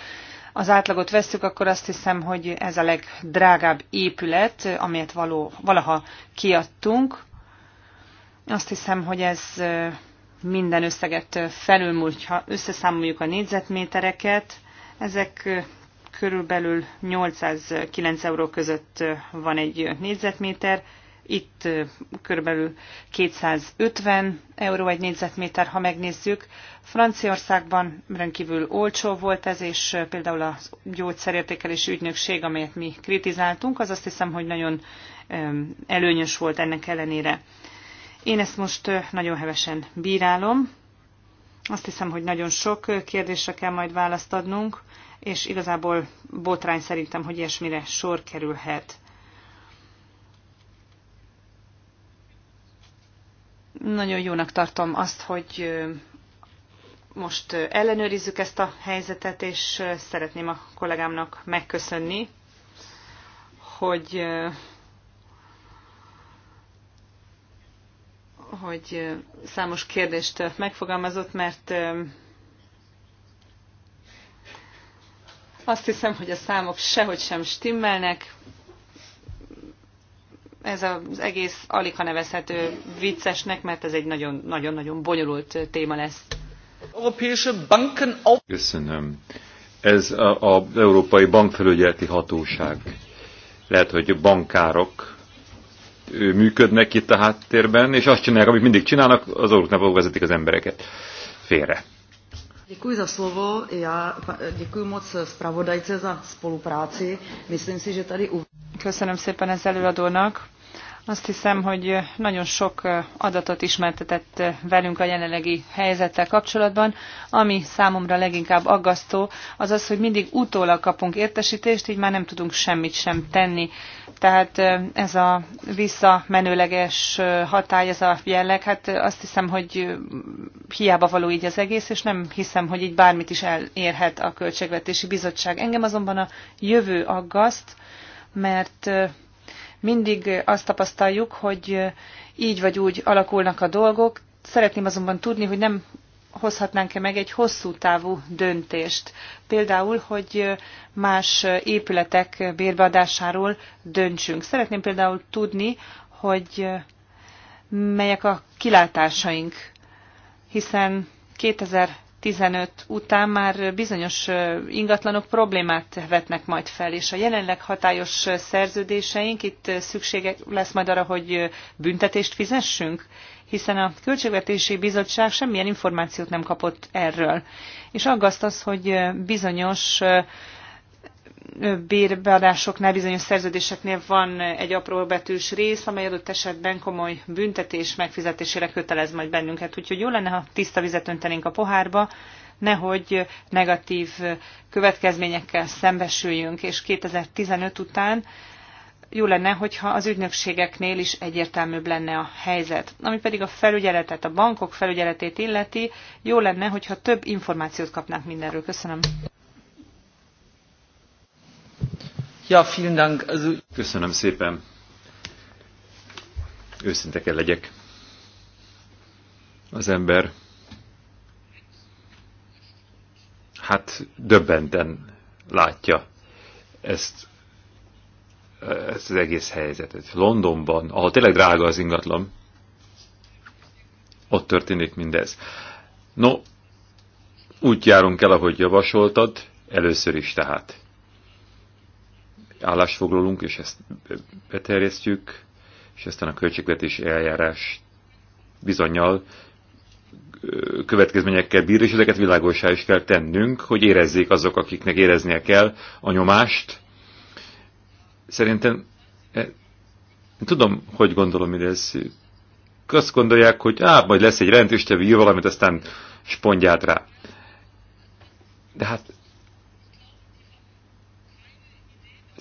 az átlagot vesszük, akkor azt hiszem, hogy ez a legdrágább épület, amelyet való, valaha kiadtunk. Azt hiszem, hogy ez minden összeget ha összeszámoljuk a négyzetmétereket. Ezek körülbelül 809 euró között van egy négyzetméter, itt körülbelül 250 euró egy négyzetméter, ha megnézzük. Franciaországban rendkívül olcsó volt ez, és például a gyógyszerértékelési ügynökség, amelyet mi kritizáltunk, az azt hiszem, hogy nagyon előnyös volt ennek ellenére. Én ezt most nagyon hevesen bírálom. Azt hiszem, hogy nagyon sok kérdésre kell majd választ adnunk és igazából botrány szerintem, hogy ilyesmire sor kerülhet. Nagyon jónak tartom azt, hogy most ellenőrizzük ezt a helyzetet, és szeretném a kollégámnak megköszönni, hogy hogy számos kérdést megfogalmazott, mert Azt hiszem, hogy a számok sehogy sem stimmelnek. Ez az egész alig ha nevezhető viccesnek, mert ez egy nagyon-nagyon bonyolult téma lesz. Köszönöm. Ez az Európai Bankfelügyeleti Hatóság. Lehet, hogy bankárok működnek itt a háttérben, és azt csinálják, amit mindig csinálnak, az orruknál vezetik az embereket félre. Děkuji za slovo. Já děkuji moc zpravodajce za spolupráci. Myslím si, že tady... Köszönöm szépen ezzel előadónak azt hiszem, hogy nagyon sok adatot ismertetett velünk a jelenlegi helyzettel kapcsolatban. Ami számomra leginkább aggasztó, az az, hogy mindig utólag kapunk értesítést, így már nem tudunk semmit sem tenni. Tehát ez a visszamenőleges hatály, ez a jelleg, hát azt hiszem, hogy hiába való így az egész, és nem hiszem, hogy így bármit is elérhet a Költségvetési Bizottság. Engem azonban a jövő aggaszt, mert mindig azt tapasztaljuk, hogy így vagy úgy alakulnak a dolgok. Szeretném azonban tudni, hogy nem hozhatnánk-e meg egy hosszú távú döntést. Például, hogy más épületek bérbeadásáról döntsünk. Szeretném például tudni, hogy melyek a kilátásaink, hiszen 2000 15 után már bizonyos ingatlanok problémát vetnek majd fel, és a jelenleg hatályos szerződéseink itt szüksége lesz majd arra, hogy büntetést fizessünk, hiszen a Költségvetési Bizottság semmilyen információt nem kapott erről. És aggaszt az, hogy bizonyos bérbeadásoknál, bizonyos szerződéseknél van egy apró betűs rész, amely adott esetben komoly büntetés megfizetésére kötelez majd bennünket. Úgyhogy jó lenne, ha tiszta vizet öntenénk a pohárba, nehogy negatív következményekkel szembesüljünk, és 2015 után jó lenne, hogyha az ügynökségeknél is egyértelműbb lenne a helyzet. Ami pedig a felügyeletet, a bankok felügyeletét illeti, jó lenne, hogyha több információt kapnánk mindenről. Köszönöm. Ja, vielen Dank. Also... Köszönöm szépen. Őszinte kell legyek. Az ember hát döbbenten látja ezt, ezt az egész helyzetet. Londonban, ahol tényleg drága az ingatlan, ott történik mindez. No, úgy járunk el, ahogy javasoltad, először is tehát állásfoglalunk, és ezt beterjesztjük, és aztán a költségvetési eljárás bizonyal következményekkel bír, és ezeket világosá is kell tennünk, hogy érezzék azok, akiknek éreznie kell a nyomást. Szerintem e, tudom, hogy gondolom hogy ez Azt gondolják, hogy á, majd lesz egy rendőrstevű, jó valamit, aztán spondját rá. De hát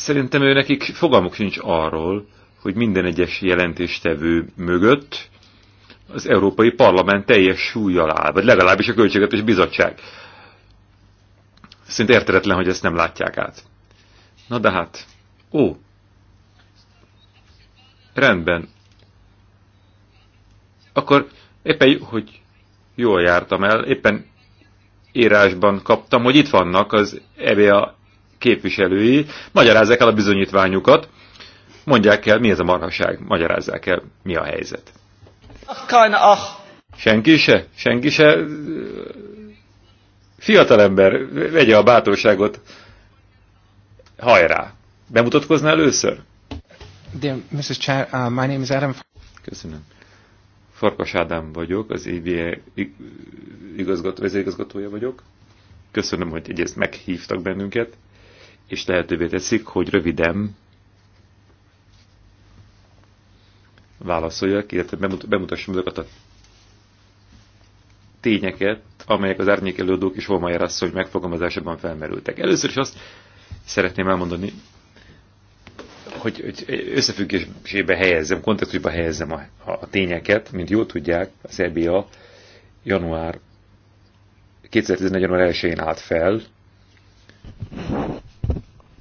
Szerintem ő nekik fogalmuk sincs arról, hogy minden egyes jelentéstevő mögött az Európai Parlament teljes súlyjal áll, vagy legalábbis a Költségvetés Bizottság. Szinte érteletlen, hogy ezt nem látják át. Na de hát, ó, rendben. Akkor éppen, hogy jól jártam el, éppen írásban kaptam, hogy itt vannak az EBA képviselői magyarázzák el a bizonyítványukat, mondják el, mi ez a marhaság, magyarázzák el, mi a helyzet. Senki se, senki se. Fiatalember, vegye a bátorságot. Hajrá! Bemutatkozna először? Dear Mrs. Chair, uh, my name is Adam. Köszönöm. Farkas Ádám vagyok, az EBA igazgató, vezérigazgatója vagyok. Köszönöm, hogy egyrészt meghívtak bennünket és lehetővé teszik, hogy röviden válaszoljak, illetve bemutassam azokat a tényeket, amelyek az árnyék előadók és Holmajer asszony megfogalmazásában felmerültek. Először is azt szeretném elmondani, hogy, hogy helyezzem, kontextusba helyezzem a, a, a tényeket, mint jól tudják, a Szerbia január 2014. január 1-én állt fel,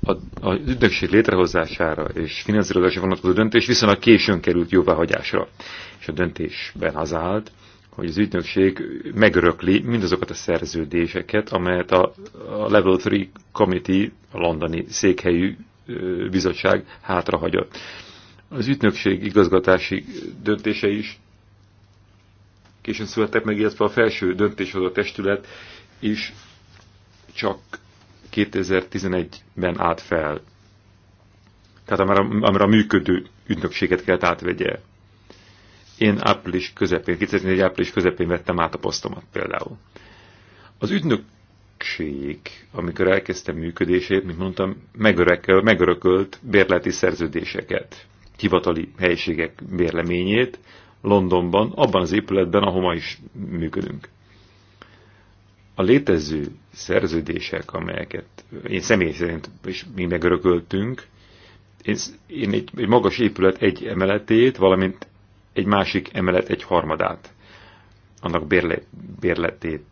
a, a ügynökség létrehozására és finanszírozásra vonatkozó döntés viszonylag későn került jóváhagyásra. És a döntésben az állt, hogy az ügynökség megörökli mindazokat a szerződéseket, amelyet a, a Level 3 Committee, a londoni székhelyű bizottság hátrahagyott. Az ügynökség igazgatási döntése is későn születtek meg, illetve a felső döntéshozó testület is csak 2011-ben állt fel. Tehát amire, amire a működő ügynökséget kellett átvegye. Én április közepén, 2011 április közepén vettem át a posztomat például. Az ügynökség, amikor elkezdtem működését, mint mondtam, megörökölt, megörökölt bérleti szerződéseket, hivatali helyiségek bérleményét Londonban, abban az épületben, ahol ma is működünk a létező szerződések, amelyeket én személy szerint is mi megörököltünk, én, én egy, egy magas épület egy emeletét, valamint egy másik emelet egy harmadát, annak bérle, bérletét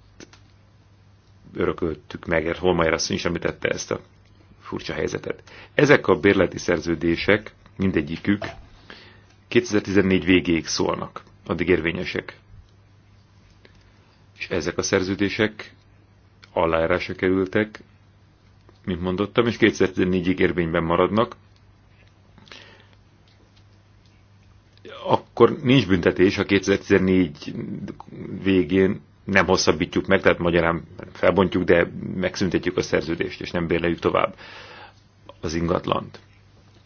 örököltük meg, mert majd azt is említette ezt a furcsa helyzetet. Ezek a bérleti szerződések, mindegyikük 2014 végéig szólnak, addig érvényesek. És ezek a szerződések aláírásra kerültek, mint mondottam, és 2014-ig érvényben maradnak, akkor nincs büntetés, ha 2014 végén nem hosszabbítjuk meg, tehát magyarán felbontjuk, de megszüntetjük a szerződést, és nem bérleljük tovább az ingatlant.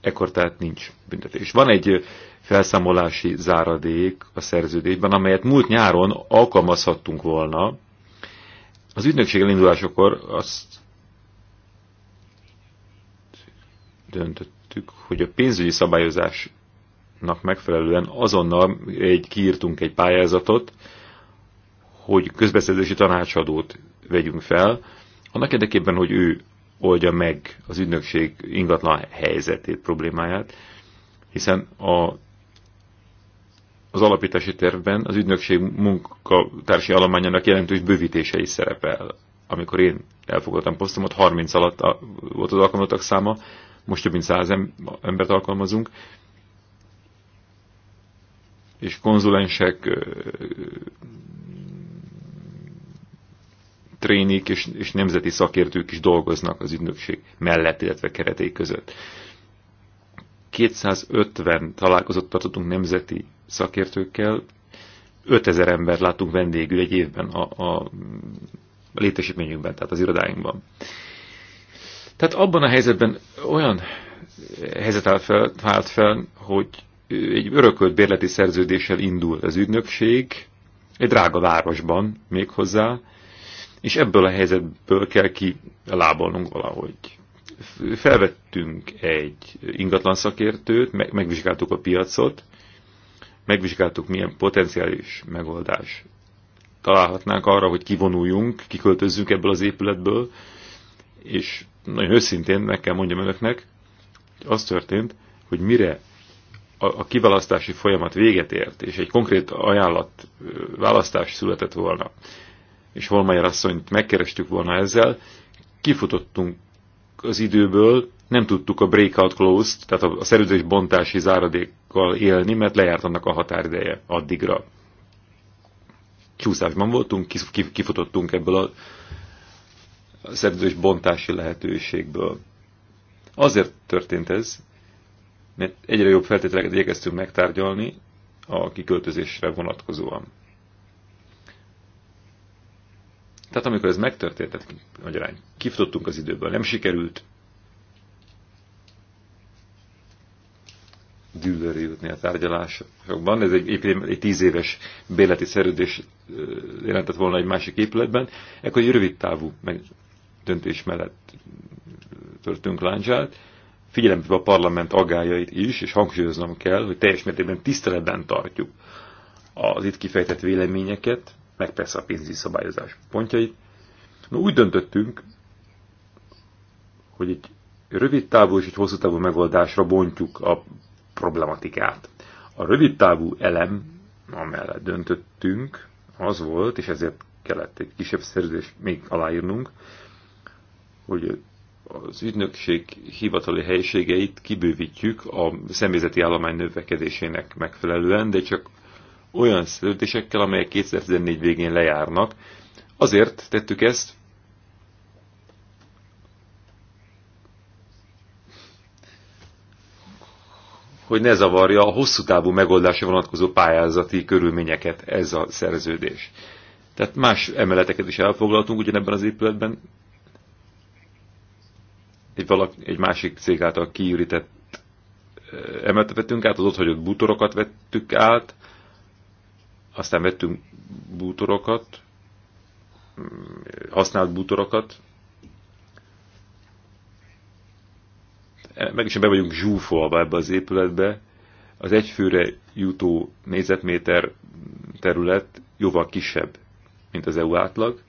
Ekkor tehát nincs büntetés. Van egy felszámolási záradék a szerződésben, amelyet múlt nyáron alkalmazhattunk volna, az ügynökség elindulásakor azt döntöttük, hogy a pénzügyi szabályozásnak megfelelően azonnal egy, kiírtunk egy pályázatot, hogy közbeszerzési tanácsadót vegyünk fel, annak érdekében, hogy ő oldja meg az ügynökség ingatlan helyzetét, problémáját, hiszen a az alapítási tervben az ügynökség munkatársi alományának jelentős bővítése is szerepel. Amikor én elfogadtam posztomat, 30 alatt volt az alkalmazottak száma, most több mint 100 embert alkalmazunk, és konzulensek, trénik és, és nemzeti szakértők is dolgoznak az ügynökség mellett, illetve kereték között. 250 találkozott tartottunk nemzeti szakértőkkel. 5000 ember látunk vendégül egy évben a, a létesítményünkben, tehát az irodáinkban. Tehát abban a helyzetben olyan helyzet állt fel, állt fel hogy egy örökölt bérleti szerződéssel indul az ügynökség, egy drága városban még hozzá, és ebből a helyzetből kell ki lábolnunk valahogy. Felvettünk egy ingatlan szakértőt, megvizsgáltuk a piacot, Megvizsgáltuk, milyen potenciális megoldás találhatnánk arra, hogy kivonuljunk, kiköltözzünk ebből az épületből, és nagyon őszintén meg kell mondjam önöknek, hogy az történt, hogy mire a, kiválasztási folyamat véget ért, és egy konkrét ajánlat, választás született volna, és Holmeyer asszonyt megkerestük volna ezzel, kifutottunk az időből, nem tudtuk a breakout close-t, tehát a szerződés bontási záradék módosítókkal élni, mert lejárt annak a határideje addigra. Csúszásban voltunk, kifutottunk ebből a szerződés bontási lehetőségből. Azért történt ez, mert egyre jobb feltételeket igyekeztünk megtárgyalni a kiköltözésre vonatkozóan. Tehát amikor ez megtörtént, magyarán kifutottunk az időből, nem sikerült dűlőre jutni a tárgyalásokban. Ez egy, egy, egy tíz éves béleti szerződés jelentett volna egy másik épületben. Ekkor egy rövid távú döntés mellett törtünk láncsát, figyelembe a parlament agájait is, és hangsúlyoznom kell, hogy teljes mértékben tiszteletben tartjuk az itt kifejtett véleményeket, meg persze a pénzügyi szabályozás pontjait. No, úgy döntöttünk, hogy egy rövid távú és egy hosszú távú megoldásra bontjuk a problematikát. A rövidtávú elem, amellett döntöttünk, az volt, és ezért kellett egy kisebb szerződést még aláírnunk, hogy az ügynökség hivatali helyiségeit kibővítjük a személyzeti állomány növekedésének megfelelően, de csak olyan szerződésekkel, amelyek 2014 végén lejárnak. Azért tettük ezt, hogy ne zavarja a hosszú távú megoldásra vonatkozó pályázati körülményeket ez a szerződés. Tehát más emeleteket is elfoglaltunk ugyanebben az épületben. Egy, valaki, egy másik cég által kiürített emeletet vettünk át, az ott hagyott bútorokat vettük át, aztán vettünk bútorokat, mm, használt bútorokat, meg is be vagyunk zsúfolva ebbe az épületbe, az egyfőre jutó nézetméter terület jóval kisebb, mint az EU átlag,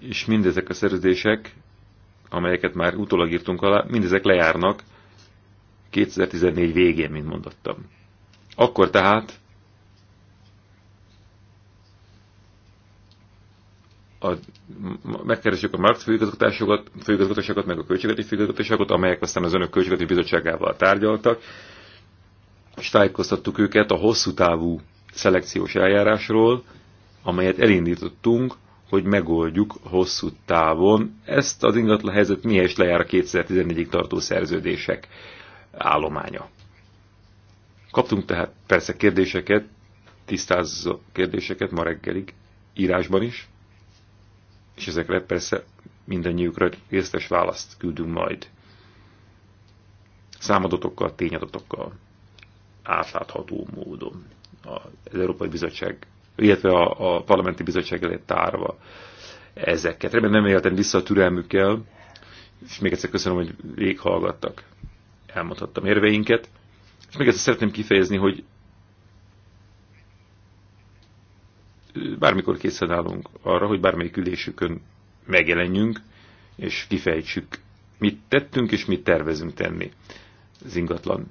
és mindezek a szerződések, amelyeket már utólag írtunk alá, mindezek lejárnak 2014 végén, mint mondottam. Akkor tehát a, megkeresjük a MART főigazgatásokat, meg a költségvetési főigazgatásokat, amelyek aztán az önök költségvetési bizottságával tárgyaltak, és tájékoztattuk őket a hosszú távú szelekciós eljárásról, amelyet elindítottunk, hogy megoldjuk hosszú távon. Ezt az ingatlan helyzet mihez is lejár a 2014-ig tartó szerződések állománya. Kaptunk tehát persze kérdéseket, tisztázó kérdéseket ma reggelig, írásban is, és ezekre persze mindannyiukra részes választ küldünk majd. Számadatokkal, tényadatokkal, átlátható módon az Európai Bizottság, illetve a, a Parlamenti Bizottság elé tárva ezeket. Remélem nem éltem vissza a türelmükkel, és még egyszer köszönöm, hogy végighallgattak. Elmondhattam érveinket. És még egyszer szeretném kifejezni, hogy bármikor készen állunk arra, hogy bármelyik ülésükön megjelenjünk, és kifejtsük, mit tettünk és mit tervezünk tenni az ingatlan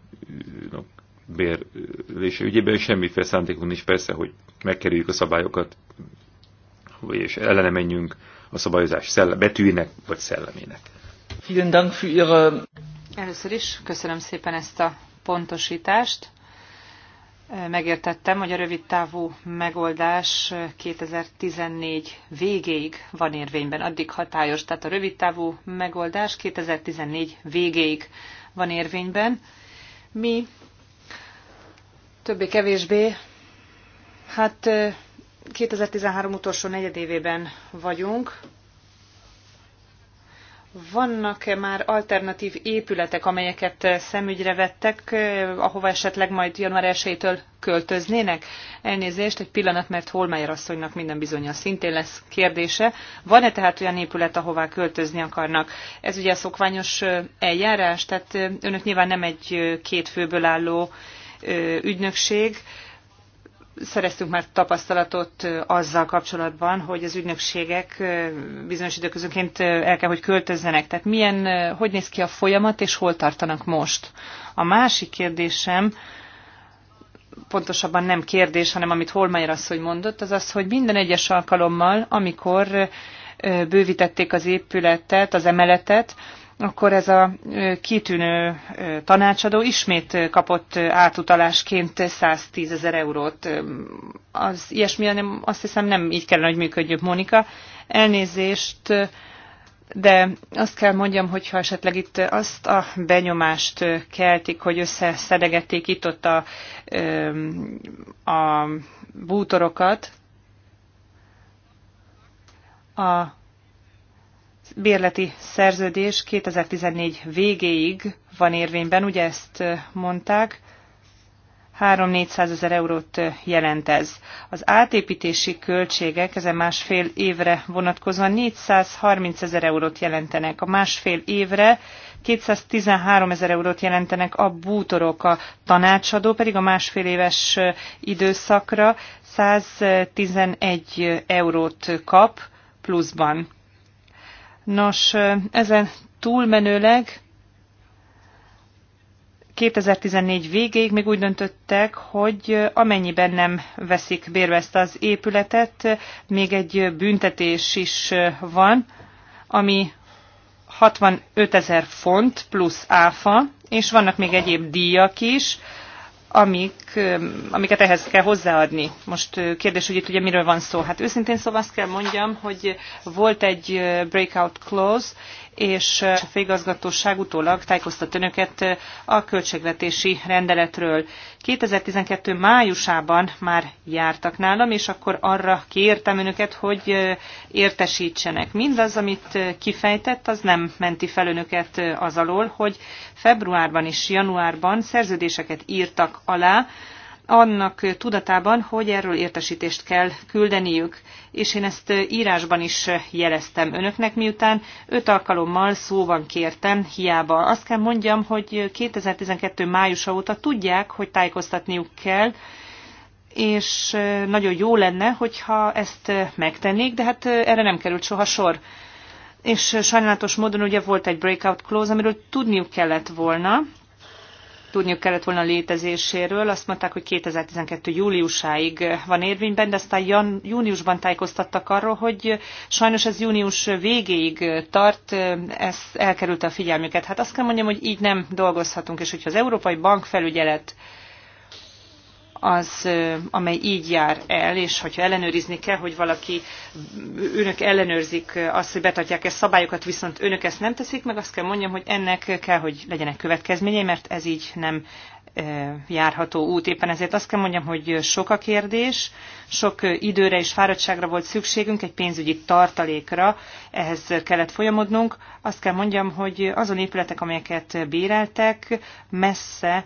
bérlése ügyében. Semmiféle szándékunk nincs persze, hogy megkerüljük a szabályokat, és ellene menjünk a szabályozás szellem, betűinek vagy szellemének. Vielen Dank für Ihre... Először is köszönöm szépen ezt a pontosítást megértettem, hogy a rövid távú megoldás 2014 végéig van érvényben, addig hatályos. Tehát a rövid távú megoldás 2014 végéig van érvényben. Mi többé-kevésbé, hát 2013 utolsó negyedévében vagyunk, vannak-e már alternatív épületek, amelyeket szemügyre vettek, eh, ahova esetleg majd január 1-től költöznének? Elnézést, egy pillanat, mert Holmeyer asszonynak minden bizonyal szintén lesz kérdése. Van-e tehát olyan épület, ahová költözni akarnak? Ez ugye a szokványos eh, eljárás, tehát eh, önök nyilván nem egy két főből álló ügynökség, szereztünk már tapasztalatot azzal kapcsolatban, hogy az ügynökségek bizonyos időközönként el kell, hogy költözzenek. Tehát milyen, hogy néz ki a folyamat, és hol tartanak most? A másik kérdésem, pontosabban nem kérdés, hanem amit Holmeyer asszony mondott, az az, hogy minden egyes alkalommal, amikor bővítették az épületet, az emeletet, akkor ez a kitűnő tanácsadó ismét kapott átutalásként 110 ezer eurót. Az ilyesmi, nem, azt hiszem nem így kellene, hogy működjük, Monika. Elnézést, de azt kell mondjam, hogy esetleg itt azt a benyomást keltik, hogy összeszedegették itt ott a, a bútorokat, a bérleti szerződés 2014 végéig van érvényben, ugye ezt mondták, 3-400 ezer eurót jelent ez. Az átépítési költségek ezen másfél évre vonatkozóan 430 ezer eurót jelentenek. A másfél évre 213 ezer eurót jelentenek a bútorok, a tanácsadó pedig a másfél éves időszakra 111 eurót kap pluszban. Nos, ezen túlmenőleg 2014 végéig még úgy döntöttek, hogy amennyiben nem veszik bérbe ezt az épületet, még egy büntetés is van, ami 65 ezer font plusz áfa, és vannak még egyéb díjak is, amik, amiket ehhez kell hozzáadni. Most kérdés, hogy itt ugye miről van szó. Hát őszintén szóval azt kell mondjam, hogy volt egy breakout clause, és a főigazgatóság utólag tájékoztat önöket a költségvetési rendeletről. 2012. májusában már jártak nálam, és akkor arra kértem önöket, hogy értesítsenek. Mindaz, amit kifejtett, az nem menti fel önöket az alól, hogy februárban és januárban szerződéseket írtak alá, annak tudatában, hogy erről értesítést kell küldeniük, és én ezt írásban is jeleztem önöknek, miután öt alkalommal szóban kértem, hiába. Azt kell mondjam, hogy 2012. májusa óta tudják, hogy tájékoztatniuk kell, és nagyon jó lenne, hogyha ezt megtennék, de hát erre nem került soha sor. És sajnálatos módon ugye volt egy breakout clause, amiről tudniuk kellett volna, tudniuk kellett volna létezéséről. Azt mondták, hogy 2012. júliusáig van érvényben, de aztán jan, júniusban tájékoztattak arról, hogy sajnos ez június végéig tart, ez elkerült a figyelmüket. Hát azt kell mondjam, hogy így nem dolgozhatunk, és hogyha az Európai Bank felügyelet az, amely így jár el, és hogyha ellenőrizni kell, hogy valaki, önök ellenőrzik azt, hogy betartják-e szabályokat, viszont önök ezt nem teszik meg, azt kell mondjam, hogy ennek kell, hogy legyenek következményei, mert ez így nem járható út. Éppen ezért azt kell mondjam, hogy sok a kérdés, sok időre és fáradtságra volt szükségünk, egy pénzügyi tartalékra, ehhez kellett folyamodnunk. Azt kell mondjam, hogy azon épületek, amelyeket béreltek, messze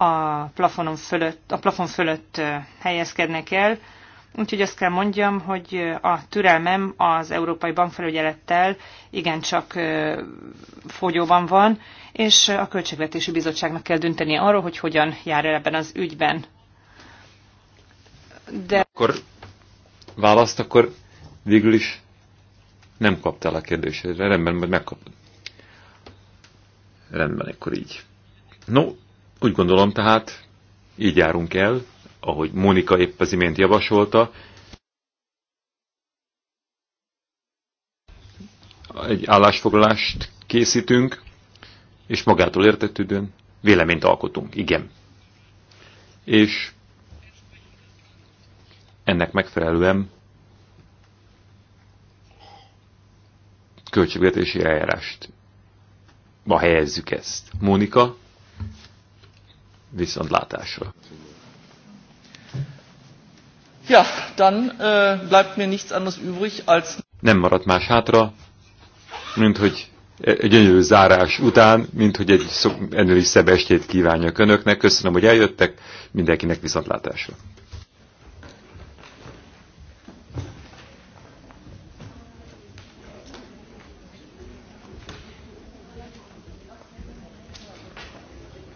a, plafonon fölött, a plafon fölött helyezkednek el, Úgyhogy azt kell mondjam, hogy a türelmem az Európai Bankfelügyelettel igencsak fogyóban van, és a Költségvetési Bizottságnak kell dönteni arról, hogy hogyan jár el ebben az ügyben. De... Akkor választ, akkor végül is nem kaptál a kérdésedre. Rendben, majd megkapod. Rendben, akkor így. No, úgy gondolom tehát, így járunk el, ahogy Mónika épp az imént javasolta, egy állásfoglalást készítünk, és magától értetődően véleményt alkotunk. Igen. És ennek megfelelően költségvetési eljárást ma helyezzük ezt. Mónika, viszontlátásra. Ja, dann äh, bleibt mir nichts anderes übrig als... Nem maradt más hátra, mint hogy e- egy gyönyörű zárás után, mint hogy egy ennél is szebb estét kívánjak önöknek. Köszönöm, hogy eljöttek, mindenkinek viszontlátásra.